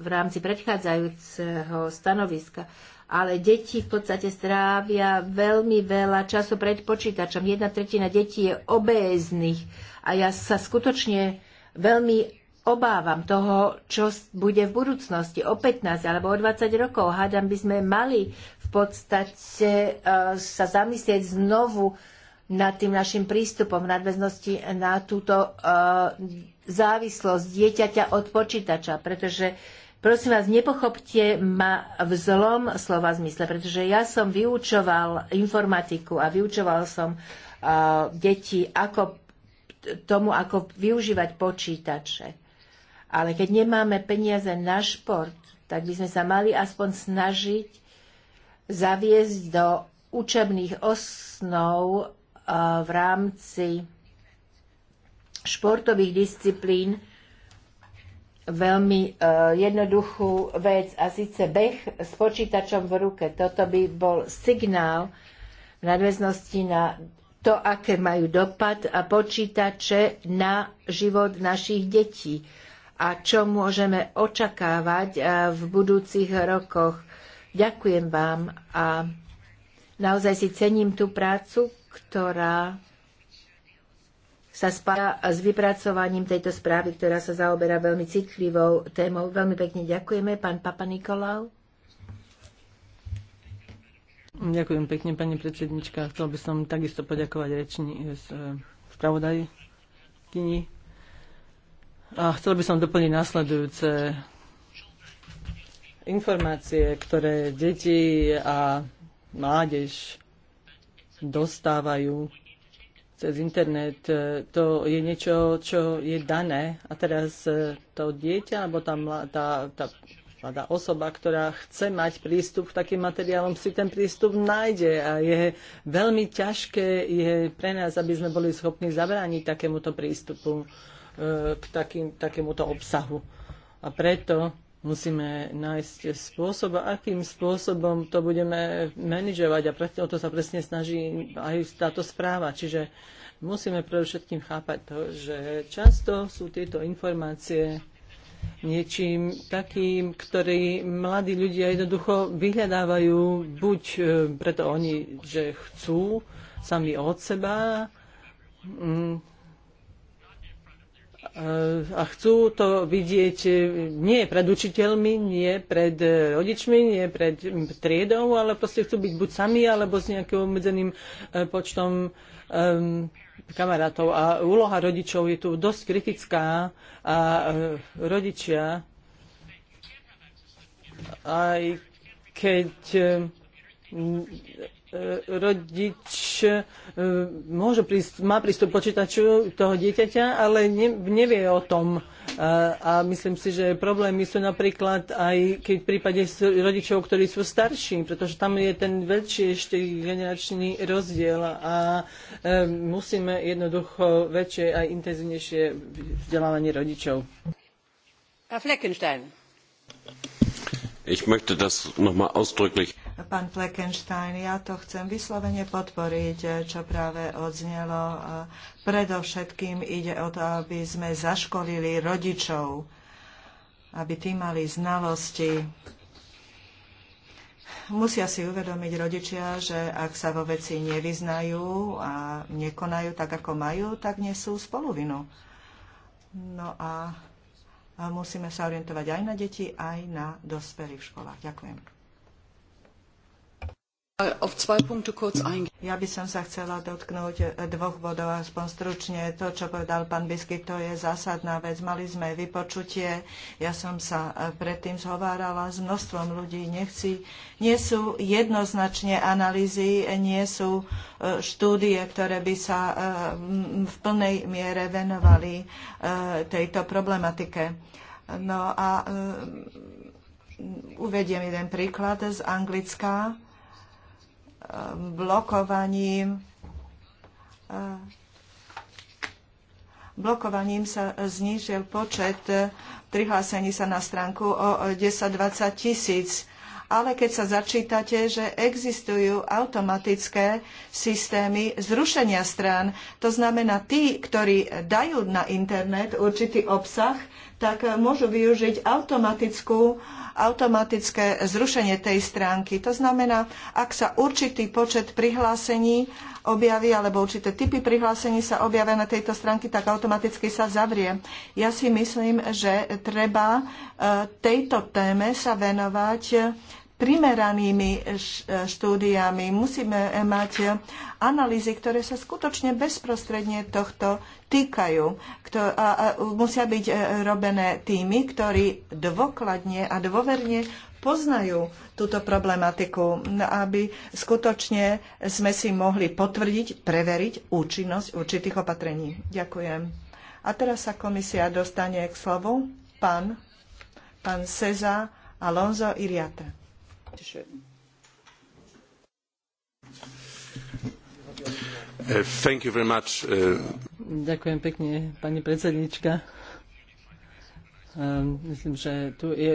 v rámci predchádzajúceho stanoviska. Ale deti v podstate strávia veľmi veľa času pred počítačom. Jedna tretina detí je obéznych a ja sa skutočne veľmi obávam toho, čo bude v budúcnosti o 15 alebo o 20 rokov. Hádam by sme mali v podstate eh, sa zamyslieť znovu nad tým našim prístupom v nadväznosti na túto e, závislosť dieťaťa od počítača, pretože Prosím vás, nepochopte ma v zlom slova zmysle, pretože ja som vyučoval informatiku a vyučoval som uh, deti ako, tomu, ako využívať počítače. Ale keď nemáme peniaze na šport, tak by sme sa mali aspoň snažiť zaviesť do učebných osnov v rámci športových disciplín veľmi e, jednoduchú vec a síce beh s počítačom v ruke. Toto by bol signál v nadväznosti na to, aké majú dopad a počítače na život našich detí a čo môžeme očakávať e, v budúcich rokoch. Ďakujem vám a naozaj si cením tú prácu, ktorá sa spája s vypracovaním tejto správy, ktorá sa zaoberá veľmi citlivou témou. Veľmi pekne ďakujeme, pán Papa Nikolau. Ďakujem pekne, pani predsednička. Chcel by som takisto poďakovať reční e, spravodajkyni. A chcel by som doplniť následujúce informácie, ktoré deti a mládež dostávajú cez internet. E, to je niečo, čo je dané. A teraz e, to dieťa, alebo tá, tá, tá, mladá osoba, ktorá chce mať prístup k takým materiálom, si ten prístup nájde. A je veľmi ťažké je pre nás, aby sme boli schopní zabrániť takémuto prístupu e, k takým, takémuto obsahu. A preto musíme nájsť spôsob, akým spôsobom to budeme manažovať a preto to sa presne snaží aj táto správa. Čiže musíme predovšetkým chápať to, že často sú tieto informácie niečím takým, ktorý mladí ľudia jednoducho vyhľadávajú buď e, preto oni, že chcú sami od seba, E, a chcú to vidieť e, nie pred učiteľmi, nie pred e, rodičmi, nie pred triedou, ale proste chcú byť buď sami, alebo s nejakým obmedzeným počtom um, kamarátov. A úloha rodičov je tu dosť kritická a rodičia aj keď rodič e, môže prísť, má prístup počítaču toho dieťaťa, ale ne, nevie o tom. A, e, a myslím si, že problémy sú napríklad aj keď v prípade rodičov, ktorí sú starší, pretože tam je ten väčší ešte generačný rozdiel a a e, musíme jednoducho väčšie aj intenzívnejšie vzdelávanie rodičov. A Fleckenstein. Ich möchte das ausdrücklich. Pán Fleckenstein, ja to chcem vyslovene podporiť, čo práve odznelo. Predovšetkým ide o to, aby sme zaškolili rodičov, aby tí mali znalosti musia si uvedomiť rodičia, že ak sa vo veci nevyznajú a nekonajú tak, ako majú, tak nesú spoluvinu. No a musíme sa orientovať aj na deti, aj na dospelých v školách. Ďakujem. Ja by som sa chcela dotknúť e, dvoch bodov, aspoň stručne. To, čo povedal pán biskup, to je zásadná vec. Mali sme vypočutie, ja som sa e, predtým zhovárala s množstvom ľudí. Nechci, nie sú jednoznačne analýzy, nie sú e, štúdie, ktoré by sa v plnej miere venovali tejto problematike. No a uvediem jeden príklad z Anglická blokovaním blokovaním sa znížil počet prihlásení sa na stránku o 10-20 tisíc. Ale keď sa začítate, že existujú automatické systémy zrušenia strán, to znamená tí, ktorí dajú na internet určitý obsah, tak e, môžu využiť automatickú, automatické zrušenie tej stránky. To znamená, ak sa určitý počet prihlásení objaví, alebo určité typy prihlásení sa objavia na tejto stránke, tak automaticky sa zavrie. Ja si myslím, že treba e, tejto téme sa venovať primeranými štúdiami. Musíme mať analýzy, ktoré sa skutočne bezprostredne tohto týkajú. a musia byť e, robené tými, ktorí dôkladne a dôverne poznajú túto problematiku, no, aby skutočne sme si mohli potvrdiť, preveriť účinnosť určitých opatrení. Ďakujem. A teraz sa komisia dostane k slovu pán, pán Seza Alonso Iriate. Bitteschön. Uh, thank you very much. Uh, Ďakujem pekne, pani predsednička. Um, myslím, že tu je,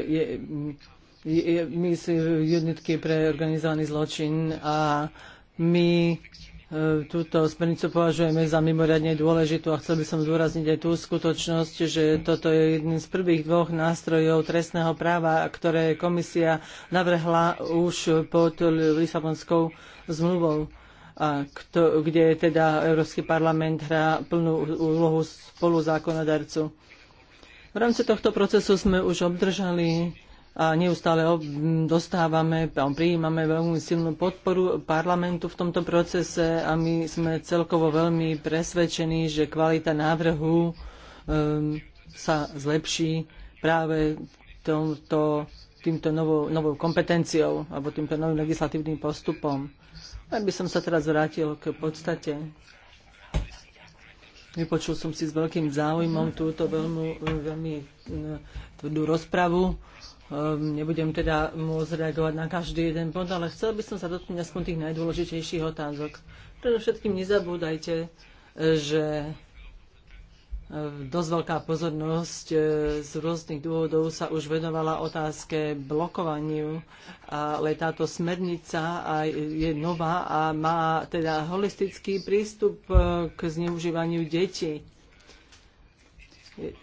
je my sú jednotky pre organizovaný zločin a my túto smernicu považujeme za mimoriadne dôležitú a chcel by som zdôrazniť aj tú skutočnosť, že toto je jeden z prvých dvoch nástrojov trestného práva, ktoré komisia navrhla už pod Lisabonskou zmluvou. A kto, kde teda Európsky parlament hrá plnú úlohu spoluzákonodarcu. V rámci tohto procesu sme už obdržali a neustále dostávame a prijímame veľmi silnú podporu parlamentu v tomto procese a my sme celkovo veľmi presvedčení, že kvalita návrhu um, sa zlepší práve tomto, týmto novou, novou kompetenciou alebo týmto novým legislatívnym postupom. Ak by som sa teraz vrátil k podstate Vypočul som si s veľkým záujmom túto veľmi, veľmi eh, tvrdú rozpravu Ehm, nebudem teda môcť reagovať na každý jeden bod, ale chcel by som sa dotknúť aspoň tých najdôležitejších otázok. Predovšetkým nezabúdajte, e, že e, dosť veľká pozornosť e, z rôznych dôvodov sa už venovala otázke blokovaniu, ale táto smernica je nová a má teda holistický prístup k zneužívaniu detí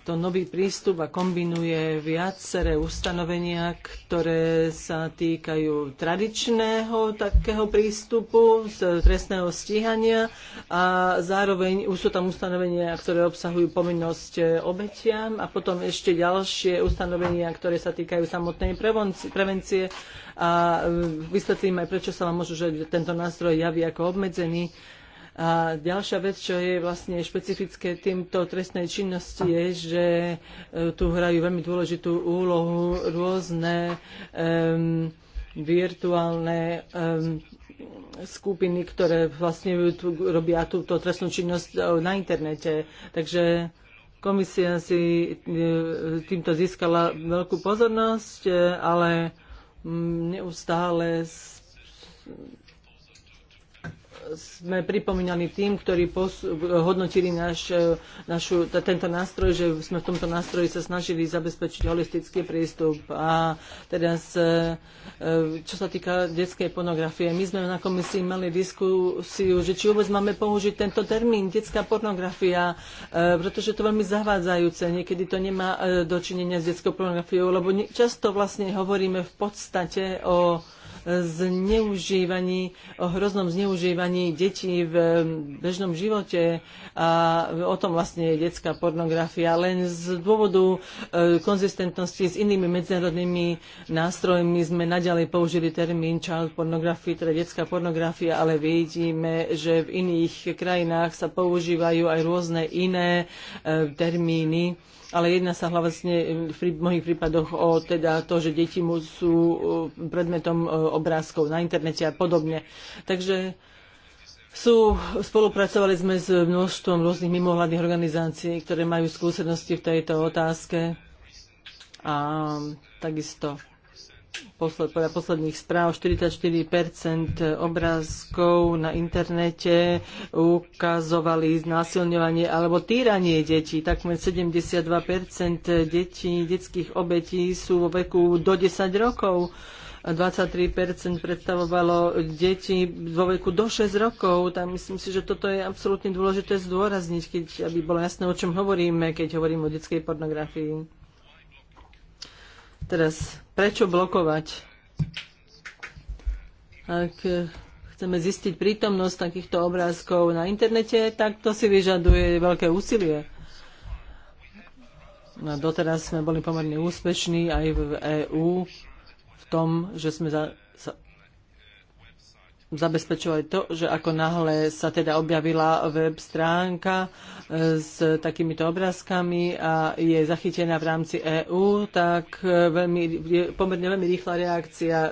to nový prístup a kombinuje viaceré ustanovenia, ktoré sa týkajú tradičného takého prístupu z trestného stíhania a zároveň už sú tam ustanovenia, ktoré obsahujú povinnosť obetiam a potom ešte ďalšie ustanovenia, ktoré sa týkajú samotnej prevencie a vysvetlím aj, prečo sa vám môžu, že tento nástroj javí ako obmedzený a ďalšia vec, čo je vlastne špecifické týmto trestnej činnosti, je, že e, tu hrajú veľmi dôležitú úlohu rôzne um, virtuálne um, skupiny, ktoré vlastne robia túto trestnú činnosť e, na internete. Takže komisia si e, týmto získala veľkú pozornosť, ale mm, neustále sme pripomínali tým, ktorí hodnotili naš, e, našu, tento nástroj, že sme v tomto nástroji sa snažili zabezpečiť holistický prístup. A teraz, e, e, čo sa týka detskej pornografie, my sme na komisii mali diskusiu, že či vôbec máme použiť tento termín, detská pornografia, pretože to veľmi zavádzajúce. Niekedy to nemá dočinenia s detskou pornografiou, lebo často vlastne hovoríme v podstate o zneužívaní, o hroznom zneužívaní detí v bežnom živote a o tom vlastne je detská pornografia. Len z dôvodu e, konzistentnosti s inými medzinárodnými nástrojmi sme naďalej použili termín child pornography, teda detská pornografia, ale vidíme, že v iných krajinách sa používajú aj rôzne iné e, termíny ale jedna sa hlavne v mnohých prípadoch o teda to, že deti mu sú e, predmetom e, obrázkov na internete a podobne. Takže sú, spolupracovali sme s množstvom rôznych mimovládnych organizácií, ktoré majú skúsenosti v tejto otázke a takisto posled, podľa posledných správ 44% obrázkov na internete ukazovali znásilňovanie alebo týranie detí. Takmer 72% detí, detských obetí sú vo veku do 10 rokov. 23% predstavovalo deti vo veku do 6 rokov. Tam myslím si, že toto je absolútne dôležité zdôrazniť, keď, aby bolo jasné, o čom hovoríme, keď hovorím o detskej pornografii. Teraz, prečo blokovať? Ak chceme zistiť prítomnosť takýchto obrázkov na internete, tak to si vyžaduje veľké úsilie. No, doteraz sme boli pomerne úspešní aj v EÚ v tom, že sme za, sa zabezpečovali to, že ako náhle sa teda objavila web stránka e, s takýmito obrázkami a je zachytená v rámci EÚ, tak e, veľmi, je pomerne veľmi rýchla reakcia e,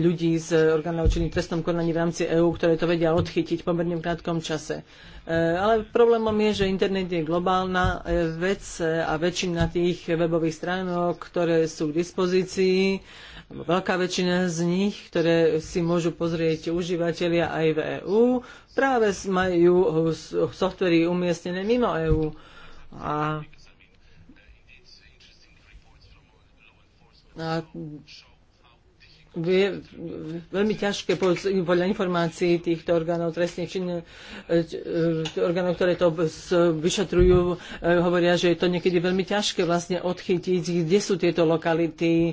ľudí z orgánov činných trestnom konaní v rámci EÚ, ktoré to vedia odchytiť pomerne v krátkom čase. Ale problémom je, že internet je globálna vec a väčšina tých webových stránok, ktoré sú k dispozícii, Veľká väčšina z nich, ktoré si môžu pozrieť užívateľia aj v EÚ, práve majú softvery umiestnené mimo EÚ. A a je veľmi ťažké podľa informácií týchto orgánov trestných čin, e, orgánov, ktoré to vyšetrujú, e, hovoria, že je to niekedy veľmi ťažké vlastne odchytiť, kde sú tieto lokality. E,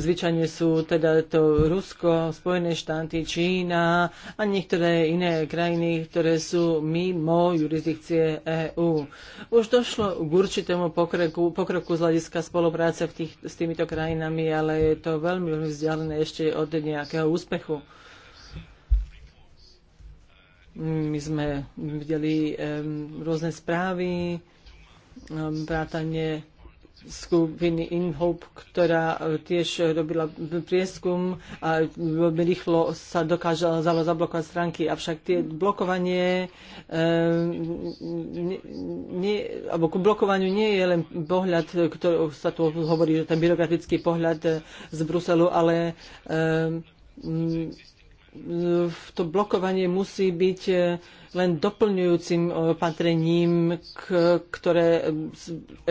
zvyčajne sú teda to Rusko, Spojené štáty, Čína a niektoré iné krajiny, ktoré sú mimo jurisdikcie EÚ. Už došlo k určitému pokroku, pokroku z hľadiska spolupráce v tých, s týmito krajinami, ale je to veľmi, veľmi vzdialené ešte od nejakého úspechu. My sme videli rôzne správy, vrátanie skupiny InHope, ktorá eh, tiež eh, robila prieskum a veľmi rýchlo sa dokázala zablokovať stránky. Avšak tie blokovanie eh, nie, nie, alebo ku blokovaniu nie je len pohľad, ktorý sa tu hovorí, že ten byrokratický pohľad z Bruselu, ale um, to blokovanie musí byť e, len doplňujúcim e, opatrením, ktoré e,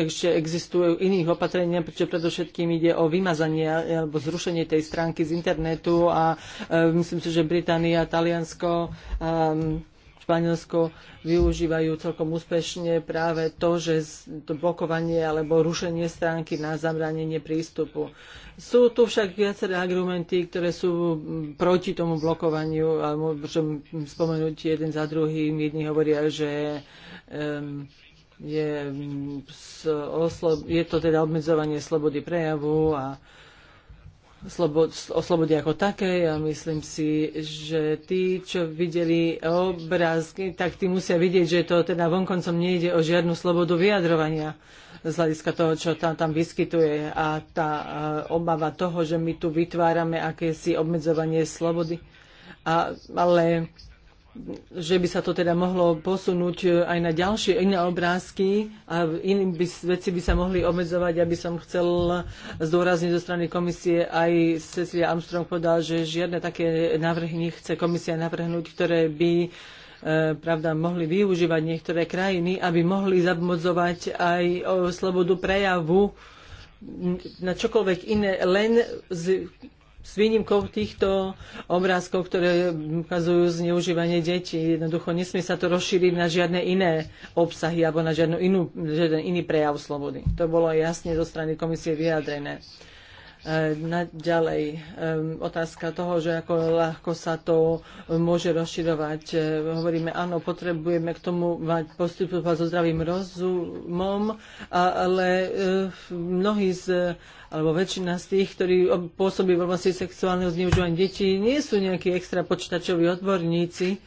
ešte existujú iných opatrení, pretože predovšetkým ide o vymazanie alebo zrušenie tej stránky z internetu a myslím si, že Británia, Taliansko, um, Španielsko využívajú celkom úspešne práve to, že to blokovanie alebo rušenie stránky na zabranenie prístupu. Sú tu však viaceré argumenty, ktoré sú proti tomu blokovaniu, ale môžem spomenúť jeden za druhým. Jedni hovoria, že um, je, mm, je to teda obmedzovanie slobody prejavu a slobode ako také. Ja myslím si, že tí, čo videli obrázky, tak tí musia vidieť, že to teda vonkoncom nejde o žiadnu slobodu vyjadrovania z hľadiska toho, čo tam, tam vyskytuje. A tá e, obava toho, že my tu vytvárame akési obmedzovanie slobody. A, ale že by sa to teda mohlo posunúť e, aj na ďalšie iné obrázky a iní by, veci by sa mohli obmedzovať. Ja by som chcel zdôrazniť zo strany komisie aj Cecilia Armstrong povedal, že žiadne také návrhy nechce komisia navrhnúť, ktoré by e, pravda, mohli využívať niektoré krajiny, aby mohli zabmodzovať aj slobodu prejavu na čokoľvek iné, len z s výnimkou týchto obrázkov, ktoré ukazujú zneužívanie detí, jednoducho nesmie sa to rozšíriť na žiadne iné obsahy alebo na žiadnu inú, žiaden iný prejav slobody. To bolo jasne zo strany komisie vyjadrené. Naďalej otázka toho, že ako ľahko sa to môže rozširovať. E, hovoríme, áno, potrebujeme k tomu mať postupovať so zdravým rozumom, ale e, mnohí z, alebo väčšina z tých, ktorí pôsobí v oblasti sexuálneho zneužívania detí, nie sú nejakí extra počítačoví odborníci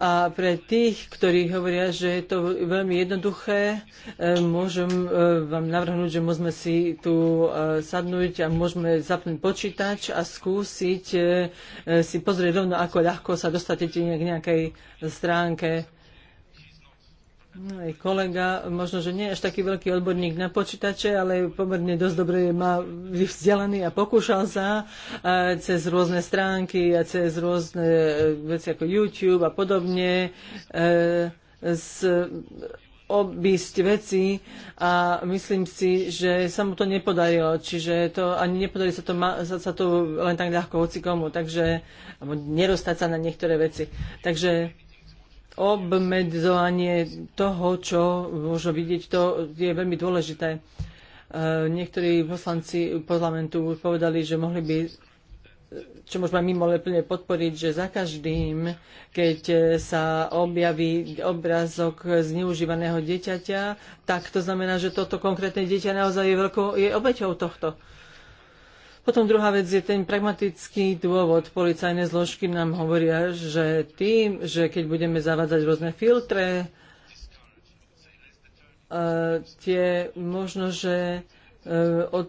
a pre tých, ktorí hovoria, že je to veľmi jednoduché, e, môžem e, vám navrhnúť, že môžeme si tu e, sadnúť a môžeme zapnúť počítač a skúsiť si pozrieť rovno, ako ľahko sa dostatete k nejakej stránke kolega, možno, že nie až taký veľký odborník na počítače, ale pomerne dosť dobre má vzdelaný a pokúšal sa a cez rôzne stránky a cez rôzne e, veci ako YouTube a podobne e, z obísť veci a myslím si, že sa mu to nepodarilo. Čiže to ani nepodarí sa to, ma, sa, sa to len tak ľahko hocikomu, takže alebo nerostať sa na niektoré veci. Takže obmedzovanie toho, čo môžu vidieť, to je veľmi dôležité. E, niektorí poslanci parlamentu povedali, že mohli by čo môžeme mimo plne podporiť, že za každým, keď sa objaví obrázok zneužívaného dieťaťa, tak to znamená, že toto konkrétne dieťa naozaj je, veľkou, je obeťou tohto. Potom druhá vec je ten pragmatický dôvod. Policajné zložky nám hovoria, že tým, že keď budeme zavádzať rôzne filtre, e, tie možno, že e, od,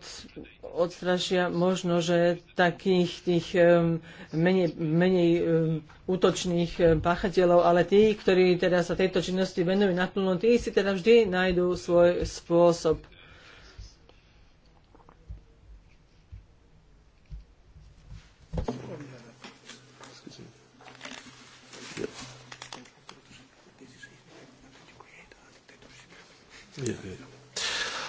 odstrašia možno, že takých tých e, menej, menej útočných páchateľov, ale tí, ktorí teda sa tejto činnosti venujú naplno, tí si teda vždy nájdú svoj spôsob.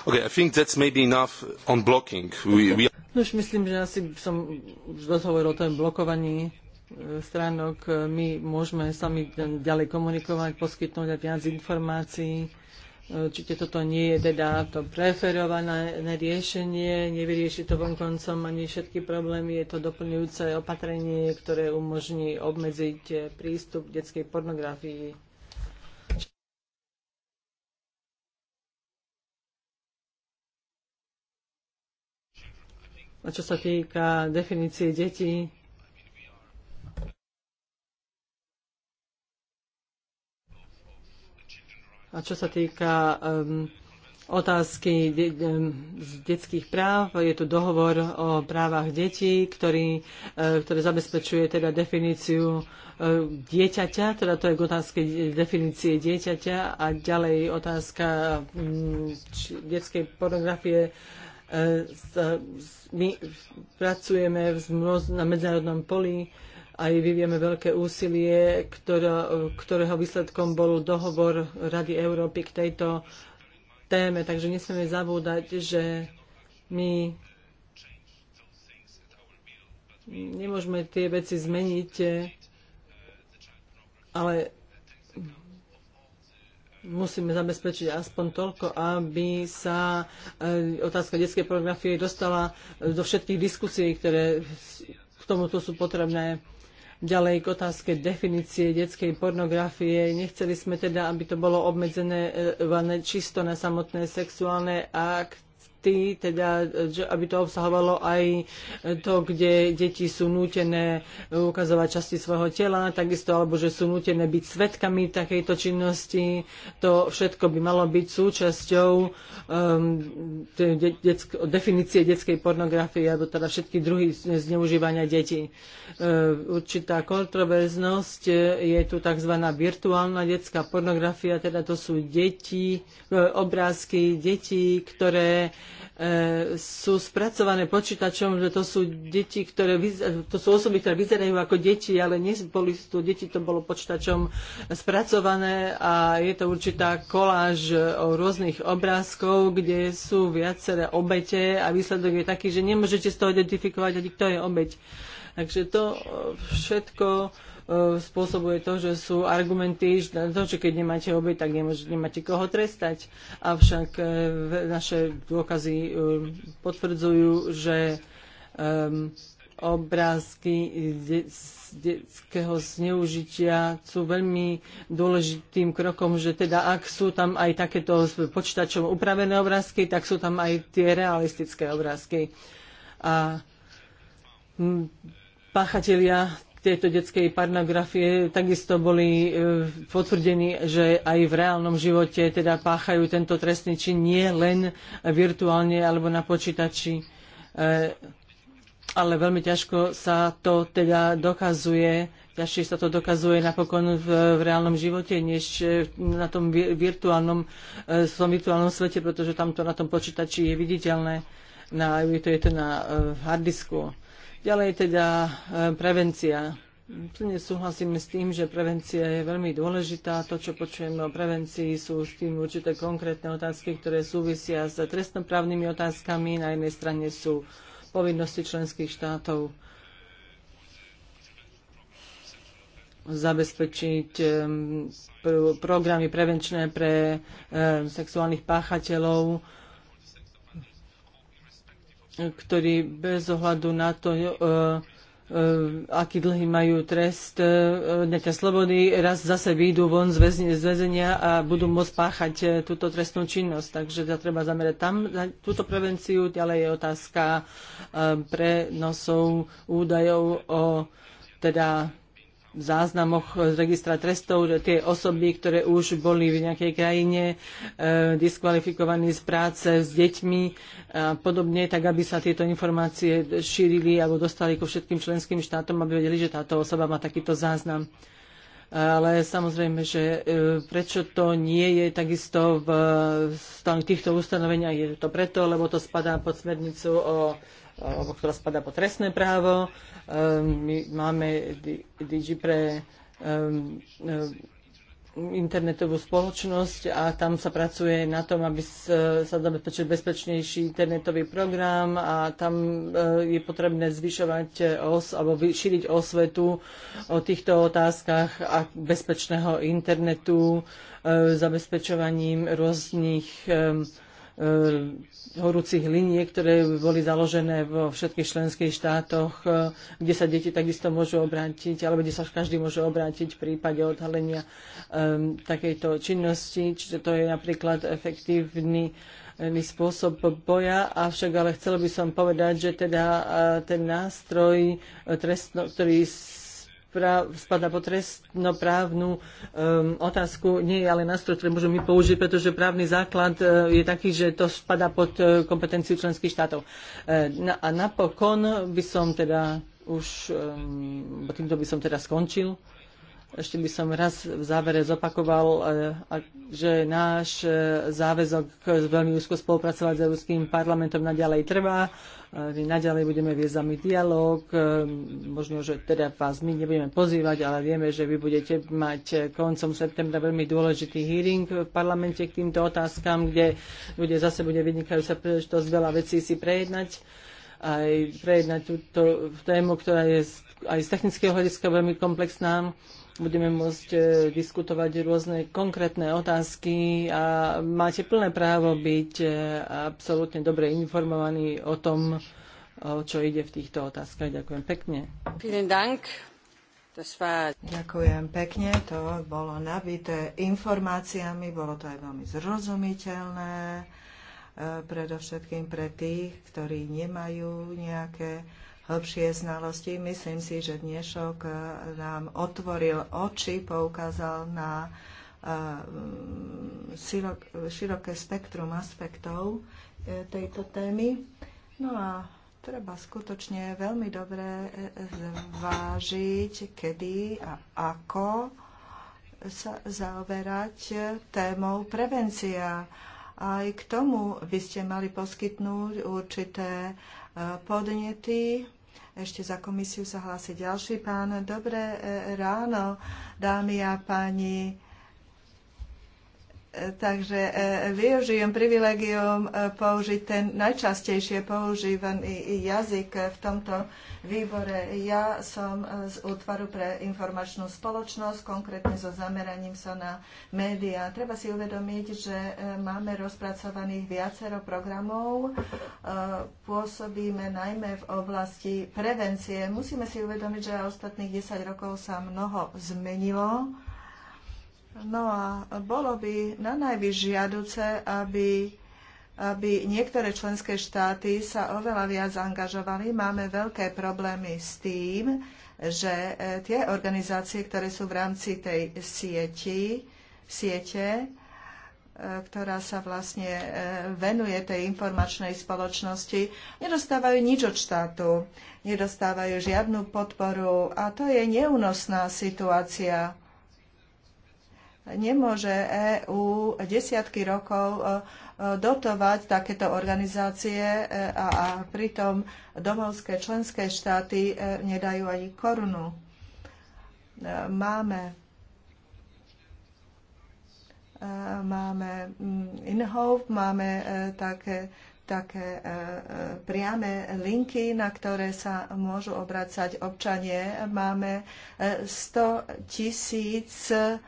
Okay, I think that's maybe enough on blocking. We, we... No už myslím, že asi som už dosť hovoril o tom blokovaní e, stránok. E, my môžeme sami ďalej komunikovať, poskytnúť aj viac informácií Určite toto nie je teda to preferované riešenie, nevyrieši to vonkoncom ani všetky problémy, je to doplňujúce opatrenie, ktoré umožní obmedziť prístup k detskej pornografii. A čo sa týka definície detí, A čo sa týka um, otázky de- de- detských práv. Je tu dohovor o právach detí, ktorý, e, ktoré zabezpečuje teda definíciu e, dieťaťa, teda to je k otázke definície dieťaťa a ďalej otázka či, detskej pornografie. E, my pracujeme na medzinárodnom poli aj vyvieme veľké úsilie, ktorého výsledkom bol dohovor Rady Európy k tejto téme. Takže nesmieme zabúdať, že my nemôžeme tie veci zmeniť, ale musíme zabezpečiť aspoň toľko, aby sa eh, otázka detskej pornografie dostala do všetkých diskusí, ktoré k tomuto sú potrebné. Ďalej k otázke definície detskej pornografie. Nechceli sme teda, aby to bolo obmedzené e, čisto na samotné sexuálne akty charty, teda aby to obsahovalo aj to, kde deti sú nútené ukazovať časti svojho tela, takisto, alebo že sú nútené byť svetkami takejto činnosti. To všetko by malo byť súčasťou um, de- de- definície detskej pornografie, alebo teda všetky druhy zneužívania detí. Uh, určitá kontroverznosť e, je tu tzv. virtuálna detská pornografia, teda to sú deti, e, obrázky detí, ktoré E, sú spracované počítačom, že to sú, deti, ktoré, to sú osoby, ktoré vyzerajú ako deti, ale boli to deti, to bolo počítačom spracované a je to určitá koláž o rôznych obrázkov, kde sú viaceré obete a výsledok je taký, že nemôžete z toho identifikovať, kto je obeť. Takže to všetko E, spôsobuje to, že sú argumenty, že to, že keď nemáte obeď, tak nemôžete, nemáte koho trestať. Avšak e, naše dôkazy e, potvrdzujú, že obrázky detského zneužitia sú veľmi dôležitým krokom, že teda ak sú tam aj takéto počítačom upravené obrázky, tak sú tam aj tie realistické obrázky. A páchatelia tejto detskej pornografie takisto boli e, potvrdení, že aj v reálnom živote teda páchajú tento trestný čin nie len virtuálne alebo na počítači. E, ale veľmi ťažko sa to teda dokazuje, ťažšie sa to dokazuje napokon v, v reálnom živote, než e, na tom virtuálnom, v tom virtuálnom svete, pretože tam to na tom počítači je viditeľné, na, je to, je to na hardisku. Ďalej teda e, prevencia. Plne súhlasím s tým, že prevencia je veľmi dôležitá. To, čo počujeme o prevencii, sú s tým určité konkrétne otázky, ktoré súvisia s trestnoprávnymi otázkami. Na jednej strane sú povinnosti členských štátov zabezpečiť e, programy prevenčné pre e, sexuálnych páchateľov, ktorí bez ohľadu na to, e, e, aký dlhy majú trest odňatia e, slobody, raz zase výjdu von z väzenia a budú môcť páchať túto trestnú činnosť. Takže to treba zamerať tam na túto prevenciu. Ďalej je otázka prenosov údajov o teda záznamoch z registra trestov tie osoby, ktoré už boli v nejakej krajine e, diskvalifikovaní z práce s deťmi a podobne, tak aby sa tieto informácie šírili alebo dostali ku všetkým členským štátom, aby vedeli, že táto osoba má takýto záznam ale samozrejme, že e, prečo to nie je takisto v týchto ustanoveniach, je to preto, lebo to spadá pod smernicu o alebo ktorá spadá po trestné právo. Ehm, my máme DG pre ehm, ehm, internetovú spoločnosť a tam sa pracuje na tom, aby e, sa zabezpečil bezpečnejší internetový program a tam e, je potrebné zvyšovať os, alebo šíriť osvetu o týchto otázkach a bezpečného internetu e, zabezpečovaním rôznych E, horúcich liniek, ktoré boli založené vo všetkých členských štátoch, e, kde sa deti takisto môžu obrátiť, alebo kde sa každý môže obrátiť v prípade odhalenia um, takejto činnosti. Čiže to je napríklad efektívny spôsob boja, avšak ale chcela by som povedať, že teda ten nástroj, trestno, ktorý práv, spada pod trestnoprávnu um, otázku, nie je ale nástroj, ktorý môžeme použiť, pretože právny základ uh, je taký, že to spada pod uh, kompetenciu členských štátov. Uh, na, a napokon by som teda už, um, týmto by som teda skončil. Ešte by som raz v závere zopakoval, e, že náš e, záväzok veľmi úzko spolupracovať s Európskym parlamentom naďalej trvá. E, my naďalej budeme viesť zami dialog. Možno, že teda vás my nebudeme pozývať, ale vieme, že vy budete mať koncom septembra veľmi dôležitý hearing v parlamente k týmto otázkam, kde bude zase bude vynikajúca príležitosť veľa vecí si prejednať aj prejednať túto tému, ktorá je aj z technického hľadiska veľmi komplexná budeme môcť e, diskutovať rôzne konkrétne otázky a máte plné právo byť e, absolútne dobre informovaní o tom, o čo ide v týchto otázkach. Ďakujem pekne. Ďakujem pekne, to bolo nabité informáciami, bolo to aj veľmi zrozumiteľné, e, predovšetkým pre tých, ktorí nemajú nejaké hĺbšie znalosti. Myslím si, že dnešok eh, nám otvoril oči, poukázal na eh, široké spektrum aspektov eh, tejto témy. No a treba skutočne veľmi dobre zvážiť, kedy a ako sa zaoberať témou prevencia. Aj k tomu by ste mali poskytnúť určité podnety. Ešte za komisiu sa hlási ďalší pán. Dobré eh, ráno, dámy a páni. Takže e, využijem privilegium e, použiť ten najčastejšie používaný jazyk v tomto výbore. Ja som e, z útvaru pre informačnú spoločnosť, konkrétne so zameraním sa na médiá. Treba si uvedomiť, že máme rozpracovaných viacero programov. Pôsobíme najmä v oblasti prevencie. Musíme si uvedomiť, že ostatných 10 rokov sa mnoho zmenilo No a bolo by na najvyš žiaduce, aby, aby niektoré členské štáty sa oveľa viac angažovali. Máme veľké problémy s tým, že e, tie organizácie, ktoré sú v rámci tej sieti, siete, e, ktorá sa vlastne e, venuje tej informačnej spoločnosti, nedostávajú nič od štátu, nedostávajú žiadnu podporu a to je neúnosná situácia. Nemôže EÚ desiatky rokov e, e, dotovať takéto organizácie e, a, a pritom domovské členské štáty nedajú ani korunu. Máme máme mm, in-hope, máme také, také priame linky, na ktoré sa môžu obracať občanie. Máme 100 tisíc 000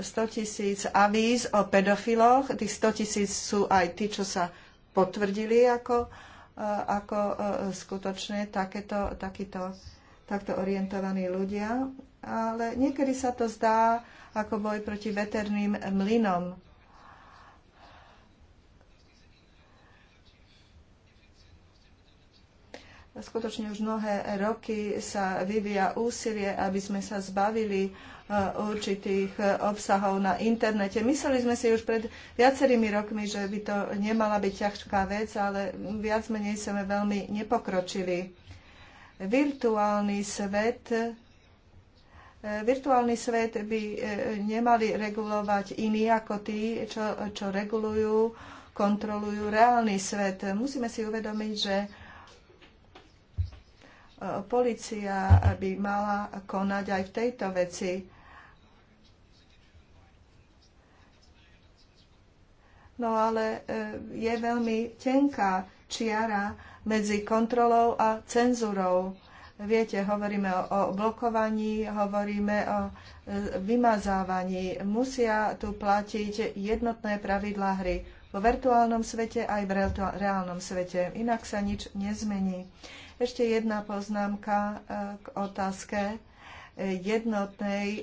100 eh, tisíc avíz o pedofiloch. Tých 100 tisíc sú aj tí, čo sa potvrdili ako, eh, ako eh, skutočne takéto, takýto, takto orientovaní ľudia. Ale niekedy sa to zdá ako boj proti veterným mlynom Skutočne už mnohé roky sa vyvíja úsilie, aby sme sa zbavili e, určitých e, obsahov na internete. Mysleli sme si už pred viacerými rokmi, že by to nemala byť ťažká vec, ale viac menej sme veľmi nepokročili. Virtuálny svet e, virtuálny svet by nemali regulovať iní ako tí, čo, čo regulujú, kontrolujú reálny svet. Musíme si uvedomiť, že Polícia by mala konať aj v tejto veci. No ale e, je veľmi tenká čiara medzi kontrolou a cenzúrou. Viete, hovoríme o, blokovaní, hovoríme o e, vymazávaní. Musia tu platiť jednotné pravidlá hry vo virtuálnom svete aj v reálnom svete. Inak sa nič nezmení. Ešte jedna poznámka e, k otázke e, jednotnej e,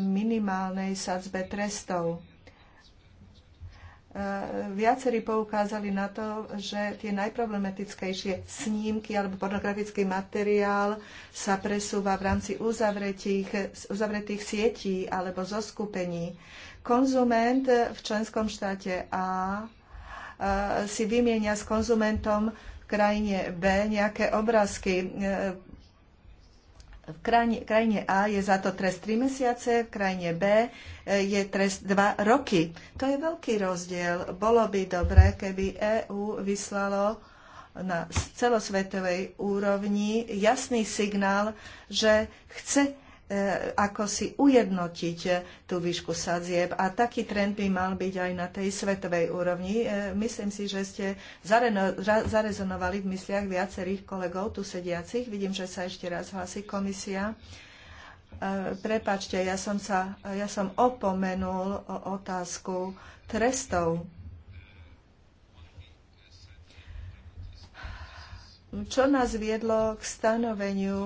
minimálnej sadzbe trestov viacerí poukázali na to, že tie najproblematickejšie snímky alebo pornografický materiál sa presúva v rámci uzavretých, uzavretých sietí alebo zoskupení. Konzument v členskom štáte A si vymienia s konzumentom krajine B nejaké obrázky. V krajine, A je za to trest 3 mesiace, v krajine B e, je trest 2 roky. To je veľký rozdiel. Bolo by dobré, keby EÚ vyslalo na celosvetovej úrovni jasný signál, že chce E, ako si ujednotiť e, tú výšku sadzieb. A taký trend by mal byť aj na tej svetovej úrovni. E, myslím si, že ste zarezonovali v mysliach viacerých kolegov tu sediacich. Vidím, že sa ešte raz hlasí komisia. Prepačte, ja som, sa, ja som opomenul otázku trestov čo nás viedlo k stanoveniu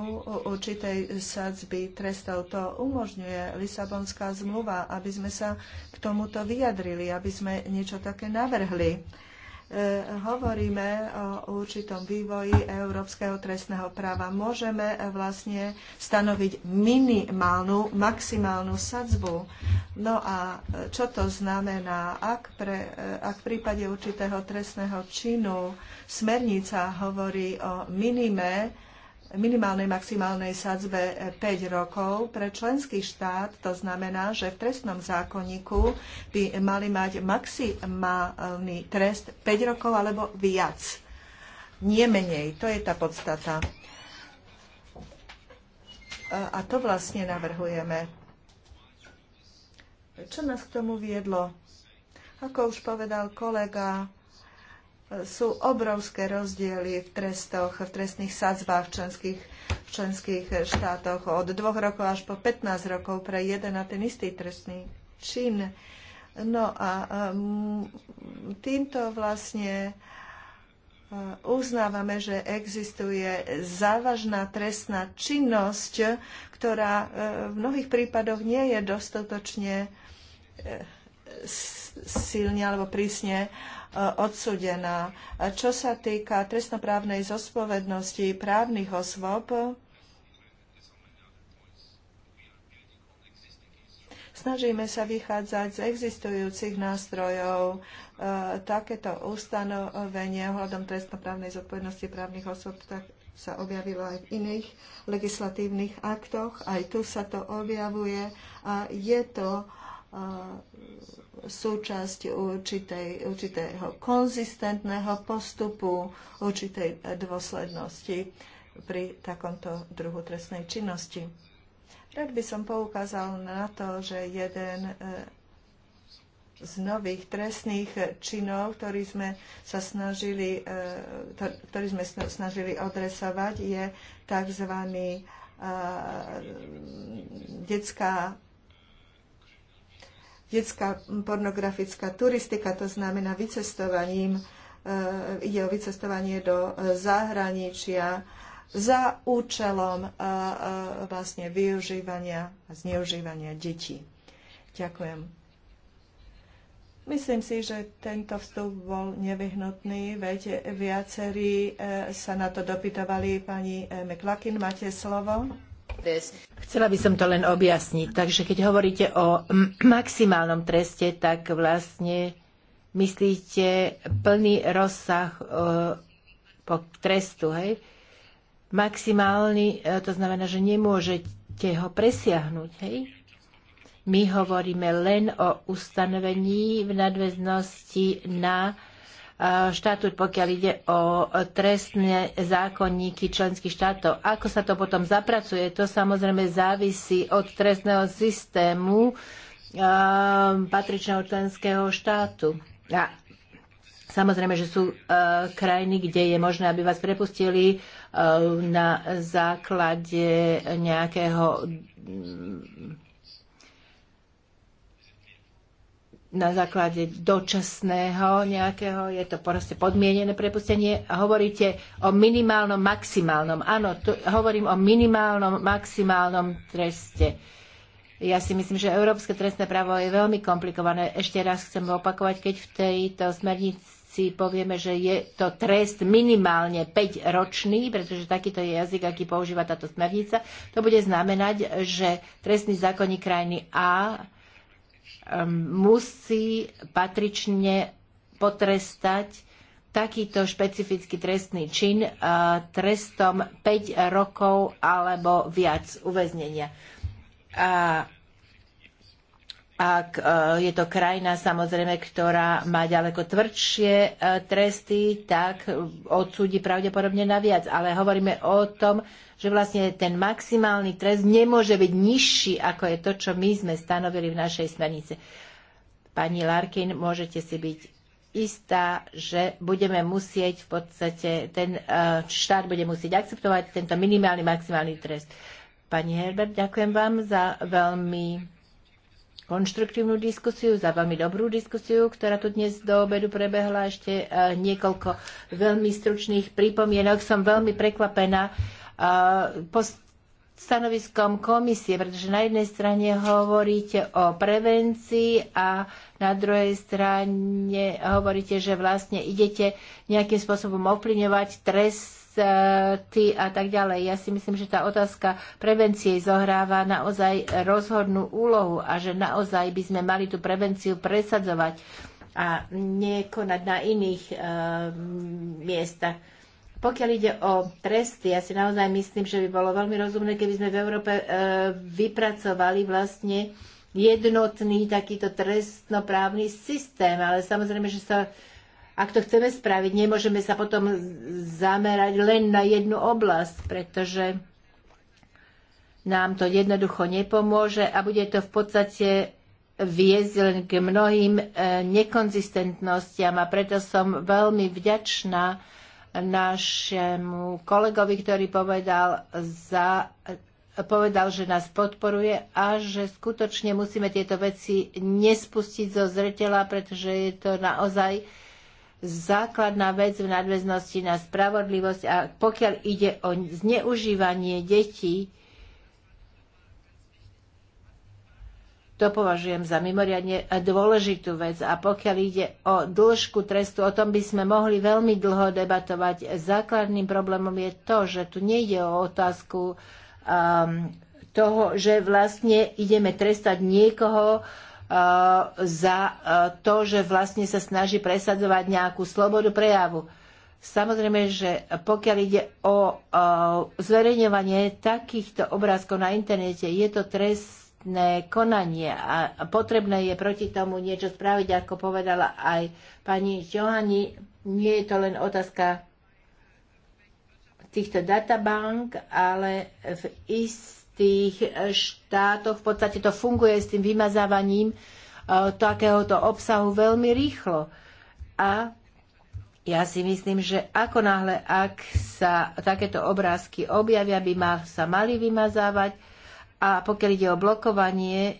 určitej sadzby trestov. To umožňuje Lisabonská zmluva, aby sme sa k tomuto vyjadrili, aby sme niečo také navrhli. E, hovoríme o určitom vývoji európskeho trestného práva. Môžeme vlastne stanoviť minimálnu, maximálnu sadzbu. No a čo to znamená, ak, pre, e, ak v prípade určitého trestného činu smernica hovorí o minime, minimálnej maximálnej sadzbe 5 e, rokov. Pre členský štát to znamená, že v trestnom zákonníku by mali mať maximálny trest 5 rokov alebo viac. Nie menej. To je tá podstata. E, a to vlastne navrhujeme. Čo nás k tomu viedlo? Ako už povedal kolega, sú obrovské rozdiely v trestoch, v trestných sadzbách v členských, v členských štátoch od dvoch rokov až po 15 rokov pre jeden a ten istý trestný čin. No a um, týmto vlastne uh, uznávame, že existuje závažná trestná činnosť, ktorá uh, v mnohých prípadoch nie je dostatočne uh, silne alebo prísne E, odsudená. Čo sa týka trestnoprávnej zospovednosti právnych osôb, snažíme sa vychádzať z existujúcich nástrojov. E, takéto ustanovenie ohľadom trestnoprávnej zodpovednosti právnych osôb tak sa objavilo aj v iných legislatívnych aktoch. Aj tu sa to objavuje a je to e, súčasť určitej, určitého konzistentného postupu, určitej dôslednosti pri takomto druhu trestnej činnosti. Rád by som poukázal na to, že jeden e, z nových trestných činov, ktorý sme sa snažili, e, ktorý sme snažili odresovať, je tzv. E, detská detská pornografická turistika, to znamená vycestovaním, e, ide o vycestovanie do e, zahraničia za účelom e, vlastne využívania a zneužívania detí. Ďakujem. Myslím si, že tento vstup bol nevyhnutný, veď viacerí sa na to dopytovali. Pani McLaughlin, máte slovo. Chcela by som to len objasniť. Takže keď hovoríte o maximálnom treste, tak vlastne myslíte plný rozsah e, po trestu, hej? Maximálny, e, to znamená, že nemôžete ho presiahnuť, hej? My hovoríme len o ustanovení v nadväznosti na štatút, pokiaľ ide o trestné zákonníky členských štátov. Ako sa to potom zapracuje, to samozrejme závisí od trestného systému um, patričného členského štátu. A samozrejme, že sú uh, krajiny, kde je možné, aby vás prepustili uh, na základe nejakého na základe dočasného nejakého, je to proste podmienené prepustenie. Hovoríte o minimálnom, maximálnom. Áno, tu hovorím o minimálnom, maximálnom treste. Ja si myslím, že európske trestné právo je veľmi komplikované. Ešte raz chcem opakovať, keď v tejto smernici povieme, že je to trest minimálne 5-ročný, pretože takýto je jazyk, aký používa táto smernica, to bude znamenať, že trestný zákonník krajiny A Um, musí patrične potrestať takýto špecifický trestný čin uh, trestom 5 rokov alebo viac uväznenia. A ak e, je to krajina samozrejme, ktorá má ďaleko tvrdšie e, tresty, tak odsúdi pravdepodobne na viac. Ale hovoríme o tom, že vlastne ten maximálny trest nemôže byť nižší, ako je to, čo my sme stanovili v našej smernici. Pani Larkin, môžete si byť istá, že budeme musieť v podstate, ten e, štát bude musieť akceptovať tento minimálny, maximálny trest. Pani Herbert, ďakujem vám za veľmi konštruktívnu diskusiu, za veľmi dobrú diskusiu, ktorá tu dnes do obedu prebehla. Ešte e, niekoľko veľmi stručných pripomienok. Som veľmi prekvapená e, po stanoviskom komisie, pretože na jednej strane hovoríte o prevencii a na druhej strane hovoríte, že vlastne idete nejakým spôsobom ovplyvňovať trest E, ty a tak ďalej. Ja si myslím, že tá otázka prevencie zohráva naozaj rozhodnú úlohu a že naozaj by sme mali tú prevenciu presadzovať a nekonať na iných e, miestach. Pokiaľ ide o tresty, ja si naozaj myslím, že by bolo veľmi rozumné, keby sme v Európe e, vypracovali vlastne jednotný takýto trestnoprávny systém, ale samozrejme, že sa ak to chceme spraviť, nemôžeme sa potom zamerať len na jednu oblasť, pretože nám to jednoducho nepomôže a bude to v podstate viesť len k mnohým e, nekonzistentnostiam a preto som veľmi vďačná našemu kolegovi, ktorý povedal, za, povedal, že nás podporuje a že skutočne musíme tieto veci nespustiť zo zretela, pretože je to naozaj základná vec v nadväznosti na spravodlivosť a pokiaľ ide o zneužívanie detí, to považujem za mimoriadne dôležitú vec. A pokiaľ ide o dĺžku trestu, o tom by sme mohli veľmi dlho debatovať. Základným problémom je to, že tu nejde o otázku um, toho, že vlastne ideme trestať niekoho, uh, Eh, za eh, to, že vlastne sa snaží presadzovať nejakú slobodu prejavu. Samozrejme, že pokiaľ ide o eh, zverejňovanie takýchto obrázkov na internete, je to trestné konanie a potrebné je proti tomu niečo spraviť, ako povedala aj pani Johani. Nie je to len otázka týchto databank, ale v ist tých štátoch v podstate to funguje s tým vymazávaním e, takéhoto obsahu veľmi rýchlo. A ja si myslím, že ako náhle, ak sa takéto obrázky objavia, by ma, sa mali vymazávať. A pokiaľ ide o blokovanie, e,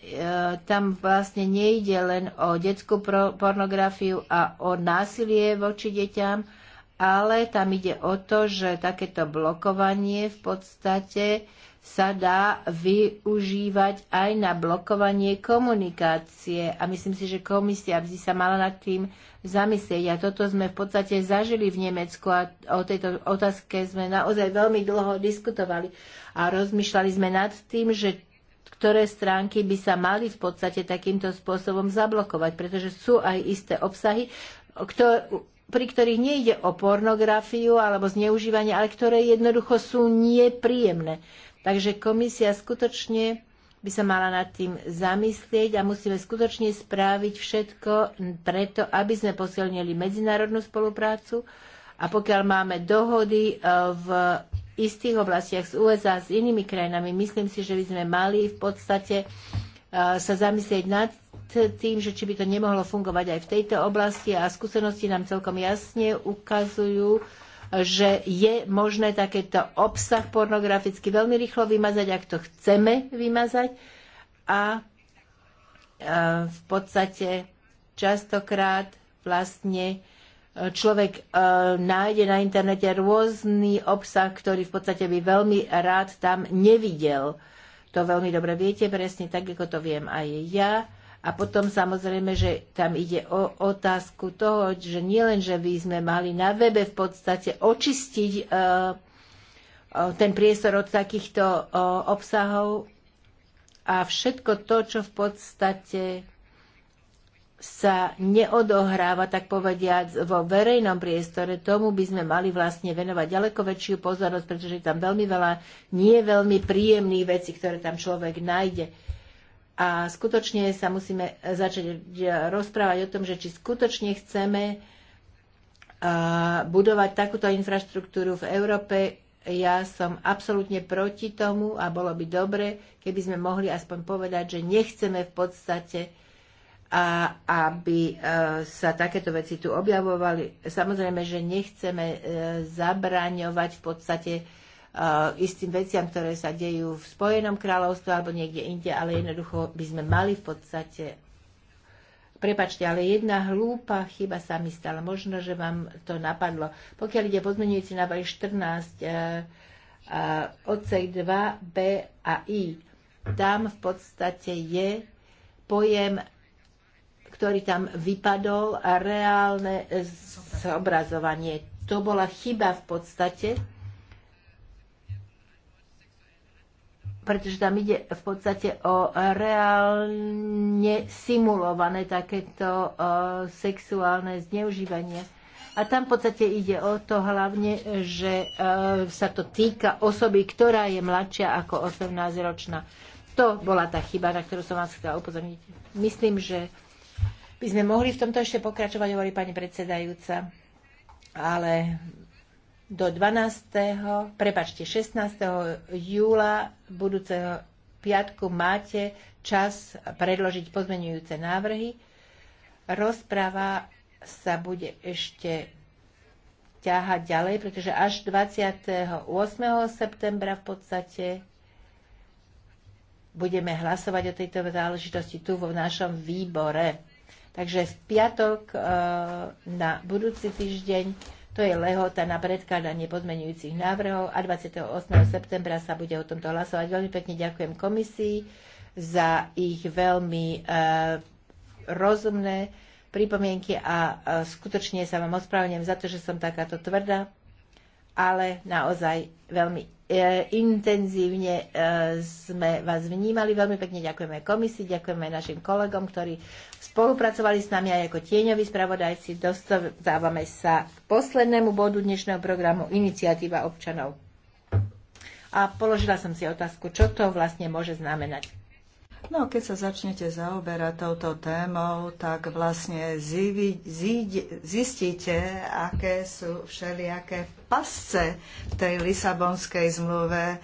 tam vlastne nejde len o detskú pornografiu a o násilie voči deťam, ale tam ide o to, že takéto blokovanie v podstate sa dá využívať aj na blokovanie komunikácie. A myslím si, že komisia by sa mala nad tým zamyslieť. A toto sme v podstate zažili v Nemecku a o tejto otázke sme naozaj veľmi dlho diskutovali. A rozmýšľali sme nad tým, že ktoré stránky by sa mali v podstate takýmto spôsobom zablokovať, pretože sú aj isté obsahy, pri ktorých nejde o pornografiu alebo zneužívanie, ale ktoré jednoducho sú nepríjemné. Takže komisia skutočne by sa mala nad tým zamyslieť a musíme skutočne spraviť všetko preto, aby sme posilnili medzinárodnú spoluprácu a pokiaľ máme dohody e, v istých oblastiach z USA, s inými krajinami, myslím si, že by sme mali v podstate e, sa zamyslieť nad tým, že či by to nemohlo fungovať aj v tejto oblasti a skúsenosti nám celkom jasne ukazujú, že je možné takýto obsah pornograficky veľmi rýchlo vymazať, ak to chceme vymazať. A e, v podstate častokrát vlastne e, človek e, nájde na internete rôzny obsah, ktorý v podstate by veľmi rád tam nevidel. To veľmi dobre viete, presne tak, ako to viem aj ja a potom samozrejme, že tam ide o otázku toho, že nielen, že by sme mali na webe v podstate očistiť e, e, ten priestor od takýchto e, obsahov a všetko to, čo v podstate sa neodohráva, tak povediať, vo verejnom priestore, tomu by sme mali vlastne venovať ďaleko väčšiu pozornosť, pretože je tam veľmi veľa nie veľmi príjemných vecí, ktoré tam človek nájde. A skutočne sa musíme začať rozprávať o tom, že či skutočne chceme budovať takúto infraštruktúru v Európe. Ja som absolútne proti tomu a bolo by dobre, keby sme mohli aspoň povedať, že nechceme v podstate, aby e, sa takéto veci tu objavovali. Samozrejme, že nechceme e, zabraňovať v podstate Eh, istým veciam, ktoré sa dejú v Spojenom kráľovstve alebo niekde inde, ale jednoducho by sme mali v podstate Prepačte, ale jedna hlúpa chyba sa mi stala. Možno, že vám to napadlo. Pokiaľ ide pozmenujúci návrh 14, uh, eh, eh, odsek 2, B a I, tam v podstate je pojem, ktorý tam vypadol, a reálne zobrazovanie. To bola chyba v podstate, pretože tam ide v podstate o reálne simulované takéto e, sexuálne zneužívanie. A tam v podstate ide o to hlavne, že e, sa to týka osoby, ktorá je mladšia ako 18-ročná. To bola tá chyba, na ktorú som vás chcela upozorniť. Myslím, že by sme mohli v tomto ešte pokračovať, hovorí pani predsedajúca, ale do 12. prepačte, 16. júla budúceho piatku máte čas predložiť pozmenujúce návrhy. Rozprava sa bude ešte ťahať ďalej, pretože až 28. septembra v podstate budeme hlasovať o tejto záležitosti tu vo našom výbore. Takže v piatok eh, na budúci týždeň to je lehota na predkladanie podmenujúcich návrhov a 28. septembra sa bude o tomto hlasovať. Veľmi pekne ďakujem komisii za ich veľmi eh, rozumné pripomienky a eh, skutočne sa vám ospravedlňujem za to, že som takáto tvrdá, ale naozaj veľmi E, intenzívne e, sme vás vnímali. Veľmi pekne ďakujeme komisii, ďakujeme našim kolegom, ktorí spolupracovali s nami aj ako tieňoví spravodajci. Dostávame sa k poslednému bodu dnešného programu Iniciatíva občanov. A položila som si otázku, čo to vlastne môže znamenať. No, keď sa začnete zaoberať touto témou, tak vlastne zivi, zíde, zistíte, aké sú všelijaké pasce v tej Lisabonskej zmluve. E,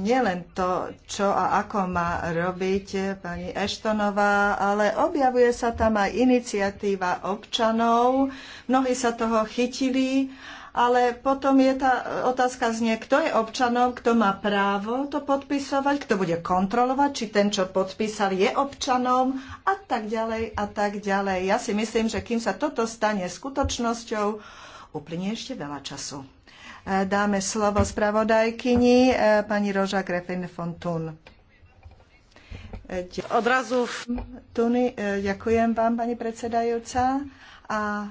nielen to, čo a ako má robiť pani Eštonová, ale objavuje sa tam aj iniciatíva občanov. Mnohí sa toho chytili ale potom je tá otázka znie, kto je občanom, kto má právo to podpisovať, kto bude kontrolovať, či ten, čo podpísal, je občanom a tak ďalej a tak ďalej. Ja si myslím, že kým sa toto stane skutočnosťou, uplynie ešte veľa času. E, dáme slovo spravodajkyni e, pani Roža Grefin Fontún. E, Odrazu v... Tuny, ďakujem vám, pani predsedajúca. A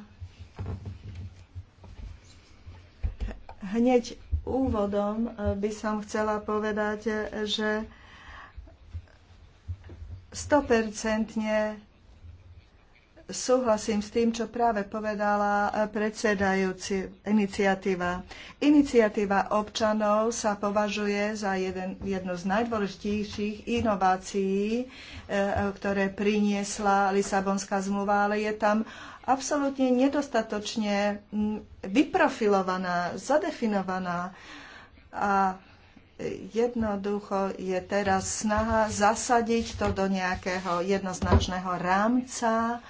Hneď úvodom e, by som chcela povedať, e, že 100% súhlasím s tým, čo práve povedala e, predsedajúci iniciatíva. Iniciatíva občanov sa považuje za jeden, jednu z najdôležitejších inovácií, ktoré priniesla Lisabonská zmluva, ale je tam absolútne nedostatočne vyprofilovaná, zadefinovaná a jednoducho je teraz snaha zasadiť to do nejakého jednoznačného rámca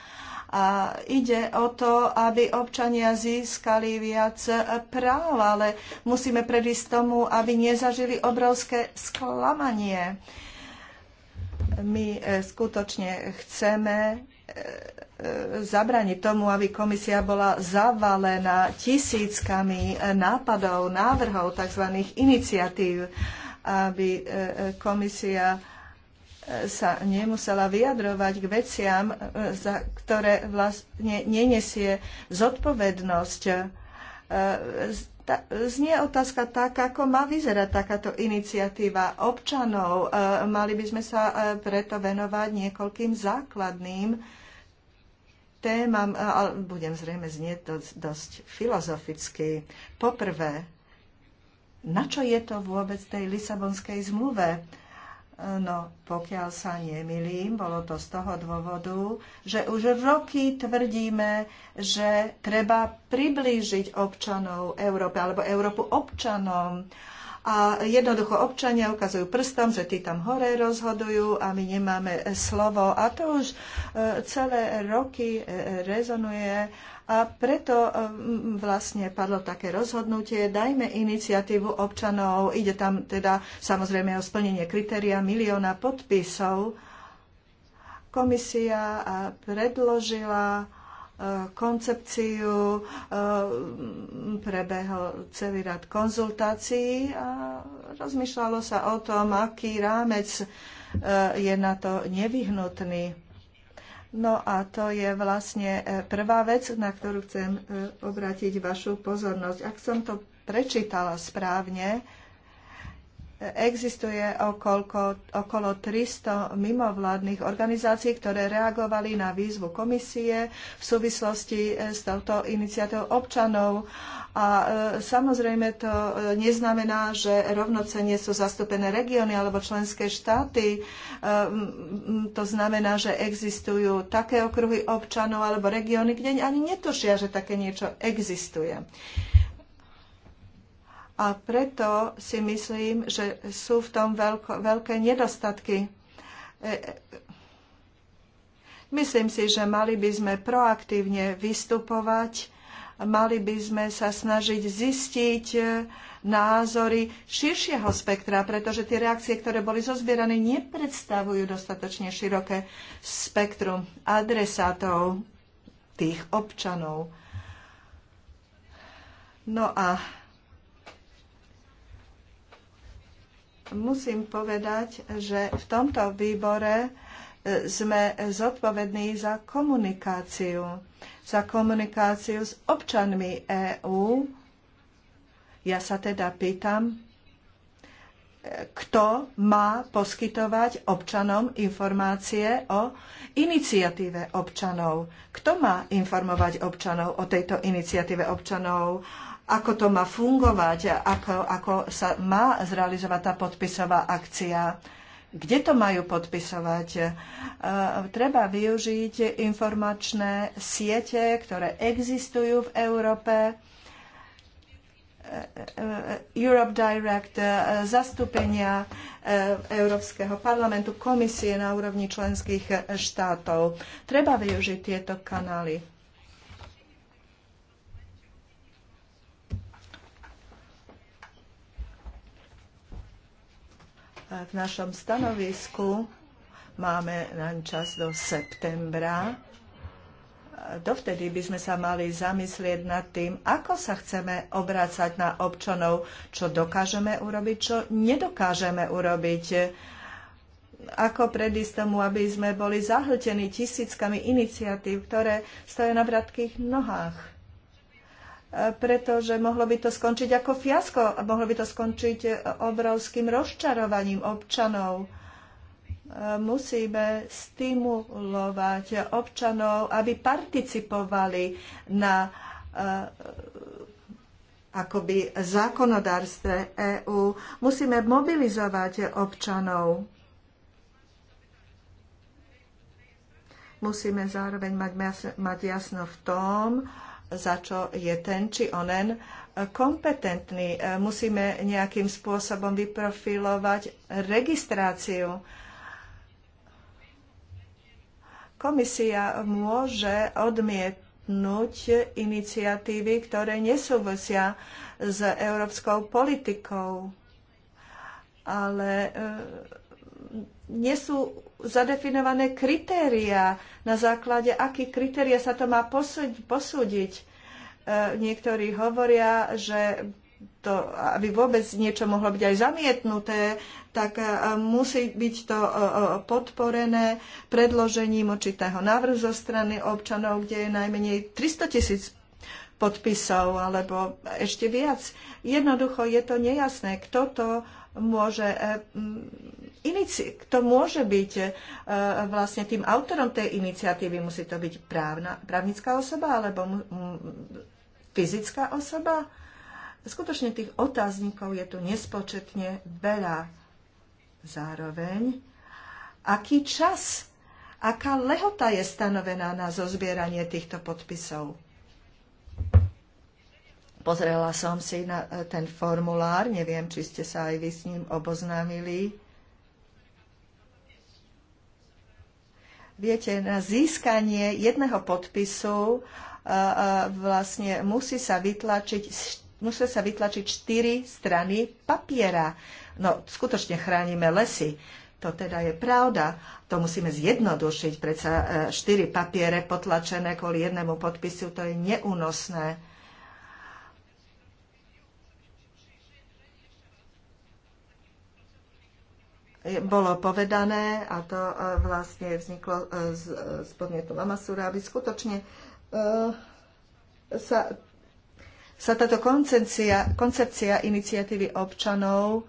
a ide o to, aby občania získali viac práv, ale musíme predísť tomu, aby nezažili obrovské sklamanie. My e, skutočne chceme e, zabrániť tomu, aby komisia bola zavalená tisíckami nápadov, návrhov, tzv. iniciatív, aby e, e, komisia e, sa nemusela vyjadrovať k veciam, za ktoré vlastne nenesie zodpovednosť. Znie otázka tak, ako má vyzerať takáto iniciatíva občanov. Mali by sme sa preto venovať niekoľkým základným témam, ale budem zrejme znieť dosť, dosť filozoficky. Poprvé, na čo je to vôbec tej Lisabonskej zmluve? E, no, pokiaľ sa nemilím, bolo to z toho dôvodu, že už roky tvrdíme, že treba priblížiť občanov Európy alebo Európu občanom. Uh, a jednoducho občania ukazujú prstom, že tí tam hore rozhodujú a my nemáme slovo a to už e, celé roky e, rezonuje a preto e, vlastne padlo také rozhodnutie, dajme iniciatívu občanov, ide tam teda samozrejme o splnenie kritéria milióna podpisov. Komisia predložila koncepciu, eh, prebehol celý rad konzultácií a rozmýšľalo sa o tom, aký rámec eh, je na to nevyhnutný. No a to je vlastne eh, prvá vec, na ktorú chcem obrátiť vašu pozornosť. Ak som to prečítala správne, Existuje okolo 300 mimovládnych organizácií, ktoré reagovali na výzvu komisie v súvislosti e, s touto iniciatívou občanov. A e, samozrejme to e, neznamená, že rovnocene sú zastúpené regióny alebo členské štáty. To znamená, že existujú také okruhy občanov alebo regióny, kde ani netušia, že také niečo existuje. A preto si myslím, že sú v tom veľko, veľké nedostatky. E, e, myslím si, že mali by sme proaktívne vystupovať, mali by sme sa snažiť zistiť e, názory širšieho spektra, pretože tie reakcie, ktoré boli zozbierané, nepredstavujú dostatočne široké spektrum adresátov, tých občanov. No a musím povedať, že v tomto výbore e, sme zodpovední za komunikáciu. Za komunikáciu s občanmi EÚ. Ja sa teda pýtam, e, kto má poskytovať občanom informácie o iniciatíve občanov. Kto má informovať občanov o tejto iniciatíve občanov, ako to má fungovať, ako, ako sa má zrealizovať tá podpisová akcia kde to majú podpisovať. E, treba využiť informačné siete, ktoré existujú v Európe. E, e, Europe Direct, zastúpenia Európskeho parlamentu, komisie na úrovni členských štátov. Treba využiť tieto kanály. v našom stanovisku máme len čas do septembra. Dovtedy by sme sa mali zamyslieť nad tým, ako sa chceme obrácať na občanov, čo dokážeme urobiť, čo nedokážeme urobiť. Ako predísť tomu, aby sme boli zahltení tisíckami iniciatív, ktoré stojí na bratkých nohách pretože mohlo by to skončiť ako fiasko a mohlo by to skončiť obrovským rozčarovaním občanov. Musíme stimulovať občanov, aby participovali na eh, akoby zákonodárstve EÚ. Musíme mobilizovať občanov. Musíme zároveň mať, mať jasno v tom, za čo je ten či onen e, kompetentný. E, musíme nejakým spôsobom vyprofilovať registráciu. Komisia môže odmietnúť iniciatívy, ktoré nesúvisia s európskou politikou. Ale e, nie sú zadefinované kritéria, na základe akých kritéria sa to má posúdiť. E, niektorí hovoria, že to, aby vôbec niečo mohlo byť aj zamietnuté, tak e, musí byť to e, podporené predložením určitého návrhu zo strany občanov, kde je najmenej 300 tisíc podpisov alebo ešte viac. Jednoducho je to nejasné, kto to môže kto môže byť e, vlastne tým autorom tej iniciatívy? Musí to byť právna, právnická osoba alebo fyzická osoba? Skutočne tých otáznikov je tu nespočetne veľa. Zároveň, aký čas, aká lehota je stanovená na zozbieranie týchto podpisov? Pozrela som si na e, ten formulár, neviem, či ste sa aj vy s ním oboznámili. Viete, na získanie jedného podpisu e, e, vlastne musí sa vytlačiť, musia sa vytlačiť štyri strany papiera. No, skutočne chránime lesy. To teda je pravda. To musíme zjednodušiť. Predsa e, štyri papiere potlačené kvôli jednému podpisu, to je neúnosné. bolo povedané a to e, vlastne vzniklo e, z, z e, podnetu Lamasura, aby skutočne sa, sa táto koncepcia, koncepcia iniciatívy občanov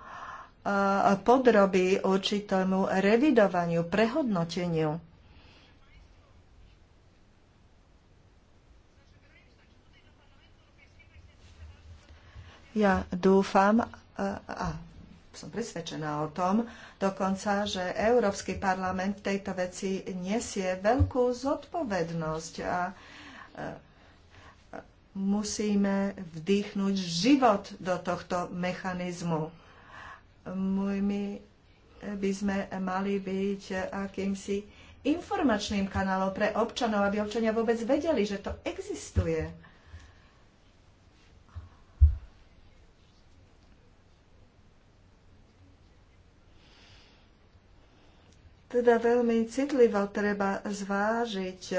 podrobí určitému revidovaniu, prehodnoteniu. Ja dúfam a som presvedčená o tom dokonca, že Európsky parlament v tejto veci nesie veľkú zodpovednosť a e, musíme vdýchnuť život do tohto mechanizmu. My by sme mali byť akýmsi informačným kanálom pre občanov, aby občania vôbec vedeli, že to existuje Teda veľmi citlivo treba zvážiť e,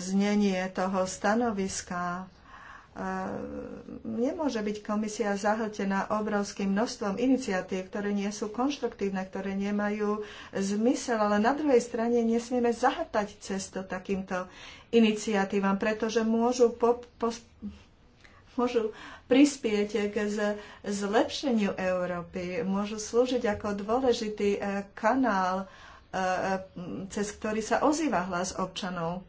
znenie toho stanoviska. E, nemôže byť komisia zahltená obrovským množstvom iniciatív, ktoré nie sú konštruktívne, ktoré nemajú zmysel, ale na druhej strane nesmieme zahatať cestu takýmto iniciatívam, pretože môžu po, po, môžu prispieť k zlepšeniu Európy, môžu slúžiť ako dôležitý e, kanál cez ktorý sa ozýva hlas občanov.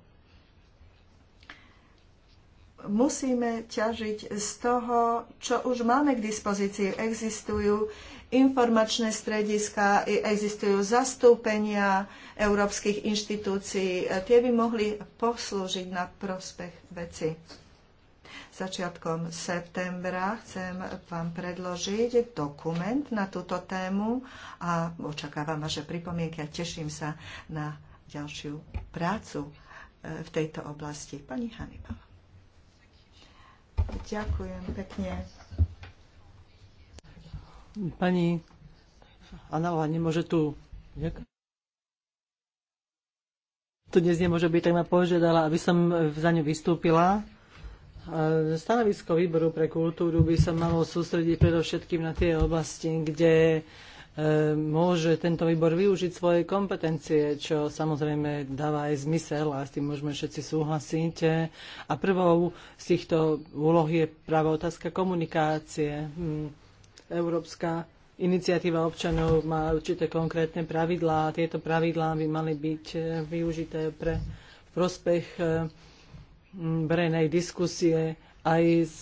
Musíme ťažiť z toho, čo už máme k dispozícii. Existujú informačné strediska, existujú zastúpenia európskych inštitúcií. Tie by mohli poslúžiť na prospech veci. Začiatkom septembra chcem vám predložiť dokument na túto tému a očakávam vaše pripomienky a teším sa na ďalšiu prácu e, v tejto oblasti. Pani Hannibal. Ďakujem pekne. Pani Anála nemôže tu... Tu dnes nemôže byť, tak ma požiadala, aby som za ňu vystúpila. Stanovisko výboru pre kultúru by sa malo sústrediť predovšetkým na tie oblasti, kde e, môže tento výbor využiť svoje kompetencie, čo samozrejme dáva aj zmysel a s tým môžeme všetci súhlasiť. A prvou z týchto úloh je práve otázka komunikácie. Hm, Európska iniciatíva občanov má určité konkrétne pravidlá a tieto pravidlá by mali byť e, využité pre prospech e, verejnej diskusie aj s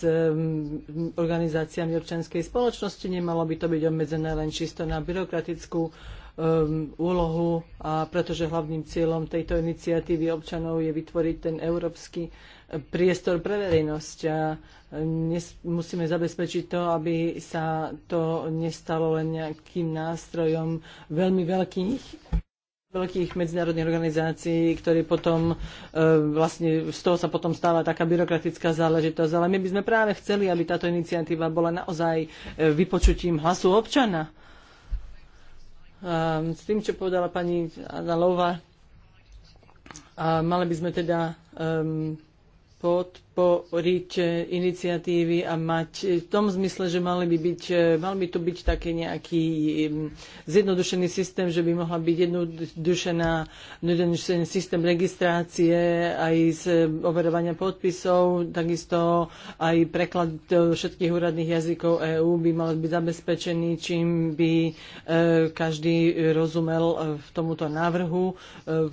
organizáciami občianskej spoločnosti. Nemalo by to byť obmedzené len čisto na byrokratickú úlohu, a pretože hlavným cieľom tejto iniciatívy občanov je vytvoriť ten európsky e, priestor pre verejnosť. A e, musíme zabezpečiť to, aby sa to nestalo len nejakým nástrojom veľmi veľkých veľkých medzinárodných organizácií, ktoré potom e, vlastne z toho sa potom stáva taká byrokratická záležitosť. Ale my by sme práve chceli, aby táto iniciatíva bola naozaj e, vypočutím hlasu občana. E, s tým, čo povedala pani Adalová, a mali by sme teda e, pod podporiť e, iniciatívy a mať e, v tom zmysle, že mali by byť, e, mal by to byť taký nejaký zjednodušený systém, že by mohla byť jednodušená, jednodušený systém registrácie aj z overovania podpisov, takisto aj preklad všetkých úradných jazykov EÚ by mal byť zabezpečený, čím by každý rozumel v tomuto návrhu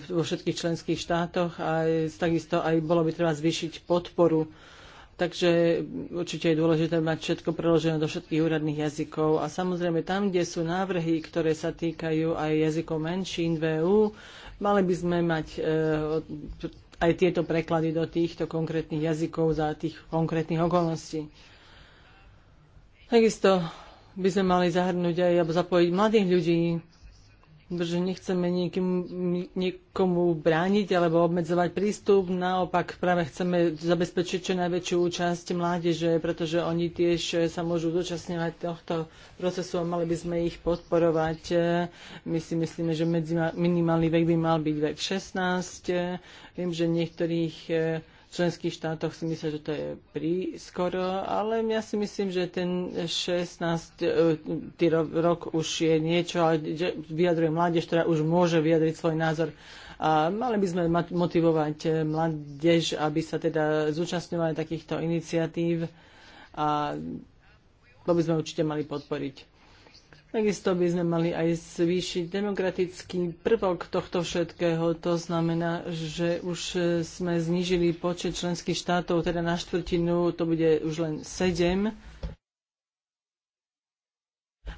vo všetkých členských štátoch a takisto aj bolo by treba zvýšiť podporu podporu. Takže určite je dôležité mať všetko preložené do všetkých úradných jazykov. A samozrejme tam, kde sú návrhy, ktoré sa týkajú aj jazykov menšín VÚ, e mali by sme mať e, aj tieto preklady do týchto konkrétnych jazykov za tých konkrétnych okolností. Takisto by sme mali zahrnúť aj alebo zapojiť mladých ľudí, že nechceme niekomu, niekomu brániť alebo obmedzovať prístup. Naopak práve chceme zabezpečiť čo najväčšiu účasť mládeže, pretože oni tiež sa môžu zúčastňovať tohto procesu a mali by sme ich podporovať. My si myslíme, že medzi, minimálny vek by mal byť vek 16. Viem, že niektorých členských štátoch si myslia, že to je prískoro, ale ja si myslím, že ten 16. E, tý rok už je niečo, ale vyjadruje mládež, ktorá už môže vyjadriť svoj názor. A mali by sme motivovať e, mládež, aby sa teda zúčastňovali takýchto iniciatív a to by sme určite mali podporiť. Takisto by sme mali aj zvýšiť demokratický prvok tohto všetkého. To znamená, že už sme znížili počet členských štátov, teda na štvrtinu, to bude už len sedem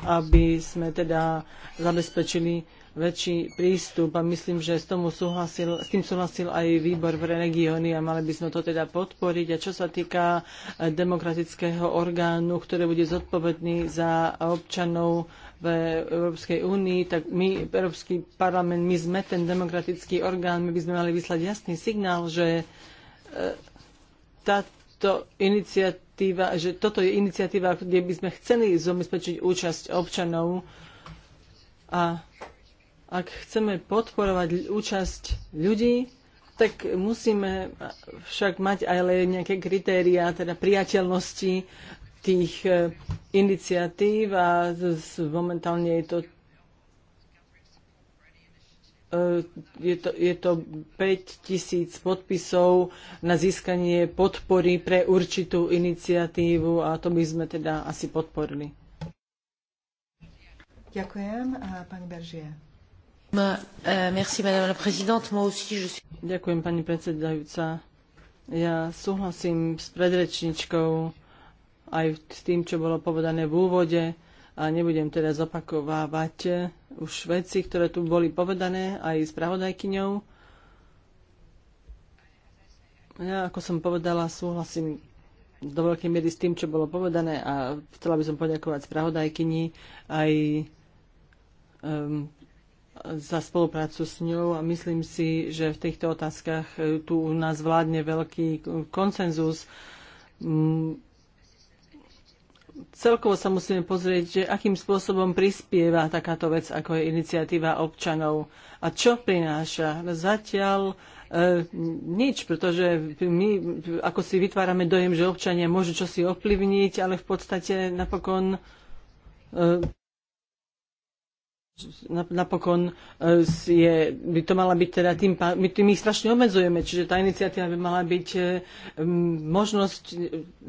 aby sme teda zabezpečili väčší prístup a myslím, že s, tomu súhlasil, s tým súhlasil aj výbor pre regióny a mali by sme to teda podporiť. A čo sa týka demokratického orgánu, ktorý bude zodpovedný za občanov v Európskej únii, tak my, Európsky parlament, my sme ten demokratický orgán, my by sme mali vyslať jasný signál, že e, táto iniciatíva, že toto je iniciatíva, kde by sme chceli zabezpečiť účasť občanov a ak chceme podporovať účasť ľudí, tak musíme však mať aj nejaké kritériá, teda priateľnosti tých e, iniciatív a momentálne e, je to je to, je to 5 tisíc podpisov na získanie podpory pre určitú iniciatívu a to by sme teda asi podporili. Ďakujem. A pani Beržie. E, merci, madame la présidente. Moi aussi, je suis... Ďakujem, pani predsedajúca. Ja súhlasím s predrečničkou aj s tým, čo bolo povedané v úvode a nebudem teda zopakovávať eh, už veci, ktoré tu boli povedané aj s pravodajkyňou. Ja, ako som povedala, súhlasím do veľkej miery s tým, čo bolo povedané a chcela by som poďakovať spravodajkyni aj um, za spoluprácu s ňou a myslím si, že v týchto otázkach eh, tu u nás vládne veľký konsenzus. Um, celkovo sa musíme pozrieť, že akým spôsobom prispieva takáto vec, ako je iniciatíva občanov a čo prináša. No zatiaľ e, nič, pretože my ako si vytvárame dojem, že občania môžu čosi ovplyvniť, ale v podstate napokon e, napokon e, je, by to mala byť teda tým, my tým ich strašne obmedzujeme, čiže tá iniciatíva by mala byť e, možnosť e,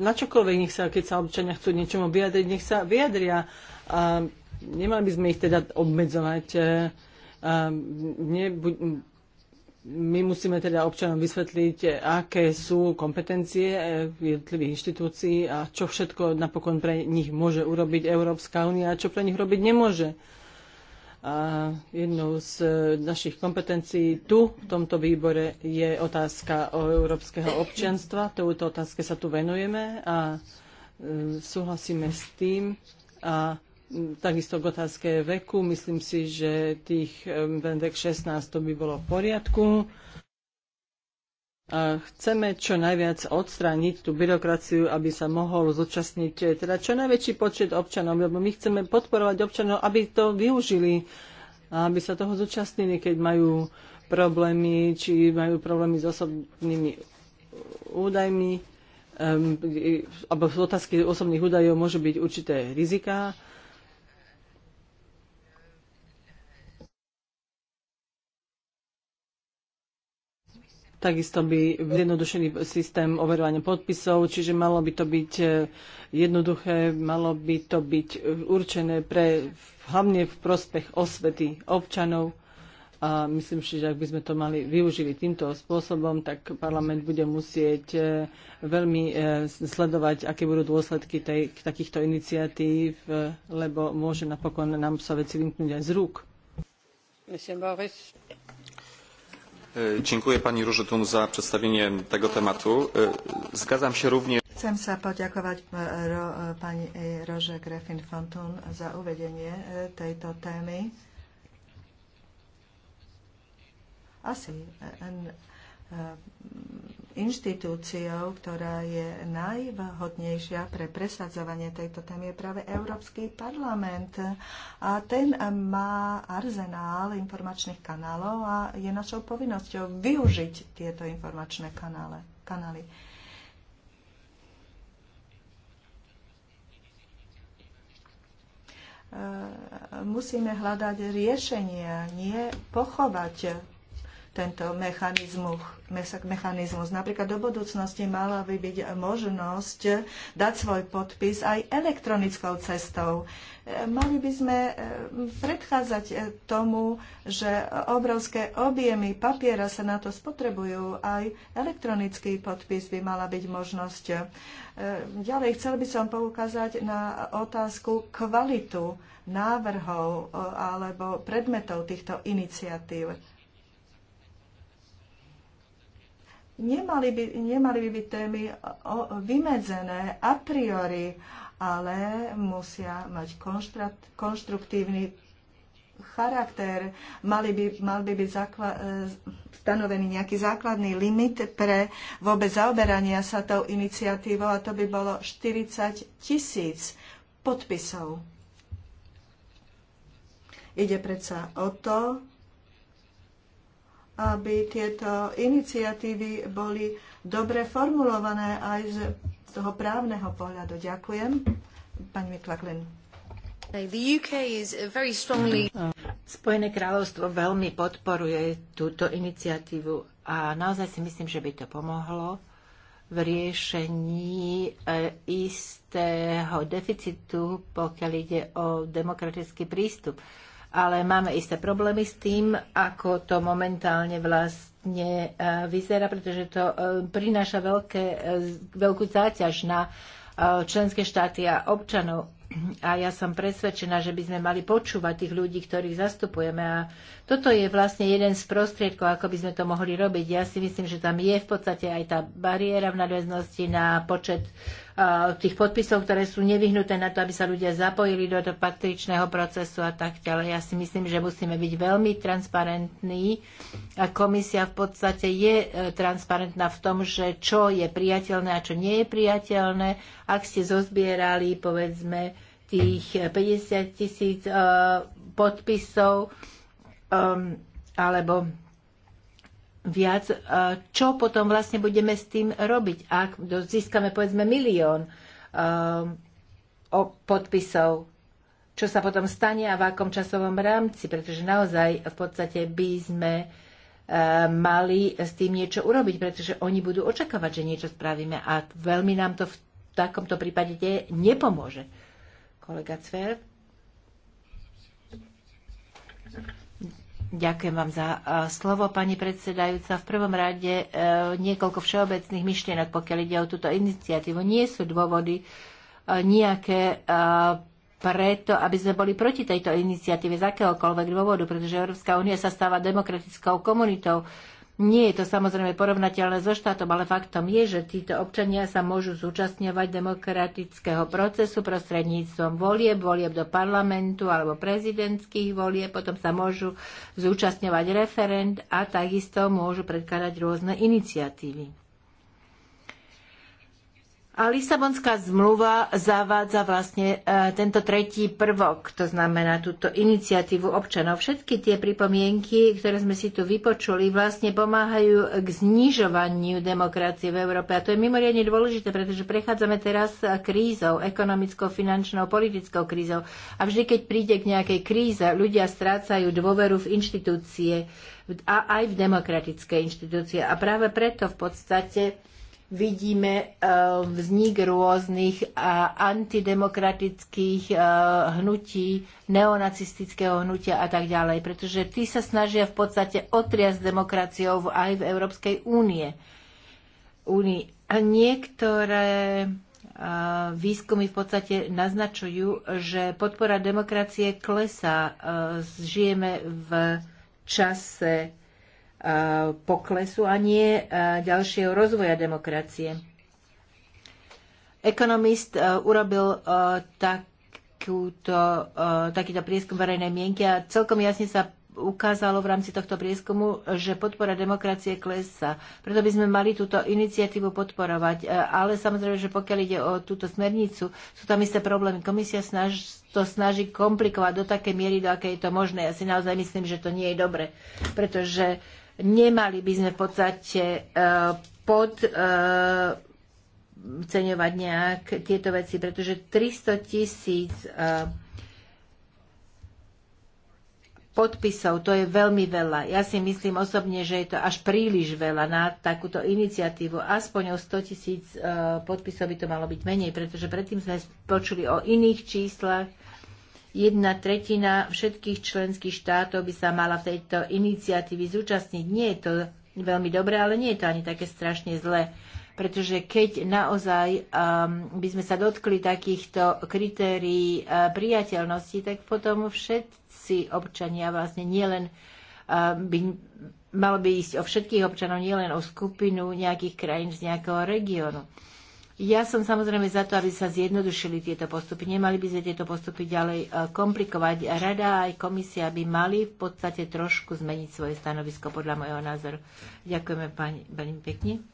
na čokoľvek, nech sa, keď sa občania chcú niečomu vyjadriť, nech sa vyjadria. A nemali by sme ich teda obmedzovať. A ne, my musíme teda občanom vysvetliť, aké sú kompetencie jednotlivých inštitúcií a čo všetko napokon pre nich môže urobiť Európska únia a čo pre nich robiť nemôže. A jednou z e, našich kompetencií tu, v tomto výbore, je otázka o európskeho občianstva. Touto otázke sa tu venujeme a e, súhlasíme s tým. A takisto k otázke veku, myslím si, že tých e, vek 16 to by bolo v poriadku chceme čo najviac odstrániť tú byrokraciu, aby sa mohol zúčastniť eh, teda čo najväčší počet občanov, lebo my chceme podporovať občanov, aby to využili, aby sa toho zúčastnili, keď majú problémy, či majú problémy s osobnými údajmi, alebo z otázky osobných údajov môžu byť určité riziká takisto by zjednodušený systém overovania podpisov, čiže malo by to byť e, jednoduché, malo by to byť e, určené pre hlavne v prospech osvety občanov. A myslím si, že ak by sme to mali využili týmto spôsobom, tak parlament bude musieť e, veľmi sledovať, aké budú dôsledky tej, takýchto iniciatív, lebo môže napokon nám sa veci vymknúť aj z rúk. E, dziękuję pani Różytun za przedstawienie tego tematu. E, zgadzam się również. Chcem sa poďakovať e, ro, pani Rože Grefin Fontun za uvedenie tejto témy. Asi inštitúciou, ktorá je najvhodnejšia pre presadzovanie tejto témy, je práve Európsky parlament. A ten má arzenál informačných kanálov a je našou povinnosťou využiť tieto informačné kanále, kanály. E, musíme hľadať riešenia, nie pochovať tento mechanizmus, mechanizmus. Napríklad do budúcnosti mala by byť možnosť dať svoj podpis aj elektronickou cestou. E, mali by sme e, predchádzať e, tomu, že obrovské objemy papiera sa na to spotrebujú. Aj elektronický podpis by mala byť možnosť. Ďalej chcel by som poukázať na otázku kvalitu návrhov alebo predmetov týchto iniciatív nemali by, nemali by byť témy vymedzené a priori, ale musia mať konštruktívny charakter, mali by, mal by byť zakla- e, stanovený nejaký základný limit pre vôbec zaoberania sa tou iniciatívou a to by bolo 40 tisíc podpisov. Ide predsa o to, aby tieto iniciatívy boli dobre formulované aj z toho právneho pohľadu. Ďakujem. Pani McLaughlin. Strongly... Spojené kráľovstvo veľmi podporuje túto iniciatívu a naozaj si myslím, že by to pomohlo v riešení e, istého deficitu, pokiaľ ide o demokratický prístup ale máme isté problémy s tým, ako to momentálne vlastne e, vyzerá, pretože to e, prináša veľké, e, veľkú záťaž na členské štáty a občanov. A ja som presvedčená, že by sme mali počúvať tých ľudí, ktorých zastupujeme. A toto je vlastne jeden z prostriedkov, ako by sme to mohli robiť. Ja si myslím, že tam je v podstate aj tá bariéra v nadväznosti na počet Eh, tých podpisov, ktoré sú nevyhnuté na to, aby sa ľudia zapojili do patričného procesu a tak ďalej. Ja si myslím, že musíme byť veľmi transparentní a komisia v podstate je eh, transparentná v tom, že čo je priateľné a čo nie je priateľné. Ak ste zozbierali, povedzme, tých 50 tisíc eh, podpisov, ehm, alebo viac, e, čo potom vlastne budeme s tým robiť. Ak získame povedzme milión e, podpisov, čo sa potom stane a v akom časovom rámci, pretože naozaj v podstate by sme e, mali s tým niečo urobiť, pretože oni budú očakávať, že niečo spravíme a veľmi nám to v takomto prípade nepomôže. Kolega Cver. Ďakujem vám za e, slovo, pani predsedajúca. V prvom rade e, niekoľko všeobecných myšlienok, pokiaľ ide o túto iniciatívu. Nie sú dôvody e, nejaké preto, aby sme boli proti tejto iniciatíve z akéhokoľvek dôvodu, pretože Európska únia sa stáva demokratickou komunitou nie je to samozrejme porovnateľné so štátom, ale faktom je, že títo občania sa môžu zúčastňovať demokratického procesu prostredníctvom volieb, volieb do parlamentu alebo prezidentských volieb, potom sa môžu zúčastňovať referend a takisto môžu predkladať rôzne iniciatívy. A Lisabonská zmluva zavádza vlastne e, tento tretí prvok, to znamená túto iniciatívu občanov. Všetky tie pripomienky, ktoré sme si tu vypočuli, vlastne pomáhajú k znižovaniu demokracie v Európe. A to je mimoriadne dôležité, pretože prechádzame teraz krízou, ekonomickou, finančnou, politickou krízou. A vždy, keď príde k nejakej kríze, ľudia strácajú dôveru v inštitúcie a aj v demokratické inštitúcie. A práve preto v podstate vidíme eh, vznik rôznych eh, antidemokratických eh, hnutí, neonacistického hnutia a tak ďalej, pretože tí sa snažia v podstate otriasť demokraciou aj v Európskej únie. únii. A niektoré výskumy v podstate naznačujú, že podpora demokracie klesá. Žijeme v čase E, poklesu a nie e, ďalšieho rozvoja demokracie. Ekonomist e, urobil takúto, takýto prieskum verejnej mienky a celkom jasne sa ukázalo v rámci tohto prieskumu, že podpora demokracie klesa. Preto by sme mali túto iniciatívu podporovať. Ale samozrejme, že pokiaľ ide o túto smernicu, sú tam isté problémy. Komisia snaž, to snaží komplikovať do takej miery, do akej je to možné. Ja si naozaj myslím, že to nie je dobre, pretože Nemali by sme v podstate e, pod e, ceňovať nejak tieto veci, pretože 300 tisíc e, podpisov, to je veľmi veľa. Ja si myslím osobne, že je to až príliš veľa na takúto iniciatívu. Aspoň o 100 tisíc podpisov by to malo byť menej, pretože predtým sme počuli o iných číslach, jedna tretina všetkých členských štátov by sa mala v tejto iniciatívy zúčastniť. Nie je to veľmi dobré, ale nie je to ani také strašne zlé. Pretože keď naozaj um, by sme sa dotkli takýchto kritérií uh, priateľnosti, tak potom všetci občania vlastne nielen uh, by malo by ísť o všetkých občanov, nielen o skupinu nejakých krajín z nejakého regiónu. Ja som samozrejme za to, aby sa zjednodušili tieto postupy. Nemali by sme tieto postupy ďalej e, komplikovať. Rada aj komisia by mali v podstate trošku zmeniť svoje stanovisko podľa môjho názoru. Ďakujeme pani, pani pekne.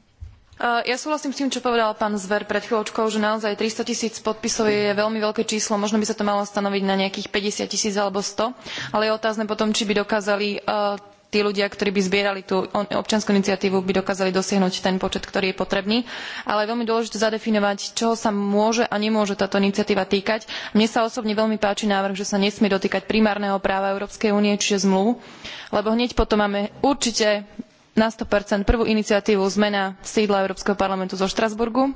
E, ja súhlasím s tým, čo povedal pán Zver pred chvíľočkou, že naozaj 300 tisíc podpisov je veľmi veľké číslo, možno by sa to malo stanoviť na nejakých 50 tisíc alebo 100, ale je otázne potom, či by dokázali e, tí ľudia, ktorí by zbierali tú občiansku iniciatívu, by dokázali dosiahnuť ten počet, ktorý je potrebný. Ale je veľmi dôležité zadefinovať, čoho sa môže a nemôže táto iniciatíva týkať. Mne sa osobne veľmi páči návrh, že sa nesmie dotýkať primárneho práva Európskej únie, čiže zmluv, lebo hneď potom máme určite na 100% prvú iniciatívu zmena sídla Európskeho parlamentu zo Štrasburgu.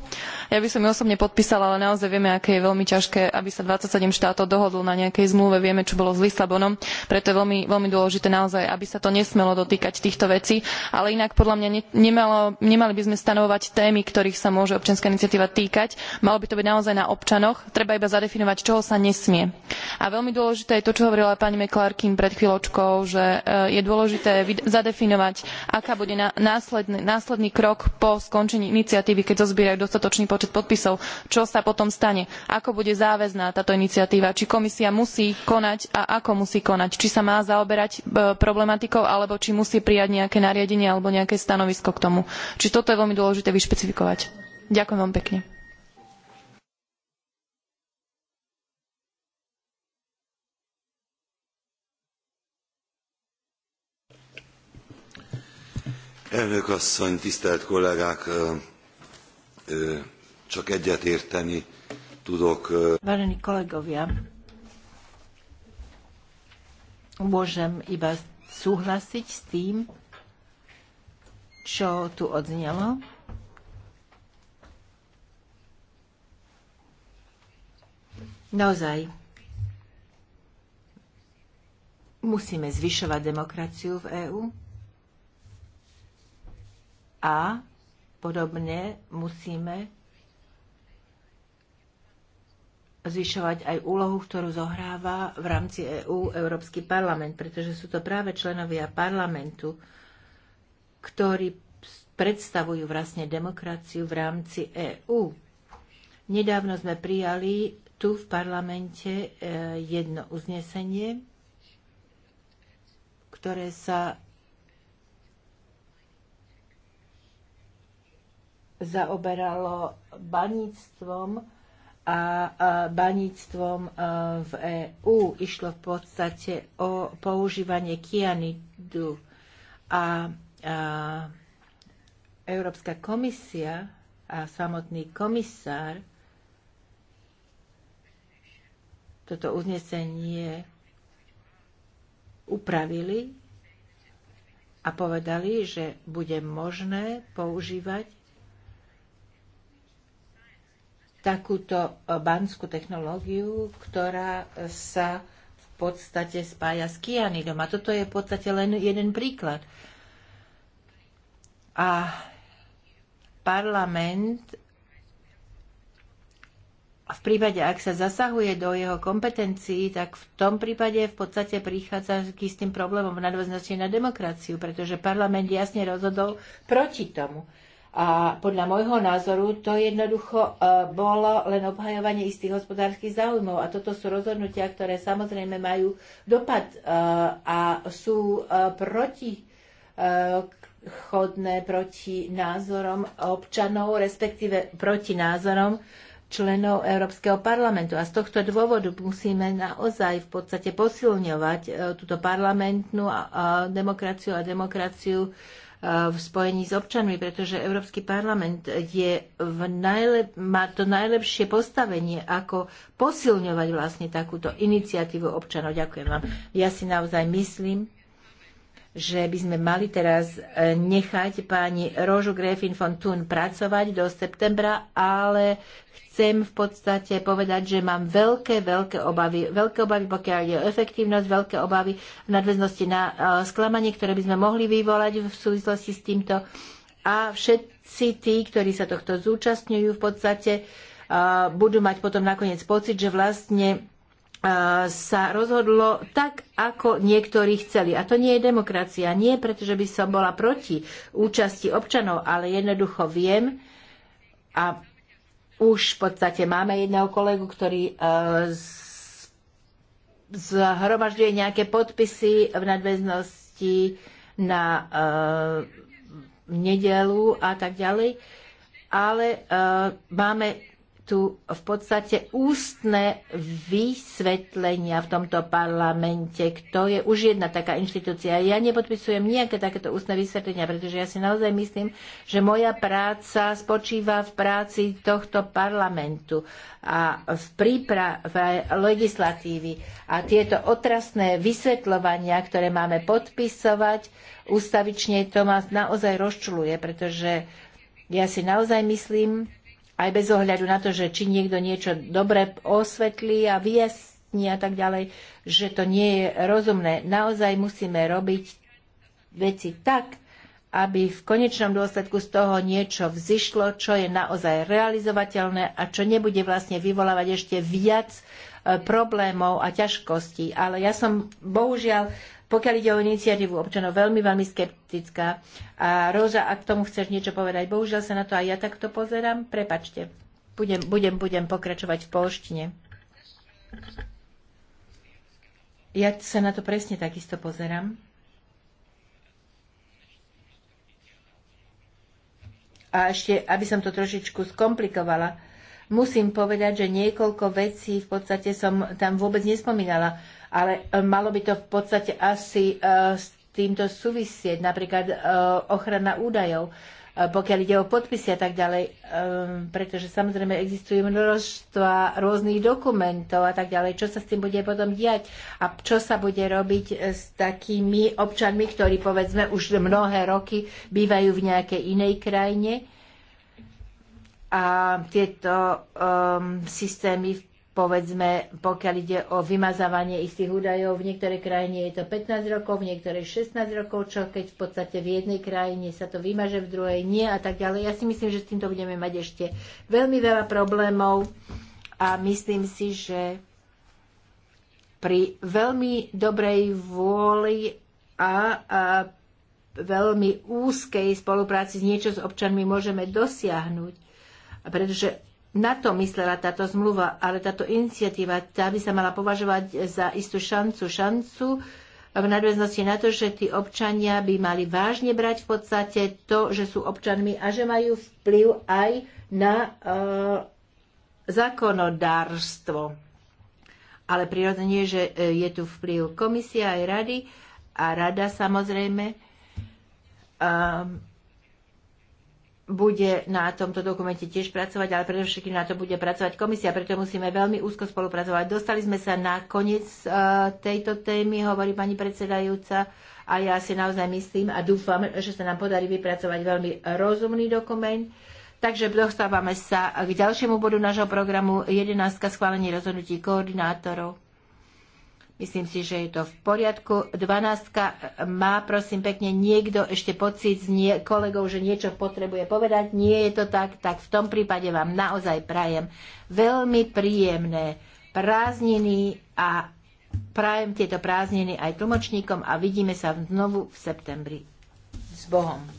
Ja by som ju osobne podpísala, ale naozaj vieme, aké je veľmi ťažké, aby sa 27 štátov dohodlo na nejakej zmluve. Vieme, čo bolo s Lisabonom, preto je veľmi, veľmi dôležité naozaj, aby sa to nesmelo dotýkať týchto vecí. Ale inak podľa mňa ne, nemalo, nemali by sme stanovovať témy, ktorých sa môže občianska iniciatíva týkať. Malo by to byť naozaj na občanoch. Treba iba zadefinovať, čoho sa nesmie. A veľmi dôležité je to, čo hovorila pani McClarkin pred chvíľočkou, že e, je dôležité zadefinovať, ak aká bude následný, následný krok po skončení iniciatívy, keď zozbierajú dostatočný počet podpisov. Čo sa potom stane? Ako bude záväzná táto iniciatíva? Či komisia musí konať a ako musí konať? Či sa má zaoberať e, problematikou, alebo či musí prijať nejaké nariadenie alebo nejaké stanovisko k tomu. Či toto je veľmi dôležité vyšpecifikovať. Ďakujem vám pekne. Elnök asszony, tisztelt kollégák, csak egyetérteni tudok. Vážení kolegovia, môžem iba súhlasiť s tým, čo tu odznelo. Naozaj, musíme zvyšovať demokraciu v EÚ a podobne musíme zvyšovať aj úlohu, ktorú zohráva v rámci EÚ Európsky parlament, pretože sú to práve členovia parlamentu, ktorí predstavujú vlastne demokraciu v rámci EÚ. Nedávno sme prijali tu v parlamente e, jedno uznesenie, ktoré sa zaoberalo baníctvom a baníctvom e, v EÚ. Išlo v podstate o používanie kianidu a, a Európska komisia a samotný komisár toto uznesenie upravili a povedali, že bude možné používať takúto e, banskú technológiu, ktorá e, sa v podstate spája s kianidom. A toto je v podstate len jeden príklad. A parlament v prípade, ak sa zasahuje do jeho kompetencií, tak v tom prípade v podstate prichádza k istým problémom v nadväznosti na demokraciu, pretože parlament jasne rozhodol proti tomu. A podľa môjho názoru to jednoducho e, bolo len obhajovanie istých hospodárskych záujmov. A toto sú rozhodnutia, ktoré samozrejme majú dopad e, a sú e, proti chodné proti názorom občanov, respektíve proti názorom členov Európskeho parlamentu. A z tohto dôvodu musíme naozaj v podstate posilňovať túto parlamentnú demokraciu a demokraciu v spojení s občanmi, pretože Európsky parlament je v najlep- má to najlepšie postavenie, ako posilňovať vlastne takúto iniciatívu občanov. Ďakujem vám. Ja si naozaj myslím, že by sme mali teraz e, nechať pani Rožu Gréfin von Thun pracovať do septembra, ale chcem v podstate povedať, že mám veľké, veľké obavy. Veľké obavy, pokiaľ ide o efektívnosť, veľké obavy v nadväznosti na e, sklamanie, ktoré by sme mohli vyvolať v súvislosti s týmto. A všetci tí, ktorí sa tohto zúčastňujú, v podstate e, budú mať potom nakoniec pocit, že vlastne sa rozhodlo tak, ako niektorí chceli. A to nie je demokracia. Nie preto, že by som bola proti účasti občanov, ale jednoducho viem a už v podstate máme jedného kolegu, ktorý e, zhromažďuje nejaké podpisy v nadväznosti na e, nedelu a tak ďalej. Ale e, máme tu v podstate ústne vysvetlenia v tomto parlamente, kto je už jedna taká inštitúcia. Ja nepodpisujem nejaké takéto ústne vysvetlenia, pretože ja si naozaj myslím, že moja práca spočíva v práci tohto parlamentu a v príprave legislatívy. A tieto otrasné vysvetľovania, ktoré máme podpisovať, ústavične to ma naozaj rozčuluje, pretože ja si naozaj myslím, aj bez ohľadu na to, že či niekto niečo dobre osvetlí a vyjasní a tak ďalej, že to nie je rozumné. Naozaj musíme robiť veci tak, aby v konečnom dôsledku z toho niečo vzýšlo, čo je naozaj realizovateľné a čo nebude vlastne vyvolávať ešte viac e, problémov a ťažkostí. Ale ja som bohužiaľ pokiaľ ide o iniciatívu občanov, veľmi, veľmi skeptická. A Róža, ak tomu chceš niečo povedať, bohužiaľ sa na to aj ja takto pozerám, prepačte. Budem, budem, budem pokračovať v polštine. Ja sa na to presne takisto pozerám. A ešte, aby som to trošičku skomplikovala, musím povedať, že niekoľko vecí v podstate som tam vôbec nespomínala ale e, malo by to v podstate asi e, s týmto súvisieť, napríklad e, ochrana údajov, pokiaľ ide o podpisy a tak ďalej, pretože samozrejme existujú množstva rôznych dokumentov a tak ďalej, čo sa s tým bude potom diať a čo sa bude robiť s takými občanmi, ktorí povedzme už mnohé roky bývajú v nejakej inej krajine a tieto um, systémy v povedzme, pokiaľ ide o vymazávanie istých údajov, v niektorej krajine je to 15 rokov, v niektorej 16 rokov, čo keď v podstate v jednej krajine sa to vymaže, v druhej nie a tak ďalej. Ja si myslím, že s týmto budeme mať ešte veľmi veľa problémov a myslím si, že pri veľmi dobrej vôli a, a veľmi úzkej spolupráci s niečo s občanmi môžeme dosiahnuť. Pretože na to myslela táto zmluva, ale táto iniciatíva, tá by sa mala považovať za istú šancu. Šancu v nadväznosti na to, že tí občania by mali vážne brať v podstate to, že sú občanmi a že majú vplyv aj na e, zákonodárstvo. Ale prirodzene, že e, je tu vplyv komisia aj rady a rada samozrejme. E, bude na tomto dokumente tiež pracovať, ale predovšetkým na to bude pracovať komisia, preto musíme veľmi úzko spolupracovať. Dostali sme sa na koniec uh, tejto témy, hovorí pani predsedajúca, a ja si naozaj myslím a dúfam, že sa nám podarí vypracovať veľmi rozumný dokument. Takže dostávame sa k ďalšiemu bodu nášho programu 11. schválenie rozhodnutí koordinátorov. Myslím si, že je to v poriadku. Dvanáctka má, prosím pekne, niekto ešte pocit s nie, kolegov, že niečo potrebuje povedať. Nie je to tak, tak v tom prípade vám naozaj prajem veľmi príjemné prázdniny a prajem tieto prázdniny aj tlmočníkom a vidíme sa znovu v septembri. S Bohom.